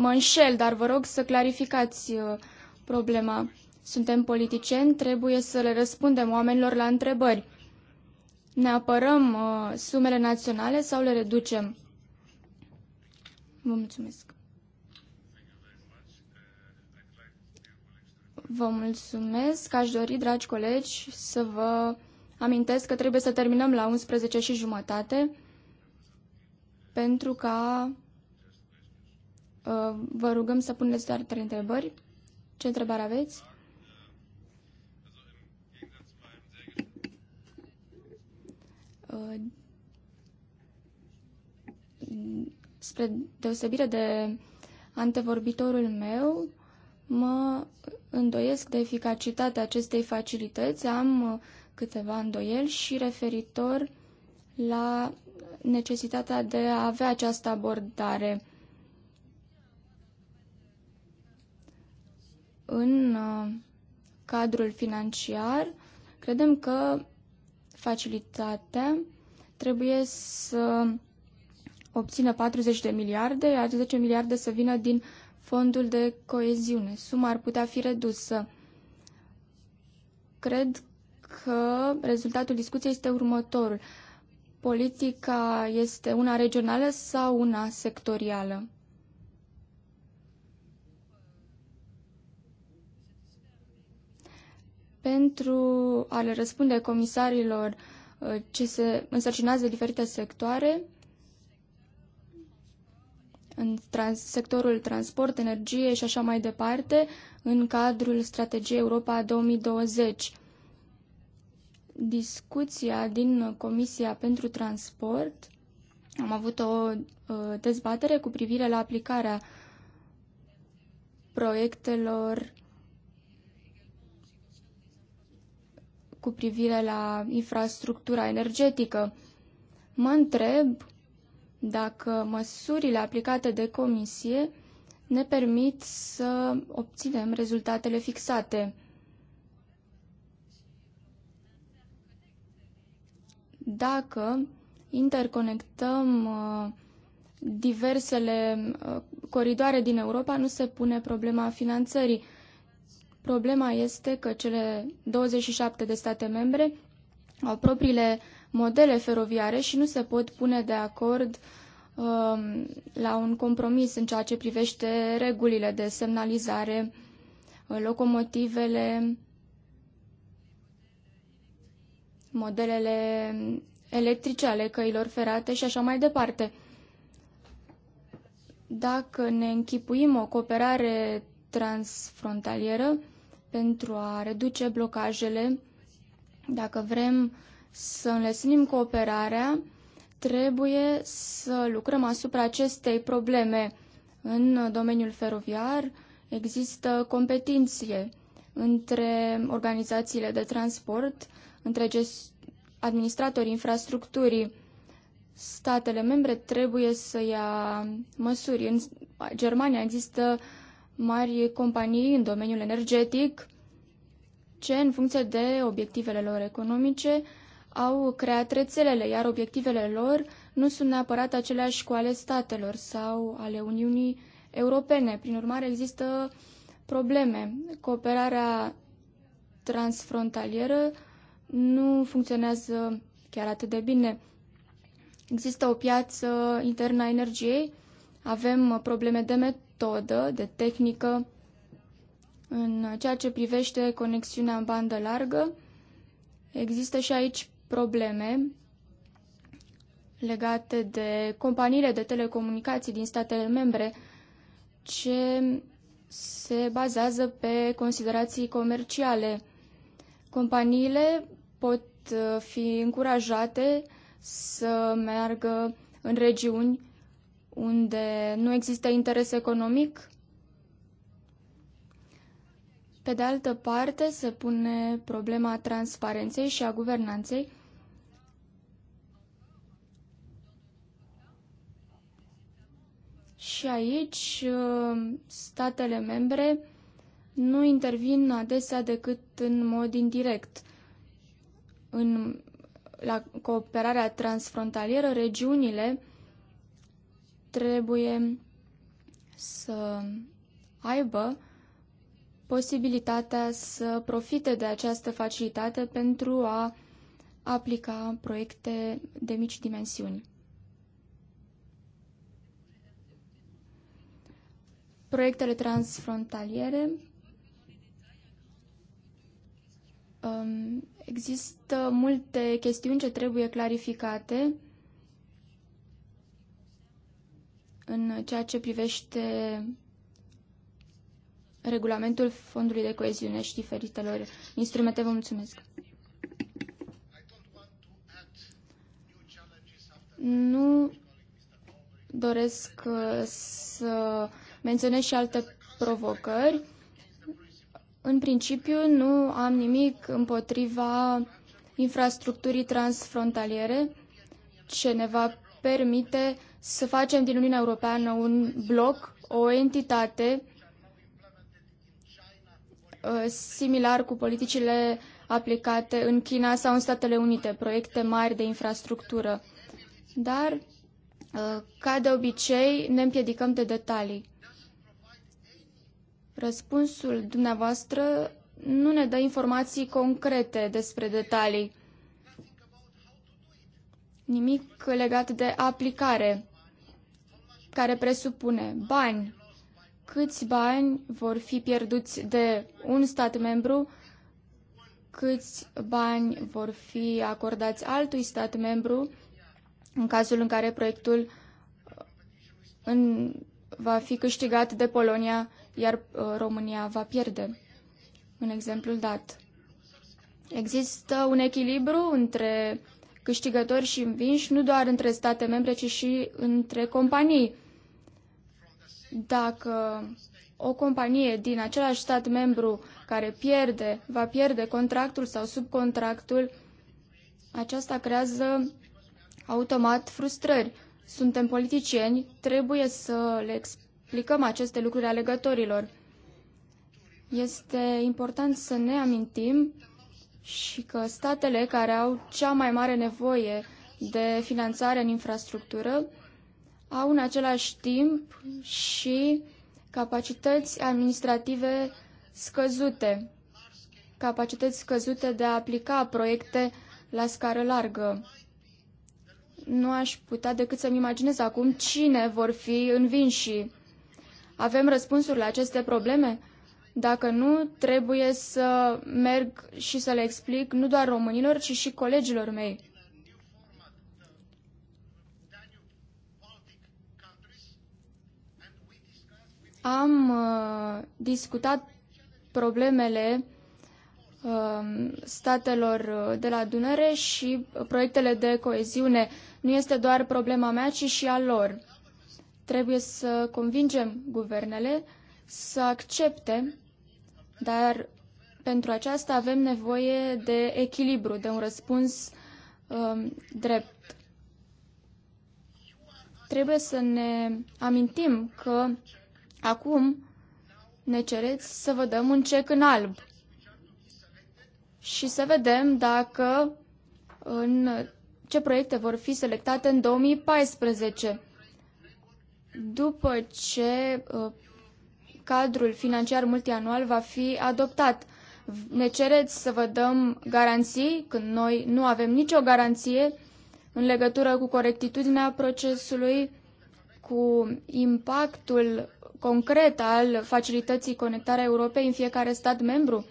mă înșel, dar vă rog să clarificați uh, problema. Suntem politicieni, trebuie să le răspundem oamenilor la întrebări. Ne apărăm uh, sumele naționale sau le reducem? Vă mulțumesc. Vă mulțumesc. Aș dori, dragi colegi, să vă amintesc că trebuie să terminăm la 11 și jumătate pentru ca Uh, vă rugăm să puneți doar trei întrebări. Ce întrebare aveți? Uh, spre deosebire de antevorbitorul meu, mă îndoiesc de eficacitatea acestei facilități. Am uh, câteva îndoieli și referitor la necesitatea de a avea această abordare în uh, cadrul financiar, credem că facilitatea trebuie să obțină 40 de miliarde, iar 10 miliarde să vină din fondul de coeziune. Suma ar putea fi redusă. Cred că rezultatul discuției este următorul. Politica este una regională sau una sectorială? pentru a le răspunde comisarilor uh, ce se însărcinează de diferite sectoare, în trans, sectorul transport, energie și așa mai departe, în cadrul strategiei Europa 2020. Discuția din Comisia pentru Transport, am avut o uh, dezbatere cu privire la aplicarea proiectelor cu privire la infrastructura energetică. Mă întreb dacă măsurile aplicate de comisie ne permit să obținem rezultatele fixate. Dacă interconectăm uh, diversele uh, coridoare din Europa, nu se pune problema finanțării. Problema este că cele 27 de state membre au propriile modele feroviare și nu se pot pune de acord um, la un compromis în ceea ce privește regulile de semnalizare, locomotivele, modelele electrice ale căilor ferate și așa mai departe. Dacă ne închipuim o cooperare transfrontalieră pentru a reduce blocajele. Dacă vrem să înlesnim cooperarea, trebuie să lucrăm asupra acestei probleme. În domeniul feroviar există competiție între organizațiile de transport, între administratorii infrastructurii. Statele membre trebuie să ia măsuri. În Germania există mari companii în domeniul energetic ce, în funcție de obiectivele lor economice, au creat rețelele, iar obiectivele lor nu sunt neapărat aceleași cu ale statelor sau ale Uniunii Europene. Prin urmare, există probleme. Cooperarea transfrontalieră nu funcționează chiar atât de bine. Există o piață internă a energiei, avem probleme de, met- metodă, de tehnică în ceea ce privește conexiunea în bandă largă. Există și aici probleme legate de companiile de telecomunicații din statele membre ce se bazează pe considerații comerciale. Companiile pot uh, fi încurajate să meargă în regiuni unde nu există interes economic? Pe de altă parte, se pune problema transparenței și a guvernanței. Și aici uh, statele membre nu intervin adesea decât în mod indirect. În, la cooperarea transfrontalieră, regiunile trebuie să aibă posibilitatea să profite de această facilitate pentru a aplica proiecte de mici dimensiuni. Proiectele transfrontaliere um, Există multe chestiuni ce trebuie clarificate în ceea ce privește regulamentul Fondului de Coeziune și diferitelor instrumente. Vă mulțumesc! Nu doresc uh, să menționez și alte provocări. În principiu, nu am nimic împotriva infrastructurii transfrontaliere ce ne va permite să facem din Uniunea Europeană un bloc, o entitate uh, similar cu politicile aplicate în China sau în Statele Unite, proiecte mari de infrastructură. Dar, uh, ca de obicei, ne împiedicăm de detalii. Răspunsul dumneavoastră nu ne dă informații concrete despre detalii. Nimic legat de aplicare care presupune bani. Câți bani vor fi pierduți de un stat membru, câți bani vor fi acordați altui stat membru în cazul în care proiectul uh, în, va fi câștigat de Polonia, iar uh, România va pierde, în exemplul dat. Există un echilibru între câștigători și învinși, nu doar între state membre, ci și între companii dacă o companie din același stat membru care pierde, va pierde contractul sau subcontractul, aceasta creează automat frustrări. Suntem politicieni, trebuie să le explicăm aceste lucruri alegătorilor. Este important să ne amintim și că statele care au cea mai mare nevoie de finanțare în infrastructură au în același timp și capacități administrative scăzute, capacități scăzute de a aplica proiecte la scară largă. Nu aș putea decât să-mi imaginez acum cine vor fi învinși. Avem răspunsuri la aceste probleme? Dacă nu, trebuie să merg și să le explic nu doar românilor, ci și colegilor mei. am uh, discutat problemele um, uh, statelor de la Dunăre și proiectele de coeziune. Nu este doar problema mea, ci și a lor. Trebuie să convingem guvernele să accepte, dar pentru aceasta avem nevoie de echilibru, de un răspuns um, drept. Trebuie să ne amintim că Acum ne cereți să vă dăm un cec în alb și să vedem dacă în ce proiecte vor fi selectate în 2014. După ce uh, cadrul financiar multianual va fi adoptat. Ne cereți să vă dăm garanții când noi nu avem nicio garanție în legătură cu corectitudinea procesului, cu impactul concret al facilității conectarea Europei în fiecare stat membru?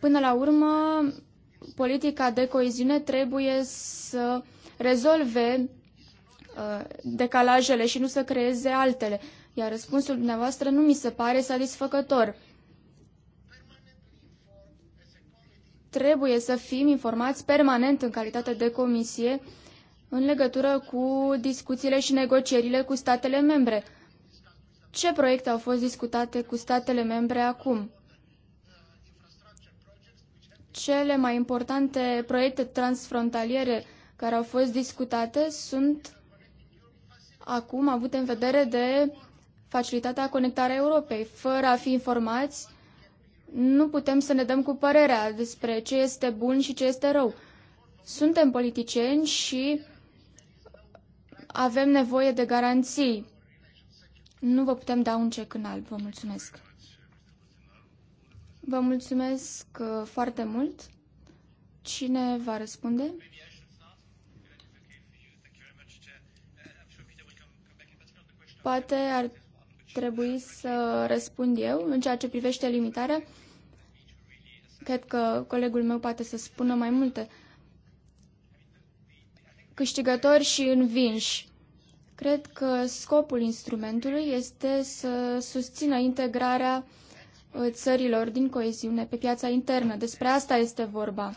Până la urmă, politica de coeziune trebuie să rezolve uh, decalajele și nu să creeze altele. Iar răspunsul dumneavoastră nu mi se pare satisfăcător. Trebuie să fim informați permanent în calitate de comisie în legătură cu discuțiile și negocierile cu statele membre ce proiecte au fost discutate cu statele membre acum? Cele mai importante proiecte transfrontaliere care au fost discutate sunt acum avute în vedere de facilitatea conectarea Europei. Fără a fi informați, nu putem să ne dăm cu părerea despre ce este bun și ce este rău. Suntem politicieni și avem nevoie de garanții nu vă putem da un cec în alb. Vă mulțumesc. Vă mulțumesc uh, foarte mult. Cine va răspunde? Poate ar trebui să răspund eu în ceea ce privește limitarea. Cred că colegul meu poate să spună mai multe. Câștigători și învinși. Cred că scopul instrumentului este să susțină integrarea uh, țărilor din coeziune pe piața internă. Despre asta este vorba.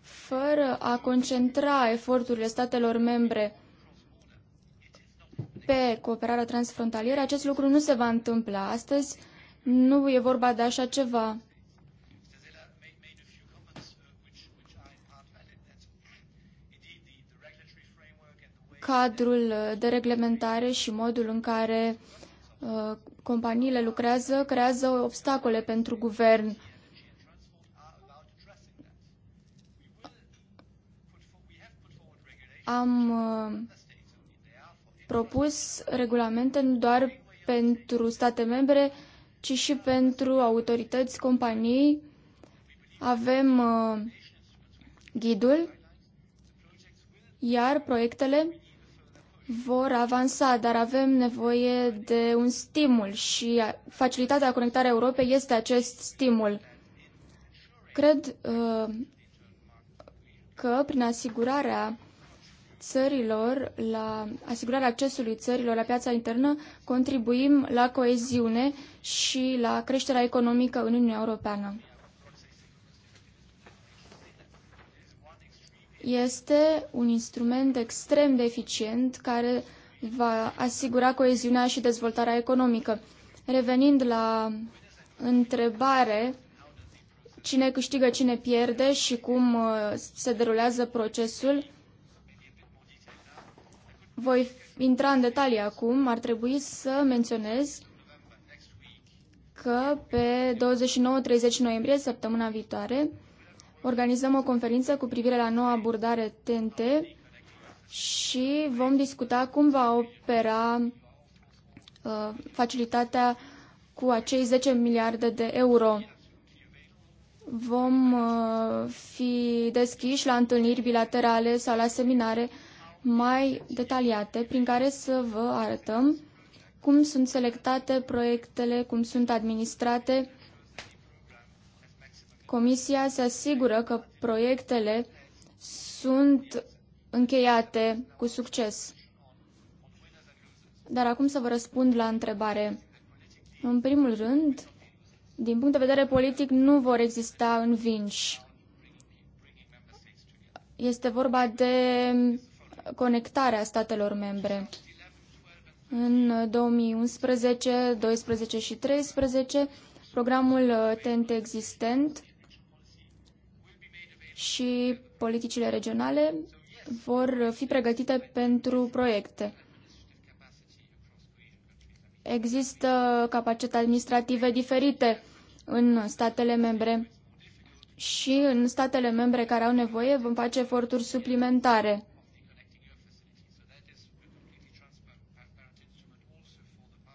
Fără a concentra eforturile statelor membre pe cooperarea transfrontalieră, acest lucru nu se va întâmpla. Astăzi nu e vorba de așa ceva. cadrul de reglementare și modul în care uh, companiile lucrează creează obstacole pentru guvern. Am uh, propus regulamente nu doar pentru state membre, ci și pentru autorități, companii. Avem uh, ghidul, iar proiectele vor avansa, dar avem nevoie de un stimul și facilitatea conectarea Europei este acest stimul. Cred uh, că prin asigurarea țărilor, la asigurarea accesului țărilor la piața internă, contribuim la coeziune și la creșterea economică în Uniunea Europeană. este un instrument extrem de eficient care va asigura coeziunea și dezvoltarea economică. Revenind la întrebare, cine câștigă, cine pierde și cum uh, se derulează procesul, voi intra în detalii acum. Ar trebui să menționez că pe 29-30 noiembrie, săptămâna viitoare, organizăm o conferință cu privire la noua abordare TNT și vom discuta cum va opera uh, facilitatea cu acei 10 miliarde de euro. Vom uh, fi deschiși la întâlniri bilaterale sau la seminare mai detaliate prin care să vă arătăm cum sunt selectate proiectele, cum sunt administrate Comisia se asigură că proiectele sunt încheiate cu succes. Dar acum să vă răspund la întrebare. În primul rând, din punct de vedere politic, nu vor exista învinși. Este vorba de conectarea statelor membre. În 2011, 12 și 13, programul TENT existent și politicile regionale vor fi pregătite pentru proiecte. Există capacități administrative diferite în statele membre și în statele membre care au nevoie vom face eforturi suplimentare.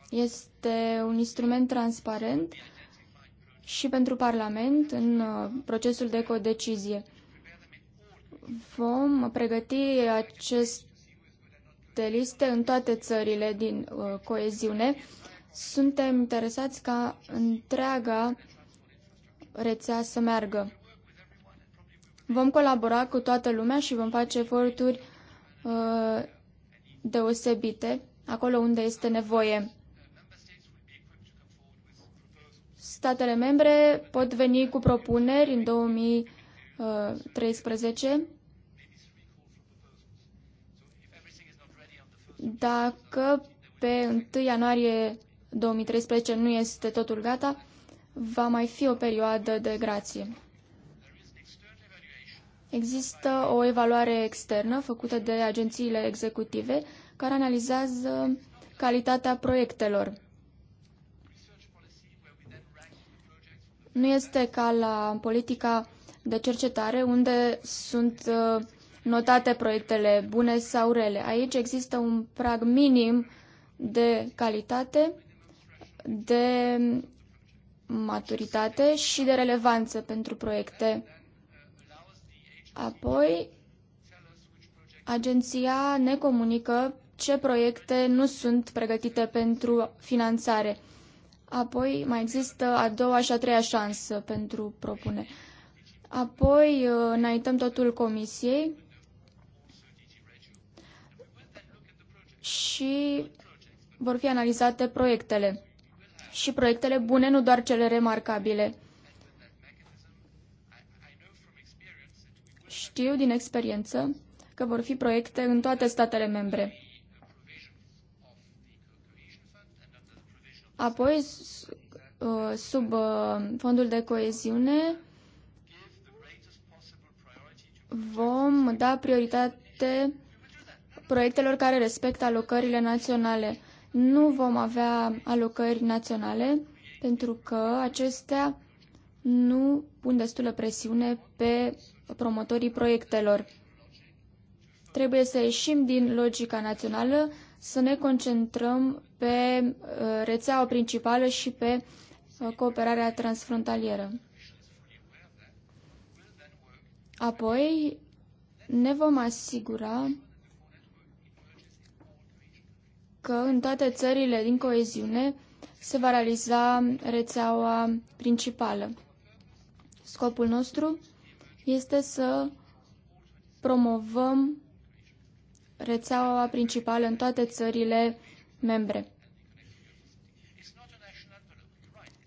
Este un instrument transparent și pentru Parlament în uh, procesul de codecizie. Vom pregăti aceste liste în toate țările din uh, coeziune. Suntem interesați ca întreaga rețea să meargă. Vom colabora cu toată lumea și vom face eforturi uh, deosebite acolo unde este nevoie. Statele membre pot veni cu propuneri în 2013 uh, dacă pe 1 ianuarie 2013 nu este totul gata, va mai fi o perioadă de grație. Există o evaluare externă făcută de agențiile executive care analizează calitatea proiectelor. Nu este ca la politica de cercetare unde sunt uh, notate proiectele bune sau rele. Aici există un prag minim de calitate, de maturitate și de relevanță pentru proiecte. Apoi, agenția ne comunică ce proiecte nu sunt pregătite pentru finanțare. Apoi mai există a doua și a treia șansă pentru propune. Apoi uh, înaintăm totul comisiei și vor fi analizate proiectele. Și proiectele bune, nu doar cele remarcabile. Știu din experiență că vor fi proiecte în toate statele membre. Apoi, uh, sub uh, fondul de coeziune, vom da prioritate proiectelor care respectă alocările naționale. Nu vom avea alocări naționale pentru că acestea nu pun destulă presiune pe promotorii proiectelor. Trebuie să ieșim din logica națională să ne concentrăm pe uh, rețeaua principală și pe uh, cooperarea transfrontalieră. Apoi ne vom asigura că în toate țările din coeziune se va realiza rețeaua principală. Scopul nostru este să promovăm rețeaua principală în toate țările membre.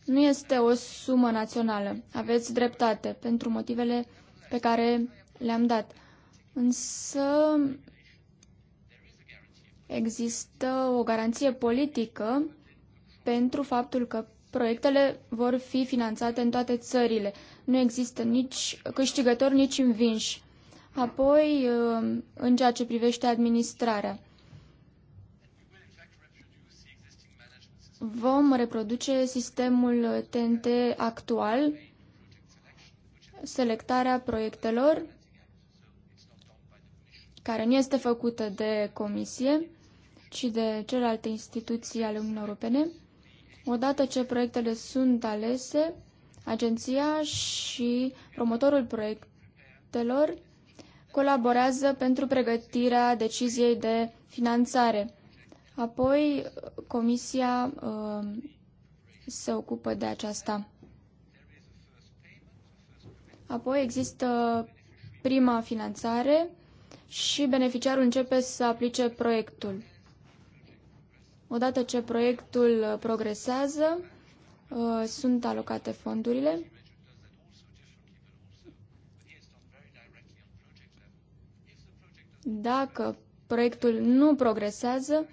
Nu este o sumă națională. Aveți dreptate pentru motivele pe care le-am dat. Însă există o garanție politică pentru faptul că proiectele vor fi finanțate în toate țările. Nu există nici câștigători, nici învinși. Apoi, uh, în ceea ce privește administrarea, vom reproduce sistemul TNT actual, selectarea proiectelor, care nu este făcută de comisie, ci de celelalte instituții ale Uniunii Europene. Odată ce proiectele sunt alese, agenția și promotorul proiectelor colaborează pentru pregătirea deciziei de finanțare. Apoi, Comisia uh, se ocupă de aceasta. Apoi există prima finanțare și beneficiarul începe să aplice proiectul. Odată ce proiectul progresează, uh, sunt alocate fondurile. Dacă proiectul nu progresează,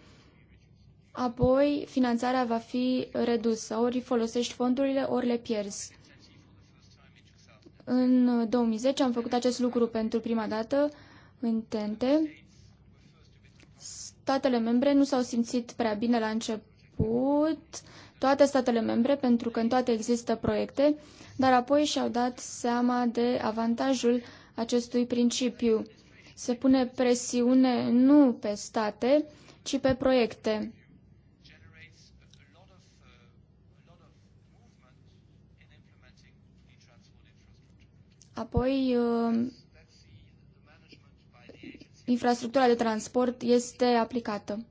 apoi finanțarea va fi redusă. Ori folosești fondurile, ori le pierzi. În 2010 am făcut acest lucru pentru prima dată în Tente. Statele membre nu s-au simțit prea bine la început, toate statele membre, pentru că în toate există proiecte, dar apoi și-au dat seama de avantajul acestui principiu. Se pune presiune nu pe state, ci pe proiecte. Apoi, uh, infrastructura de transport este aplicată.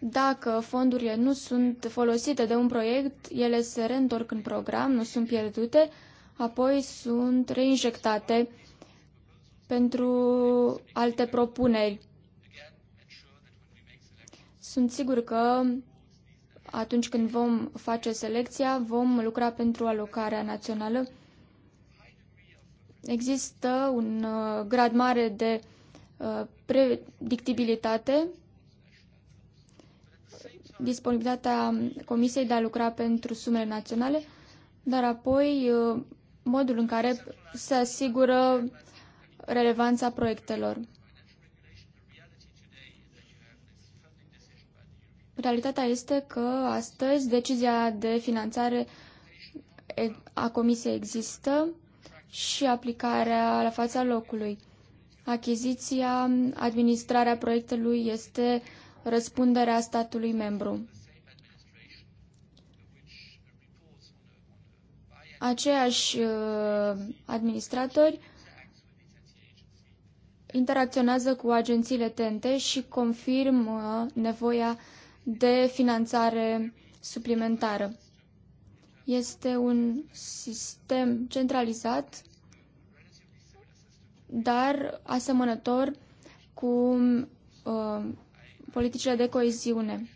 Dacă fondurile nu sunt folosite de un proiect, ele se reîntorc în program, nu sunt pierdute, apoi sunt reinjectate pentru alte propuneri. Sunt sigur că atunci când vom face selecția, vom lucra pentru alocarea națională. Există un uh, grad mare de uh, predictibilitate. Disponibilitatea Comisiei de a lucra pentru sumele naționale, dar apoi uh, modul în care se asigură relevanța proiectelor. Realitatea este că astăzi decizia de finanțare a comisiei există și aplicarea la fața locului. Achiziția, administrarea proiectului este răspunderea statului membru. aceiași uh, administratori interacționează cu agențiile TNT și confirmă nevoia de finanțare suplimentară. Este un sistem centralizat, dar asemănător cu uh, politicile de coeziune.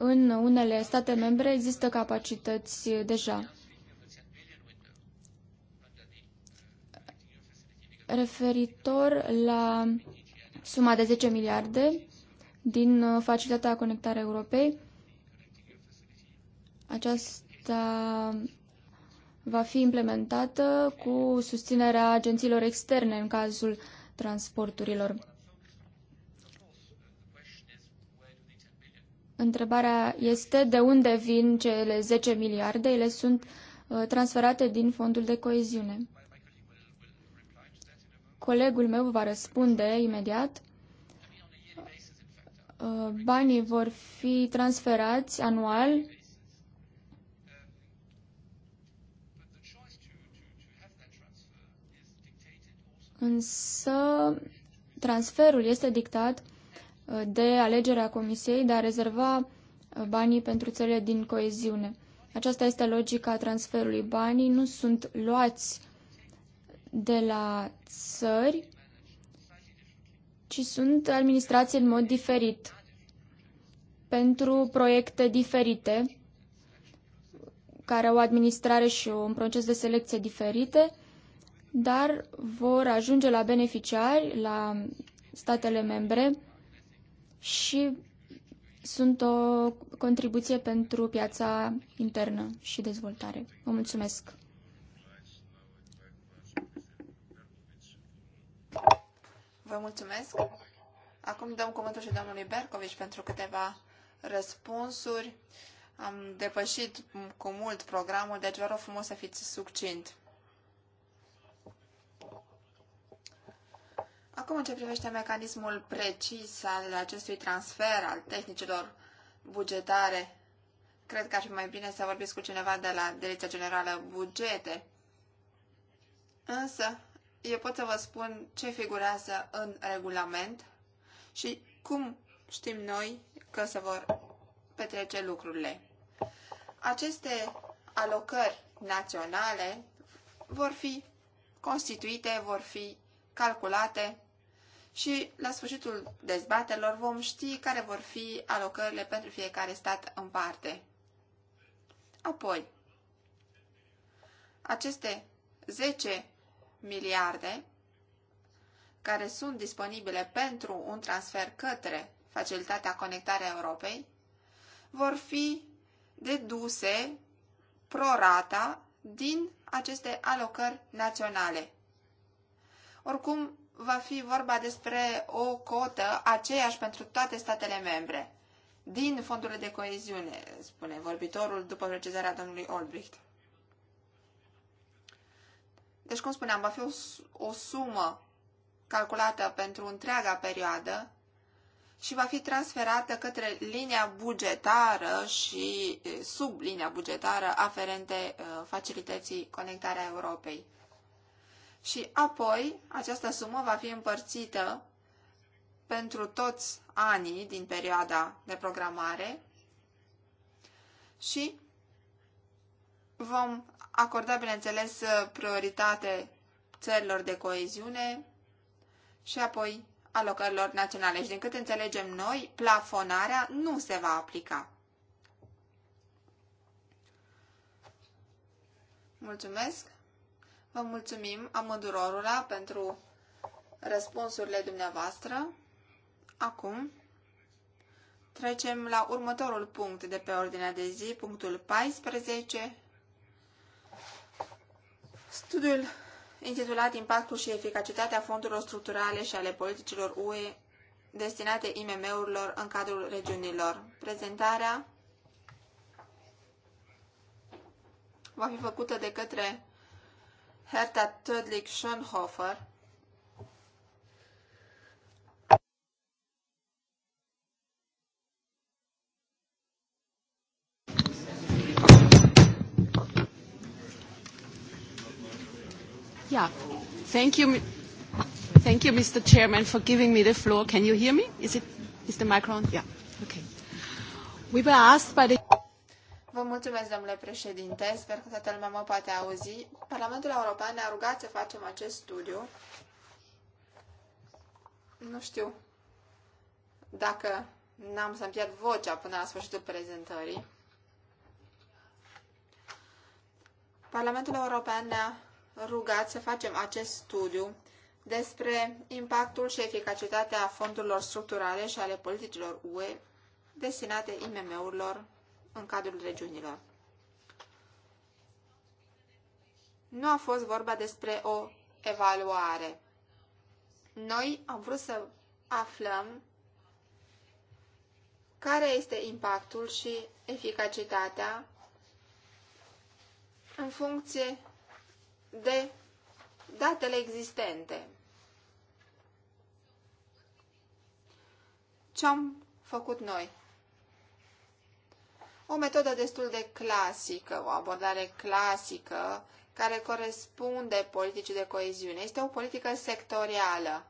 În unele state membre există capacități deja. Referitor la suma de 10 miliarde din uh, Facilitatea conectare Europei, aceasta va fi implementată cu susținerea agențiilor externe în cazul transporturilor. Întrebarea este de unde vin cele 10 miliarde? Ele sunt uh, transferate din fondul de coeziune. Colegul meu va răspunde imediat. Uh, banii vor fi transferați anual Însă transferul este dictat de alegerea Comisiei de a rezerva banii pentru țările din coeziune. Aceasta este logica transferului. Banii nu sunt luați de la țări, ci sunt administrați în mod diferit pentru proiecte diferite care au administrare și un proces de selecție diferite, dar vor ajunge la beneficiari, la statele membre, și sunt o contribuție pentru piața internă și dezvoltare. Vă mulțumesc! Vă mulțumesc! Acum dăm cuvântul și domnului Bercovici pentru câteva răspunsuri. Am depășit cu mult programul, deci vă rog frumos să fiți succint. Acum, în ce privește mecanismul precis al acestui transfer al tehnicilor bugetare, cred că ar fi mai bine să vorbiți cu cineva de la Direcția Generală Bugete. Însă, eu pot să vă spun ce figurează în regulament și cum știm noi că se vor petrece lucrurile. Aceste alocări naționale vor fi constituite, vor fi calculate și la sfârșitul dezbatelor vom ști care vor fi alocările pentru fiecare stat în parte. Apoi, aceste 10 miliarde care sunt disponibile pentru un transfer către facilitatea conectarea Europei vor fi deduse prorata din aceste alocări naționale. Oricum, va fi vorba despre o cotă aceeași pentru toate statele membre, din fondurile de coeziune, spune vorbitorul după precizarea domnului Olbricht. Deci, cum spuneam, va fi o, o sumă calculată pentru întreaga perioadă și va fi transferată către linia bugetară și eh, sub linia bugetară aferente eh, facilității conectarea Europei și apoi această sumă va fi împărțită pentru toți anii din perioada de programare și vom acorda, bineînțeles, prioritate țărilor de coeziune și apoi alocărilor naționale. Și din cât înțelegem noi, plafonarea nu se va aplica. Mulțumesc! Vă mulțumim amândurorula pentru răspunsurile dumneavoastră. Acum trecem la următorul punct de pe ordinea de zi, punctul 14, studiul intitulat Impactul și eficacitatea fondurilor structurale și ale politicilor UE destinate IMM-urilor în cadrul regiunilor. Prezentarea va fi făcută de către Hertha Tödlik Schönhofer Yeah. Thank you. Thank you, Mr. Chairman, for giving me the floor. Can you hear me? Is it is the microphone? Yeah. Okay. We were asked by the Vă mulțumesc, domnule președinte. Sper că toată lumea mă poate auzi. Parlamentul European ne-a rugat să facem acest studiu. Nu știu dacă n-am să-mi pierd vocea până la sfârșitul prezentării. Parlamentul European ne-a rugat să facem acest studiu despre impactul și eficacitatea fondurilor structurale și ale politicilor UE destinate IMM-urilor în cadrul regiunilor. Nu a fost vorba despre o evaluare. Noi am vrut să aflăm care este impactul și eficacitatea în funcție de datele existente. Ce am făcut noi? o metodă destul de clasică, o abordare clasică care corespunde politicii de coeziune. Este o politică sectorială.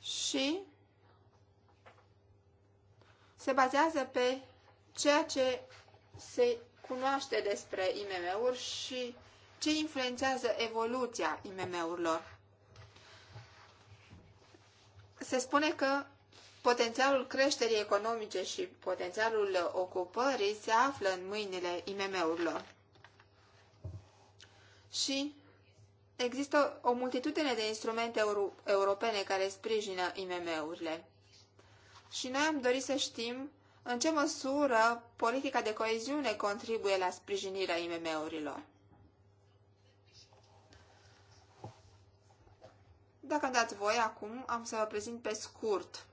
Și se bazează pe ceea ce se cunoaște despre IMM-uri și ce influențează evoluția IMM-urilor. Se spune că Potențialul creșterii economice și potențialul ocupării se află în mâinile IMM-urilor. Și există o multitudine de instrumente euro europene care sprijină IMM-urile. Și noi am dorit să știm în ce măsură politica de coeziune contribuie la sprijinirea IMM-urilor. Dacă dați voi, acum am să vă prezint pe scurt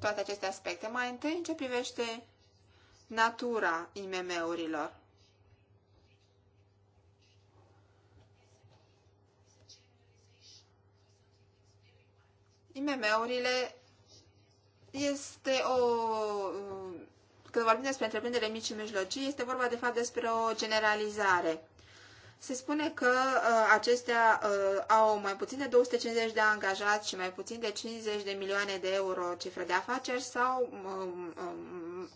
toate aceste aspecte. Mai întâi în ce privește natura IMM-urilor. IMM-urile este o... Când vorbim despre întreprindere mici și mijlocii, este vorba de fapt despre o generalizare se spune că uh, acestea uh, au mai puțin de 250 de angajați și mai puțin de 50 de milioane de euro cifră de afaceri sau uh, um,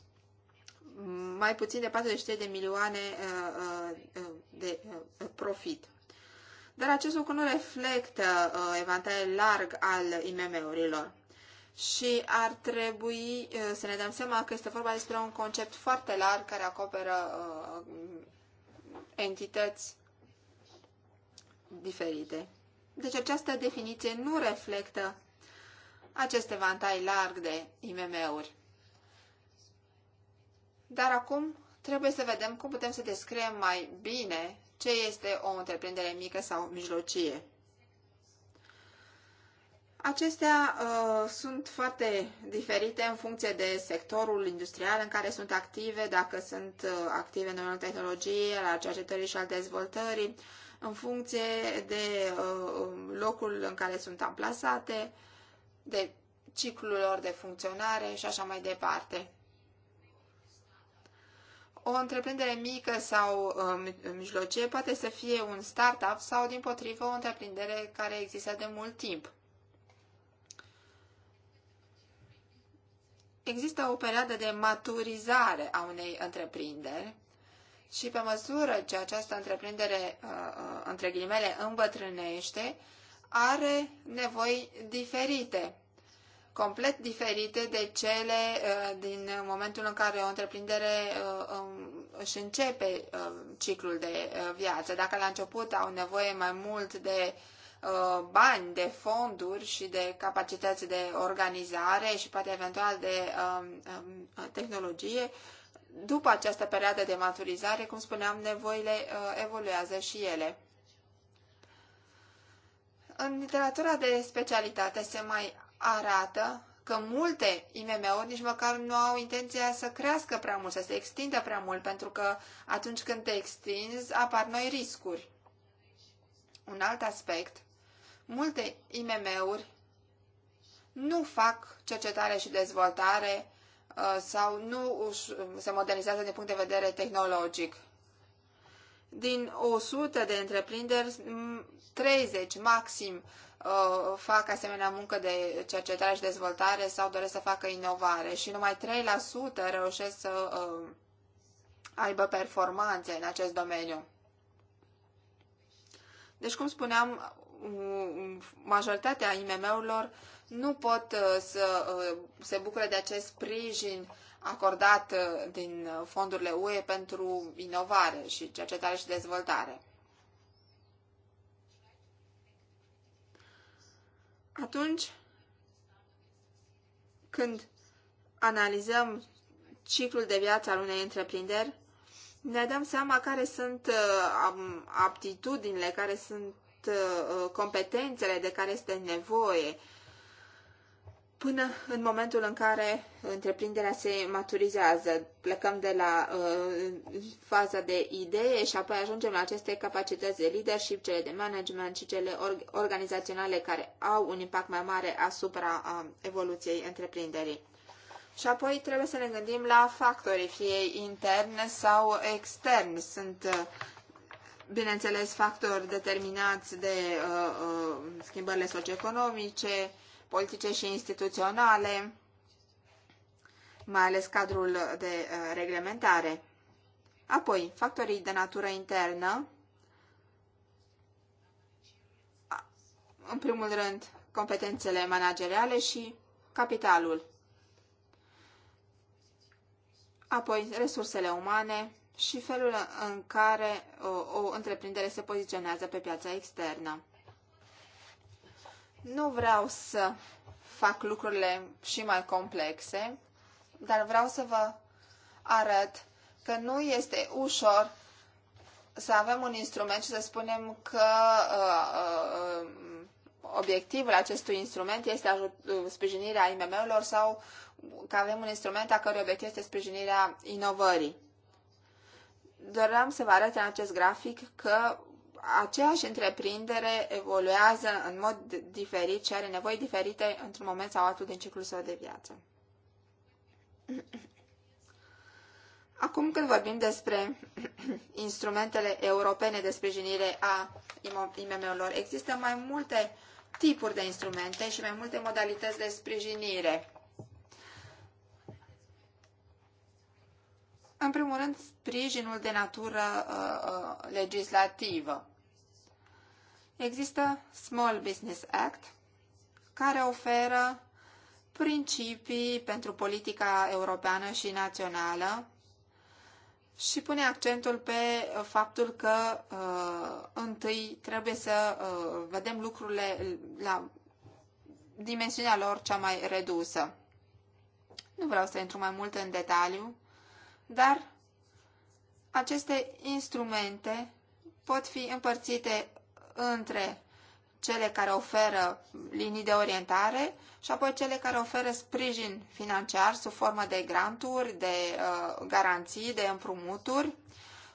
um, mai puțin de 43 de milioane uh, uh, uh, de uh, profit. Dar acest lucru nu reflectă uh, evantaiul larg al IMM-urilor și ar trebui uh, să ne dăm seama că este vorba despre un concept foarte larg care acoperă uh, entități diferite. Deci această definiție nu reflectă acest evantai larg de IMM-uri. Dar acum trebuie să vedem cum putem să descriem mai bine ce este o întreprindere mică sau mijlocie. Acestea uh, sunt foarte diferite în funcție de sectorul industrial în care sunt active, dacă sunt uh, active în domeniul tehnologiei, la cercetării și al dezvoltării, uh, în funcție de uh, locul în care sunt amplasate, de ciclul lor de funcționare și așa mai departe. O întreprindere mică sau uh, uh, mijlocie poate să fie un startup sau, din potrivă, o întreprindere care există de mult timp. Există o perioadă de maturizare a unei întreprinderi și pe măsură ce această întreprindere, uh, uh, între ghilimele, îmbătrânește, are nevoi diferite, complet diferite de cele uh, din momentul în care o întreprindere um, își începe ciclul de viață. Dacă la început au nevoie mai mult de bani, de fonduri și de capacități de organizare și poate eventual de um, um, tehnologie, după această perioadă de maturizare, cum spuneam, nevoile uh, evoluează și ele. În literatura de specialitate se mai arată că multe IMM-uri nici măcar nu au intenția să crească prea mult, să se extindă prea mult, pentru că atunci când te extinzi, apar noi riscuri. Un alt aspect, multe IMM-uri nu fac cercetare și dezvoltare Uh, sau nu se modernizează din punct de vedere tehnologic. Din 100 de întreprinderi, 30 maxim uh, fac asemenea muncă de cercetare și dezvoltare sau doresc să facă inovare și numai 3% reușesc să uh, aibă performanțe în acest domeniu. Deci, cum spuneam, majoritatea IMM-urilor uh, nu pot uh, să uh, se bucure de acest sprijin acordat uh, din fondurile UE pentru inovare și cercetare și dezvoltare. Atunci când analizăm ciclul de viață al unei întreprinderi, ne dăm seama care sunt aptitudinile, care sunt competențele de care este nevoie până în momentul în care întreprinderea se maturizează. Plecăm de la uh, faza de idee și apoi ajungem la aceste capacități de leadership, cele de management și cele or- organizaționale care au un impact mai mare asupra uh, evoluției întreprinderii. Și apoi trebuie să ne gândim la factorii, fie interni sau externi. Sunt uh, bineînțeles, factori determinați de uh, uh, schimbările socioeconomice, politice și instituționale, mai ales cadrul de uh, reglementare. Apoi, factorii de natură internă, în primul rând, competențele manageriale și capitalul. Apoi, resursele umane și felul în care o, o întreprindere se poziționează pe piața externă. Nu vreau să fac lucrurile și mai complexe, dar vreau să vă arăt că nu este ușor să avem un instrument și să spunem că uh, uh, obiectivul acestui instrument este ajut- uh, sprijinirea IMM-urilor sau că avem un instrument a cărui obiectiv este sprijinirea inovării. Doream să vă arăt în acest grafic că aceeași întreprindere evoluează în mod diferit și are nevoi diferite într-un moment sau altul din ciclul său de viață. Acum când vorbim despre instrumentele europene de sprijinire a IMM-urilor, există mai multe tipuri de instrumente și mai multe modalități de sprijinire. În primul rând, sprijinul de natură uh, uh, legislativă. Există Small Business Act, care oferă principii pentru politica europeană și națională și pune accentul pe uh, faptul că uh, întâi trebuie să uh, vedem lucrurile la dimensiunea lor cea mai redusă. Nu vreau să intru mai mult în detaliu, dar aceste instrumente pot fi împărțite între cele care oferă linii de orientare și apoi cele care oferă sprijin financiar sub formă de granturi, de uh, garanții, de împrumuturi.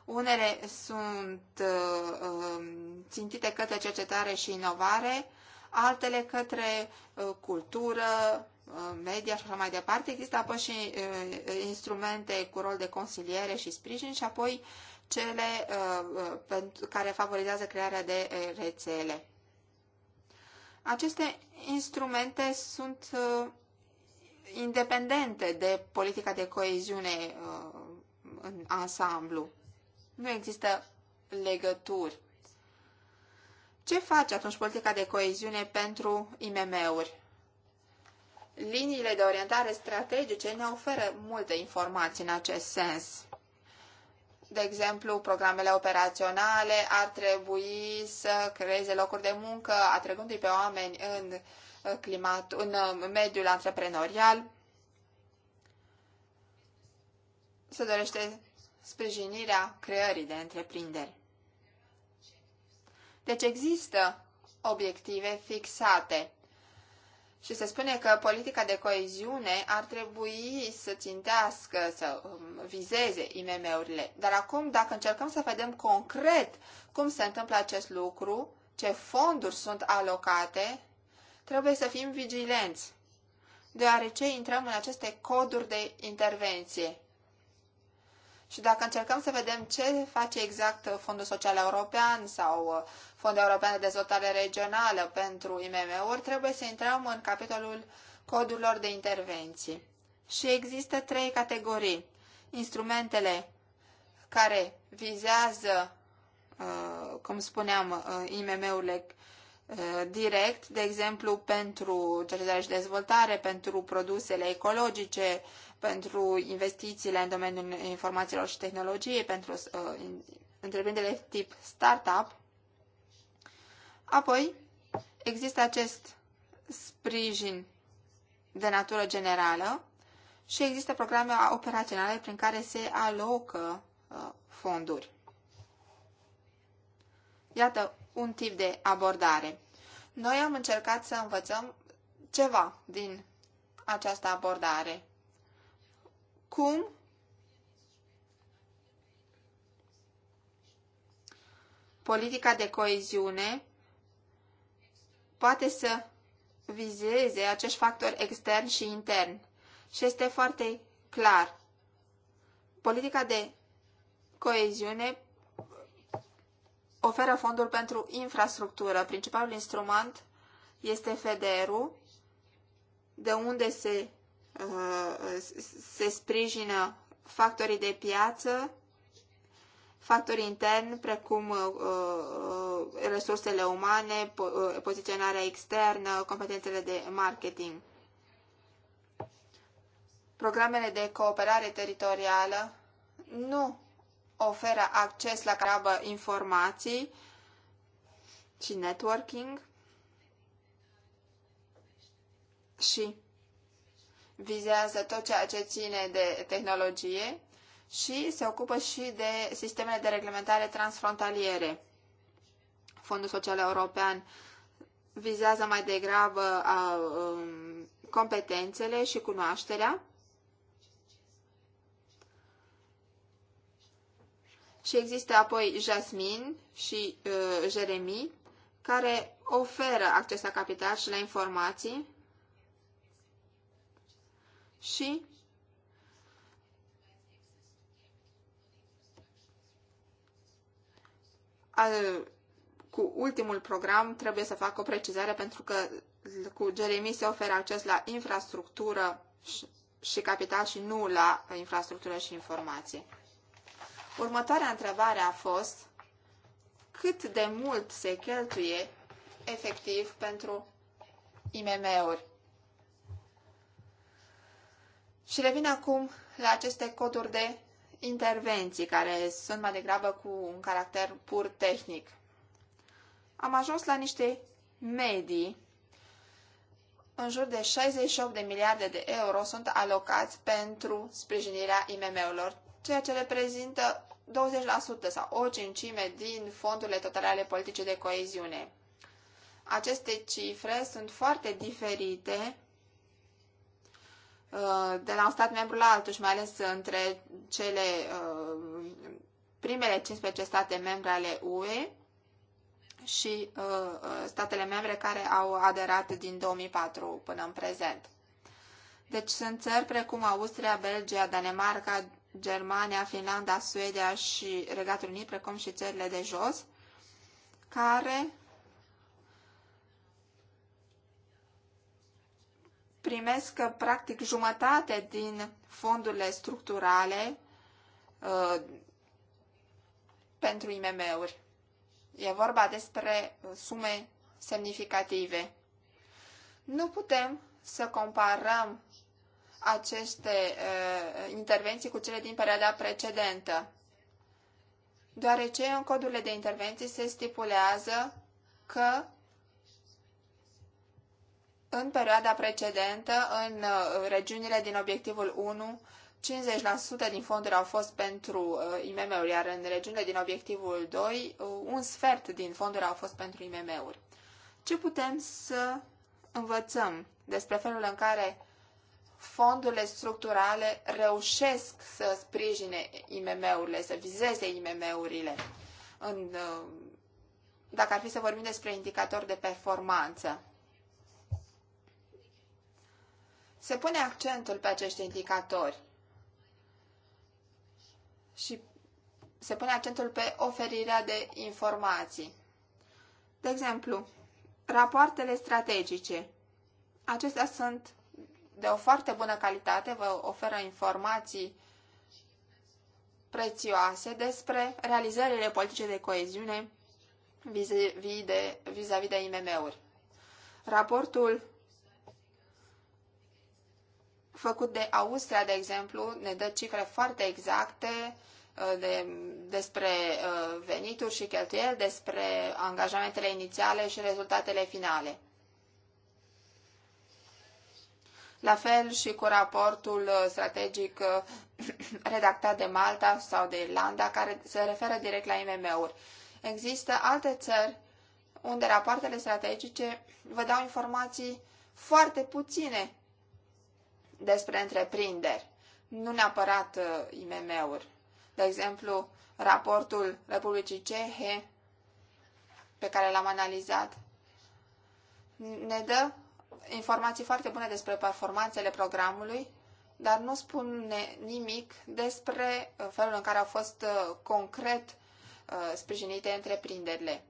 Unele sunt uh, um, țintite către cercetare și inovare, altele către uh, cultură, uh, media și așa mai departe. Există apoi și uh, instrumente cu rol de consiliere și sprijin și apoi uh, cele uh, uh, care favorizează crearea de uh, rețele. Aceste instrumente sunt independente de politica de coeziune în ansamblu. Nu există legături. Ce face atunci politica de coeziune pentru IMM-uri? Liniile de orientare strategice ne oferă multe informații în acest sens de exemplu, programele operaționale ar trebui să creeze locuri de muncă, atrăgându-i pe oameni în, uh, climat, în uh, mediul antreprenorial. Se dorește sprijinirea creării de întreprinderi. Deci există obiective fixate și se spune că politica de coeziune ar trebui să țintească, să um, vizeze IMM-urile. Dar acum, dacă încercăm să vedem concret cum se întâmplă acest lucru, ce fonduri sunt alocate, trebuie să fim vigilenți, deoarece intrăm în aceste coduri de intervenție. Și dacă încercăm să vedem ce face exact Fondul Social European sau uh, Fondul European de Dezvoltare Regională pentru IMM-uri, trebuie să intrăm în capitolul codurilor de intervenții. Și există trei categorii. Instrumentele care vizează, uh, cum spuneam, uh, IMM-urile Uh, direct, de exemplu, pentru cercetare și dezvoltare, pentru produsele ecologice, pentru investițiile în domeniul informațiilor și tehnologiei, pentru uh, întreprinderile tip startup. Apoi, există acest sprijin de natură generală și există programe operaționale prin care se alocă uh, fonduri. Iată un tip de abordare. Noi am încercat să învățăm ceva din această abordare. Cum politica de coeziune poate să vizeze acești factori extern și intern. Și este foarte clar. Politica de coeziune oferă fonduri pentru infrastructură. Principalul instrument este FEDER-ul, de unde se, uh, se sprijină factorii de piață, factorii interni precum uh, uh, resursele umane, poziționarea externă, competențele de marketing. Programele de cooperare teritorială nu oferă acces la grabă informații și networking și vizează tot ceea ce ține de tehnologie și se ocupă și de sistemele de reglementare transfrontaliere. Fondul Social European vizează mai degrabă a, uh, a, um, competențele și cunoașterea și există apoi Jasmine și uh, Jeremy care oferă acces la capital și la informații și al, cu ultimul program trebuie să fac o precizare pentru că cu Jeremy se oferă acces la infrastructură și, și capital și nu la infrastructură și informație. Următoarea întrebare a fost cât de mult se cheltuie efectiv pentru IMM-uri. Și revin acum la aceste coduri de intervenții, care sunt mai degrabă cu un caracter pur tehnic. Am ajuns la niște medii. În jur de 68 de miliarde de euro sunt alocați pentru sprijinirea IMM-urilor, ceea ce reprezintă 20% sau o cincime din fondurile totale ale politicii de coeziune. Aceste cifre sunt foarte diferite uh, de la un stat membru la altul și mai ales între cele uh, primele 15 state membre ale UE și uh, statele membre care au aderat din 2004 până în prezent. Deci sunt țări precum Austria, Belgia, Danemarca, Germania, Finlanda, Suedia și Regatul Unit, precum și țările de jos, care primesc practic jumătate din fondurile structurale uh, pentru IMM-uri. E vorba despre uh, sume semnificative. Nu putem să comparăm aceste uh, intervenții cu cele din perioada precedentă, deoarece în codurile de intervenții se stipulează că în perioada precedentă, în uh, regiunile din obiectivul 1, 50% din fonduri au fost pentru uh, IMM-uri, iar în regiunile din obiectivul 2, uh, un sfert din fonduri au fost pentru IMM-uri. Ce putem să învățăm despre felul în care fondurile structurale reușesc să sprijine IMM-urile, să vizeze IMM-urile. În, uh, dacă ar fi să vorbim despre indicatori de performanță. Se pune accentul pe acești indicatori și se pune accentul pe oferirea de informații. De exemplu, rapoartele strategice. Acestea sunt de o foarte bună calitate, vă oferă informații prețioase despre realizările politice de coeziune vis-a-vis de, vis -vis de IMM-uri. Raportul făcut de Austria, de exemplu, ne dă cifre foarte exacte uh, de, despre uh, venituri și cheltuieli, despre angajamentele inițiale și rezultatele finale. la fel și cu raportul uh, strategic uh, *clears throat* redactat de Malta sau de Irlanda, care se referă direct la IMM-uri. Există alte țări unde rapoartele strategice vă dau informații foarte puține despre întreprinderi, nu neapărat uh, IMM-uri. De exemplu, raportul Republicii Cehe, pe care l-am analizat, ne dă informații foarte bune despre performanțele programului, dar nu spune nimic despre uh, felul în care au fost uh, concret uh, sprijinite întreprinderile.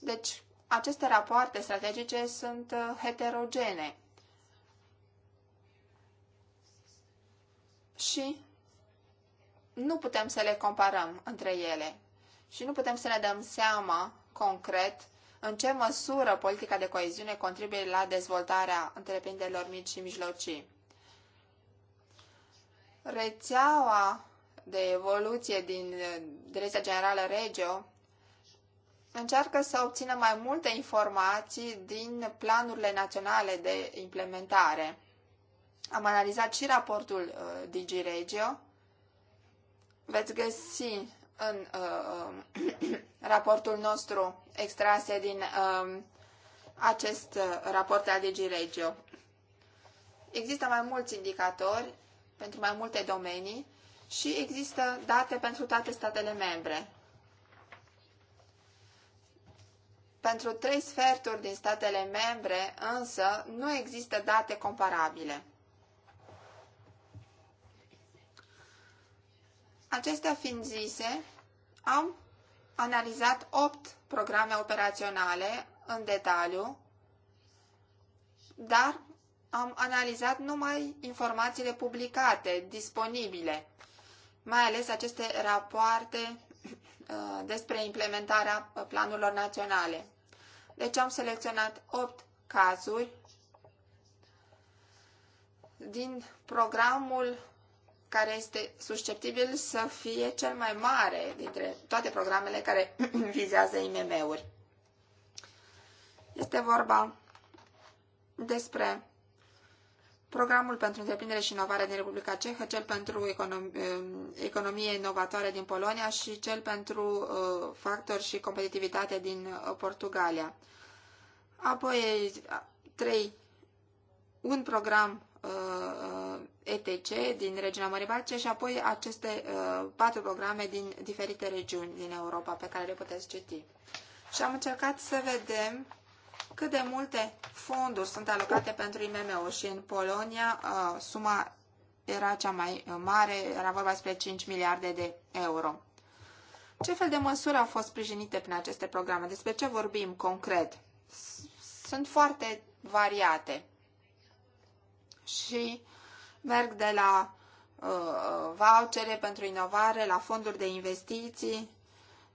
Deci, aceste rapoarte strategice sunt heterogene. Și nu putem să le comparăm între ele. Și nu putem să ne dăm seama concret în ce măsură politica de coeziune contribuie la dezvoltarea întreprinderilor mici și mijlocii. Rețeaua de evoluție din Direcția Generală Regio încearcă să obțină mai multe informații din planurile naționale de implementare. Am analizat și raportul uh, DigiRegio. Veți găsi în uh, uh *coughs* raportul nostru extrase din um, uh, acest raport al DigiRegio. Există mai mulți indicatori pentru mai multe domenii și există date pentru toate statele membre. Pentru trei sferturi din statele membre, însă, nu există date comparabile. Acestea fiind zise, am analizat 8 programe operaționale în detaliu, dar am analizat numai informațiile publicate, disponibile, mai ales aceste rapoarte *clears throat* uh, despre implementarea uh, planurilor naționale. Deci am selecționat 8 cazuri din programul care este susceptibil să fie cel mai mare dintre toate programele care *clears throat* vizează IMM-uri. Este vorba despre programul pentru întreprindere și inovare din Republica Cehă, cel pentru um, economie inovatoare din Polonia și cel pentru uh, factori și competitivitate din uh, Portugalia. Apoi, trei, un program Uh, uh, ETC din regiunea Mării Baltice și apoi aceste uh, patru programe din diferite regiuni din Europa pe care le puteți citi. Și am încercat să vedem cât de multe fonduri sunt alocate pentru IMM-uri și în Polonia suma era cea mai mare, era vorba despre 5 miliarde de euro. Ce fel de măsuri au fost sprijinite prin aceste programe? Despre ce vorbim concret? Sunt foarte variate și merg de la uh, vouchere pentru inovare, la fonduri de investiții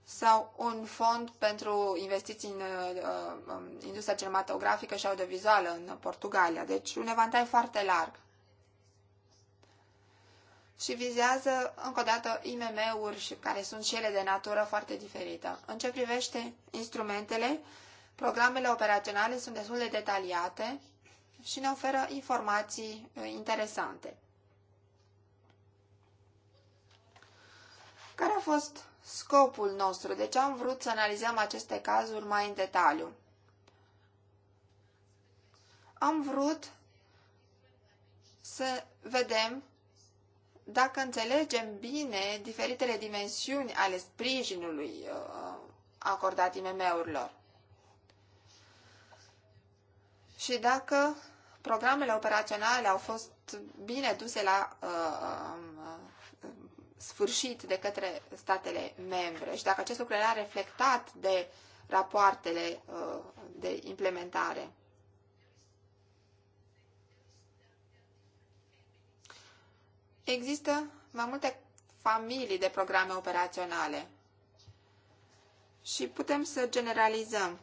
sau un fond pentru investiții în uh, um, industria cinematografică și audiovizuală în Portugalia. Deci un evantai foarte larg. Și vizează, încă o dată, IMM-uri care sunt și ele de natură foarte diferită. În ce privește instrumentele, programele operaționale sunt destul de detaliate și ne oferă informații uh, interesante. Care a fost scopul nostru? De deci ce am vrut să analizăm aceste cazuri mai în detaliu? Am vrut să vedem dacă înțelegem bine diferitele dimensiuni ale sprijinului uh, acordat IMM-urilor și dacă programele operaționale au fost bine duse la uh, um, uh, sfârșit de către statele membre și dacă acest lucru era reflectat de rapoartele uh, de implementare. Există mai multe familii de programe operaționale și putem să generalizăm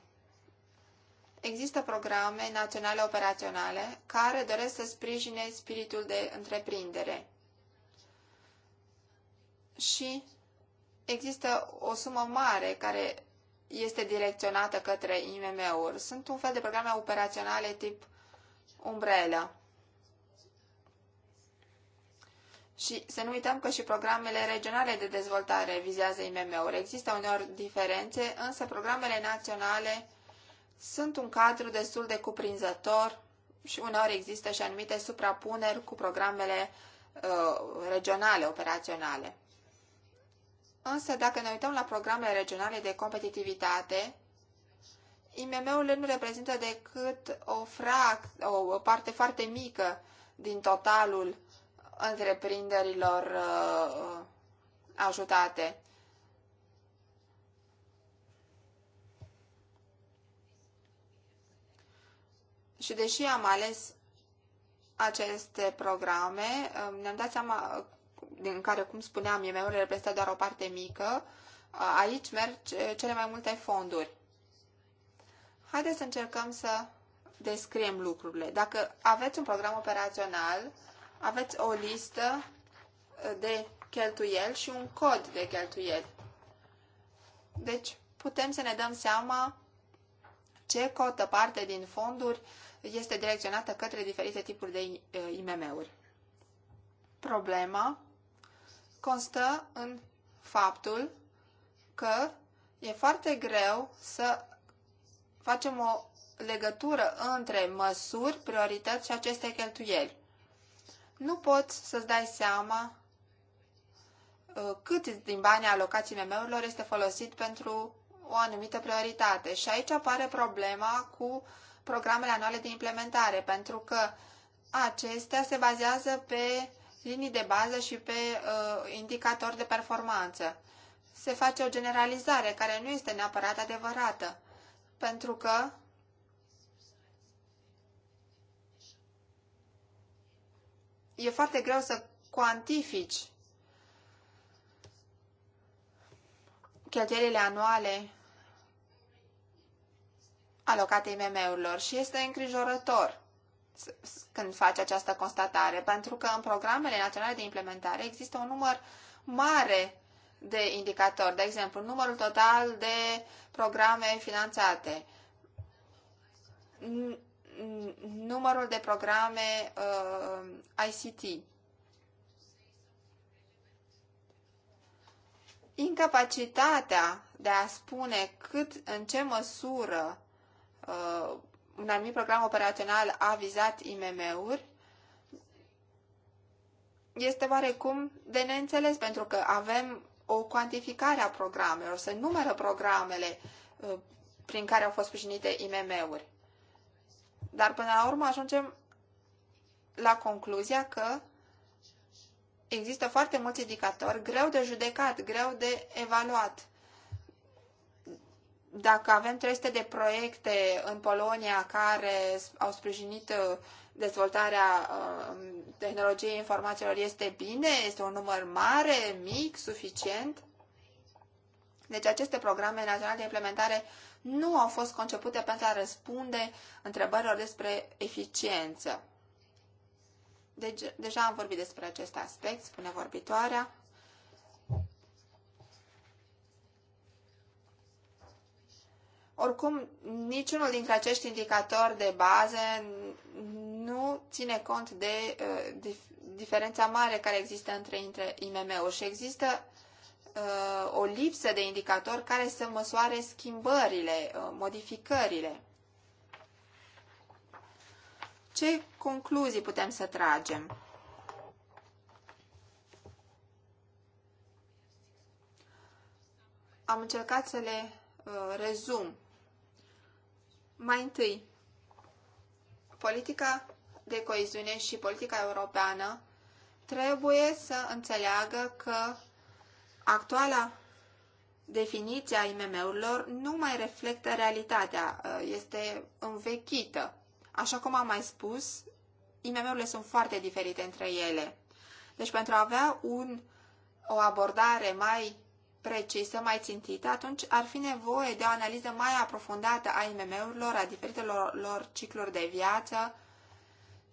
există programe naționale operaționale care doresc să sprijine spiritul de întreprindere. Și există o sumă mare care este direcționată către IMM-uri. Sunt un fel de programe operaționale tip umbrelă. Și să nu uităm că și programele regionale de dezvoltare vizează IMM-uri. Există uneori diferențe, însă programele naționale sunt un cadru destul de cuprinzător și uneori există și anumite suprapuneri cu programele uh, regionale, operaționale. Însă, dacă ne uităm la programele regionale de competitivitate, IMM-urile nu reprezintă decât o, frac, o parte foarte mică din totalul întreprinderilor uh, ajutate. Și deși am ales aceste programe, ne-am dat seama uh, din care, cum spuneam, IMM-urile reprezintă doar o parte mică, uh, aici merg cele mai multe fonduri. Haideți să încercăm să descriem lucrurile. Dacă aveți un program operațional, aveți o listă uh, de cheltuieli și un cod de cheltuieli. Deci putem să ne dăm seama ce cotă parte din fonduri este direcționată către diferite tipuri de uh, IMM-uri. Problema constă în faptul că e foarte greu să facem o legătură între măsuri, priorități și aceste cheltuieli. Nu poți să-ți dai seama uh, cât din banii alocați IMM-urilor este folosit pentru o anumită prioritate. Și aici apare problema cu programele anuale de implementare, pentru că acestea se bazează pe linii de bază și pe uh, indicatori de performanță. Se face o generalizare care nu este neapărat adevărată, pentru că e foarte greu să cuantifici cheltuielile anuale alocate IMM-urilor și este îngrijorător când face această constatare, pentru că în programele naționale de implementare există un număr mare de indicatori, de exemplu, numărul total de programe finanțate, numărul de programe uh, ICT, incapacitatea de a spune cât, în ce măsură uh, un anumit program operațional a vizat IMM-uri, este oarecum de neînțeles, pentru că avem o cuantificare a programelor, se numără programele uh, prin care au fost sprijinite IMM-uri. Dar până la urmă ajungem la concluzia că există foarte mulți indicatori greu de judecat, greu de evaluat dacă avem 300 de proiecte în Polonia care au sprijinit uh, dezvoltarea uh, tehnologiei informațiilor, este bine? Este un număr mare, mic, suficient? Deci aceste programe naționale de implementare nu au fost concepute pentru a răspunde întrebărilor despre eficiență. Deci, deja am vorbit despre acest aspect, spune vorbitoarea. Oricum, niciunul dintre acești indicatori de bază nu ține cont de uh, de diferența mare care există între, între IMM-uri și există uh, o lipsă de indicatori care să măsoare schimbările, uh, modificările. Ce concluzii putem să tragem? Am încercat să le uh, rezum. Mai întâi, politica de coeziune și politica europeană trebuie să înțeleagă că actuala definiția IMM-urilor nu mai reflectă realitatea, uh, este învechită. Așa cum am mai spus, IMM-urile sunt foarte diferite între ele. Deci pentru a avea un, o abordare mai precisă, mai țintită, atunci ar fi nevoie de o analiză mai aprofundată a IMM-urilor, a diferitelor lor cicluri de viață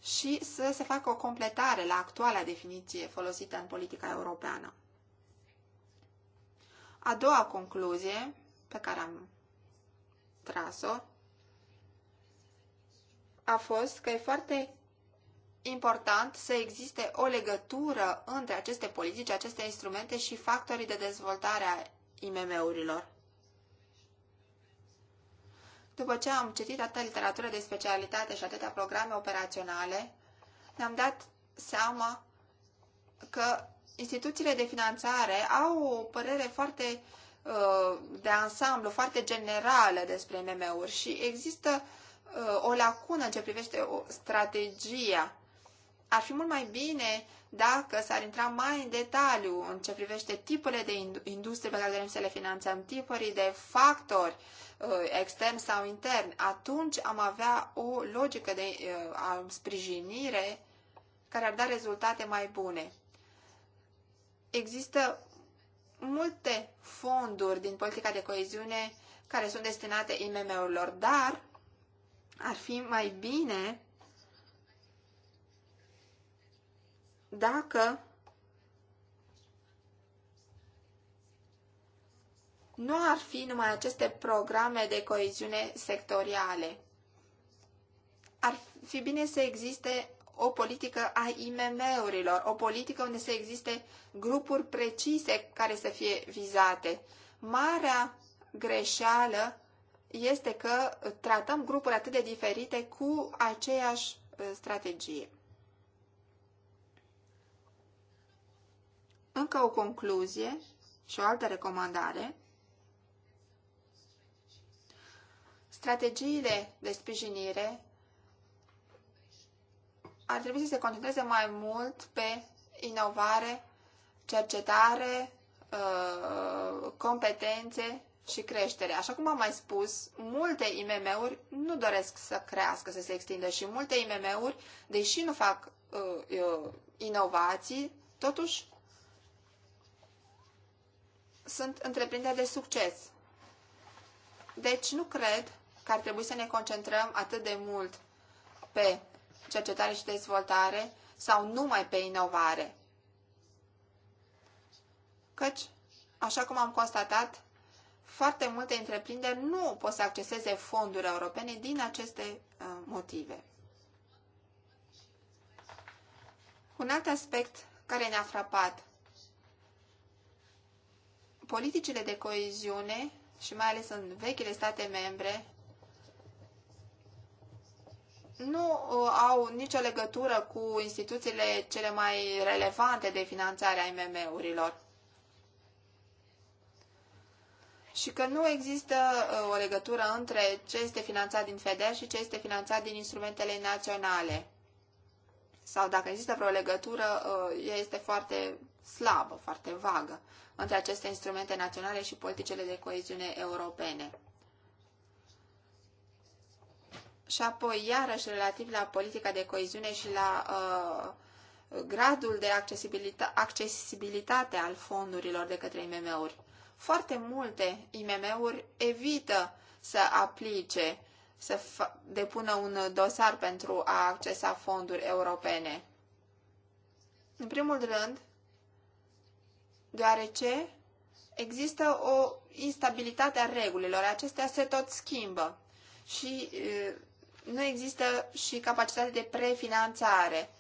și să se facă o completare la actuala definiție folosită în politica europeană. A doua concluzie pe care am tras-o a fost că e foarte important să existe o legătură între aceste politici, aceste instrumente și factorii de dezvoltare a IMM-urilor. După ce am citit atâta literatură de specialitate și atâtea programe operaționale, ne-am dat seama că instituțiile de finanțare au o părere foarte uh, de ansamblu, foarte generală despre IMM-uri și există uh, o lacună în ce privește o strategia ar fi mult mai bine dacă s-ar intra mai în detaliu în ce privește tipurile de industrie pe care vrem să le finanțăm, tipurii de factori uh, extern sau intern, atunci am avea o logică de uh, sprijinire care ar da rezultate mai bune. Există multe fonduri din politica de coeziune care sunt destinate IMM-urilor, dar ar fi mai bine dacă nu ar fi numai aceste programe de coeziune sectoriale. Ar fi bine să existe o politică a IMM-urilor, o politică unde să existe grupuri precise care să fie vizate. Marea greșeală este că tratăm grupuri atât de diferite cu aceeași uh, strategie. Încă o concluzie și o altă recomandare. Strategiile de sprijinire ar trebui să se concentreze mai mult pe inovare, cercetare, uh, competențe și creștere. Așa cum am mai spus, multe IMM-uri nu doresc să crească, să se extindă și multe IMM-uri, deși nu fac uh, uh inovații, totuși sunt întreprinderi de succes. Deci nu cred că ar trebui să ne concentrăm atât de mult pe cercetare și dezvoltare sau numai pe inovare. Căci, așa cum am constatat, foarte multe întreprinderi nu pot să acceseze fonduri europene din aceste uh, motive. Un alt aspect care ne-a frapat politicile de coeziune și mai ales în vechile state membre nu uh, au nicio legătură cu instituțiile cele mai relevante de finanțare a IMM-urilor și că nu există uh, o legătură între ce este finanțat din FEDER și ce este finanțat din instrumentele naționale. Sau dacă există vreo legătură, uh, ea este foarte slabă, foarte vagă, între aceste instrumente naționale și politicele de coeziune europene. Și apoi, iarăși, relativ la politica de coeziune și la uh, gradul de accesibilita- accesibilitate al fondurilor de către IMM-uri. Foarte multe IMM-uri evită să aplice, să depună un dosar pentru a accesa fonduri europene. În primul rând, deoarece există o instabilitate a regulilor. Acestea se tot schimbă și nu există și capacitate de prefinanțare.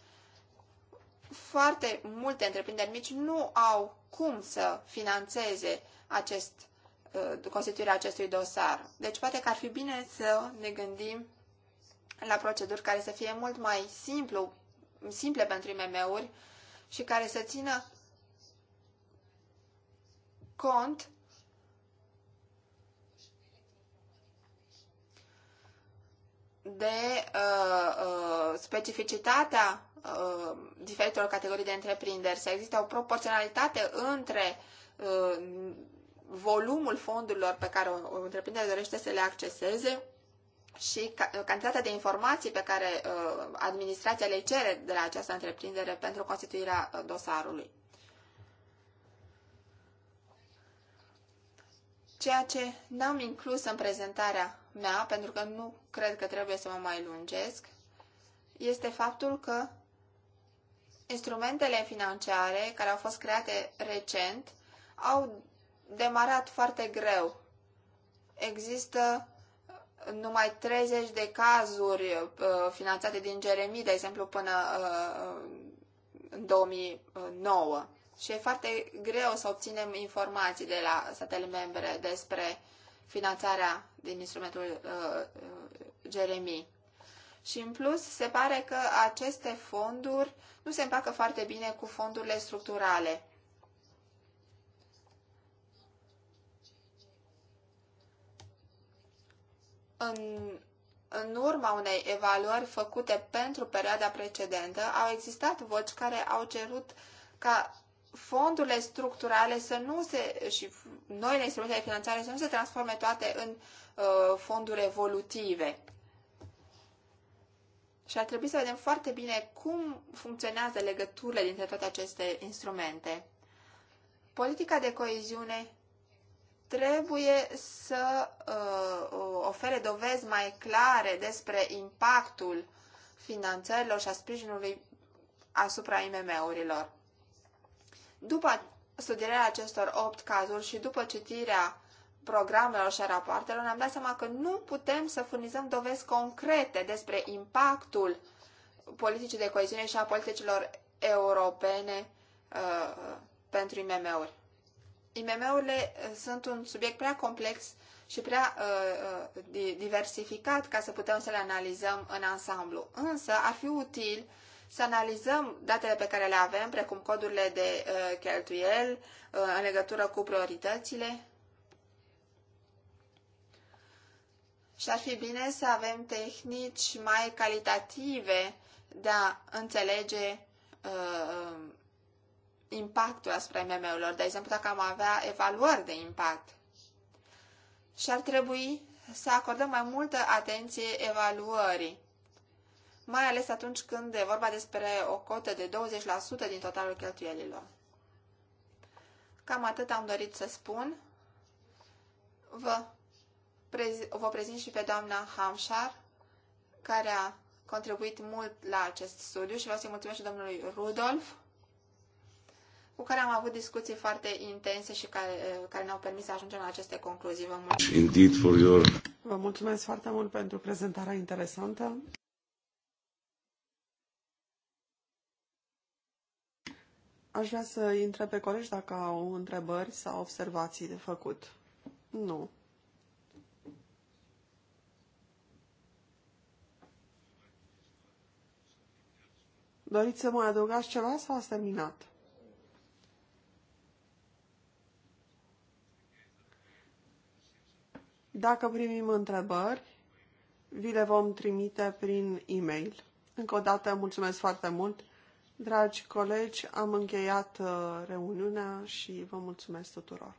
Foarte multe întreprinderi mici nu au cum să finanțeze acest, constituirea acestui dosar. Deci poate că ar fi bine să ne gândim la proceduri care să fie mult mai simplu, simple pentru IMM-uri și care să țină cont de uh, uh, specificitatea uh, diferitelor categorii de întreprinderi, să există o proporționalitate între uh, volumul fondurilor pe care o, o întreprindere dorește să le acceseze și ca, uh, cantitatea de informații pe care uh, administrația le cere de la această întreprindere pentru constituirea uh, dosarului. ceea ce n-am inclus în prezentarea mea, pentru că nu cred că trebuie să mă mai lungesc, este faptul că instrumentele financiare care au fost create recent au demarat foarte greu. Există numai 30 de cazuri uh, finanțate din Jeremie, de exemplu, până uh, în 2009 și e foarte greu să obținem informații de la statele membre despre finanțarea din instrumentul uh, Jeremy. Uh, și în plus, se pare că aceste fonduri nu se împacă foarte bine cu fondurile structurale. În, în urma unei evaluări făcute pentru perioada precedentă, au existat voci care au cerut ca fondurile structurale să nu se, și noile instrumente de finanțare să nu se transforme toate în uh, fonduri evolutive. Și ar trebui să vedem foarte bine cum funcționează legăturile dintre toate aceste instrumente. Politica de coeziune trebuie să uh, ofere dovezi mai clare despre impactul finanțărilor și a sprijinului asupra IMM-urilor. După studierea acestor opt cazuri și după citirea programelor și a rapoartelor, ne-am dat seama că nu putem să furnizăm dovezi concrete despre impactul politicii de coeziune și a politicilor europene uh, pentru IMM-uri. IMM-urile uh, sunt un subiect prea complex și prea uh, uh diversificat ca să putem să le analizăm în ansamblu. Însă ar fi util să analizăm datele pe care le avem, precum codurile de uh, cheltuiel uh, în legătură cu prioritățile. Și ar fi bine să avem tehnici mai calitative de a înțelege uh, impactul asupra MM-urilor. De exemplu, dacă am avea evaluări de impact. Și ar trebui să acordăm mai multă atenție evaluării mai ales atunci când e vorba despre o cotă de 20% din totalul cheltuielilor. Cam atât am dorit să spun. Vă, prez- vă prezint și pe doamna Hamșar, care a contribuit mult la acest studiu și vreau să-i mulțumesc și domnului Rudolf, cu care am avut discuții foarte intense și care, care ne-au permis să ajungem la aceste concluzii. Vă mulțumesc. Indeed for your... Vă mulțumesc foarte mult pentru prezentarea interesantă. Aș vrea să intre pe colegi dacă au întrebări sau observații de făcut. Nu. Doriți să mai adăugați ceva sau ați terminat? Dacă primim întrebări, vi le vom trimite prin e-mail. Încă o dată, mulțumesc foarte mult! Dragi colegi, am încheiat uh, reuniunea și vă mulțumesc tuturor.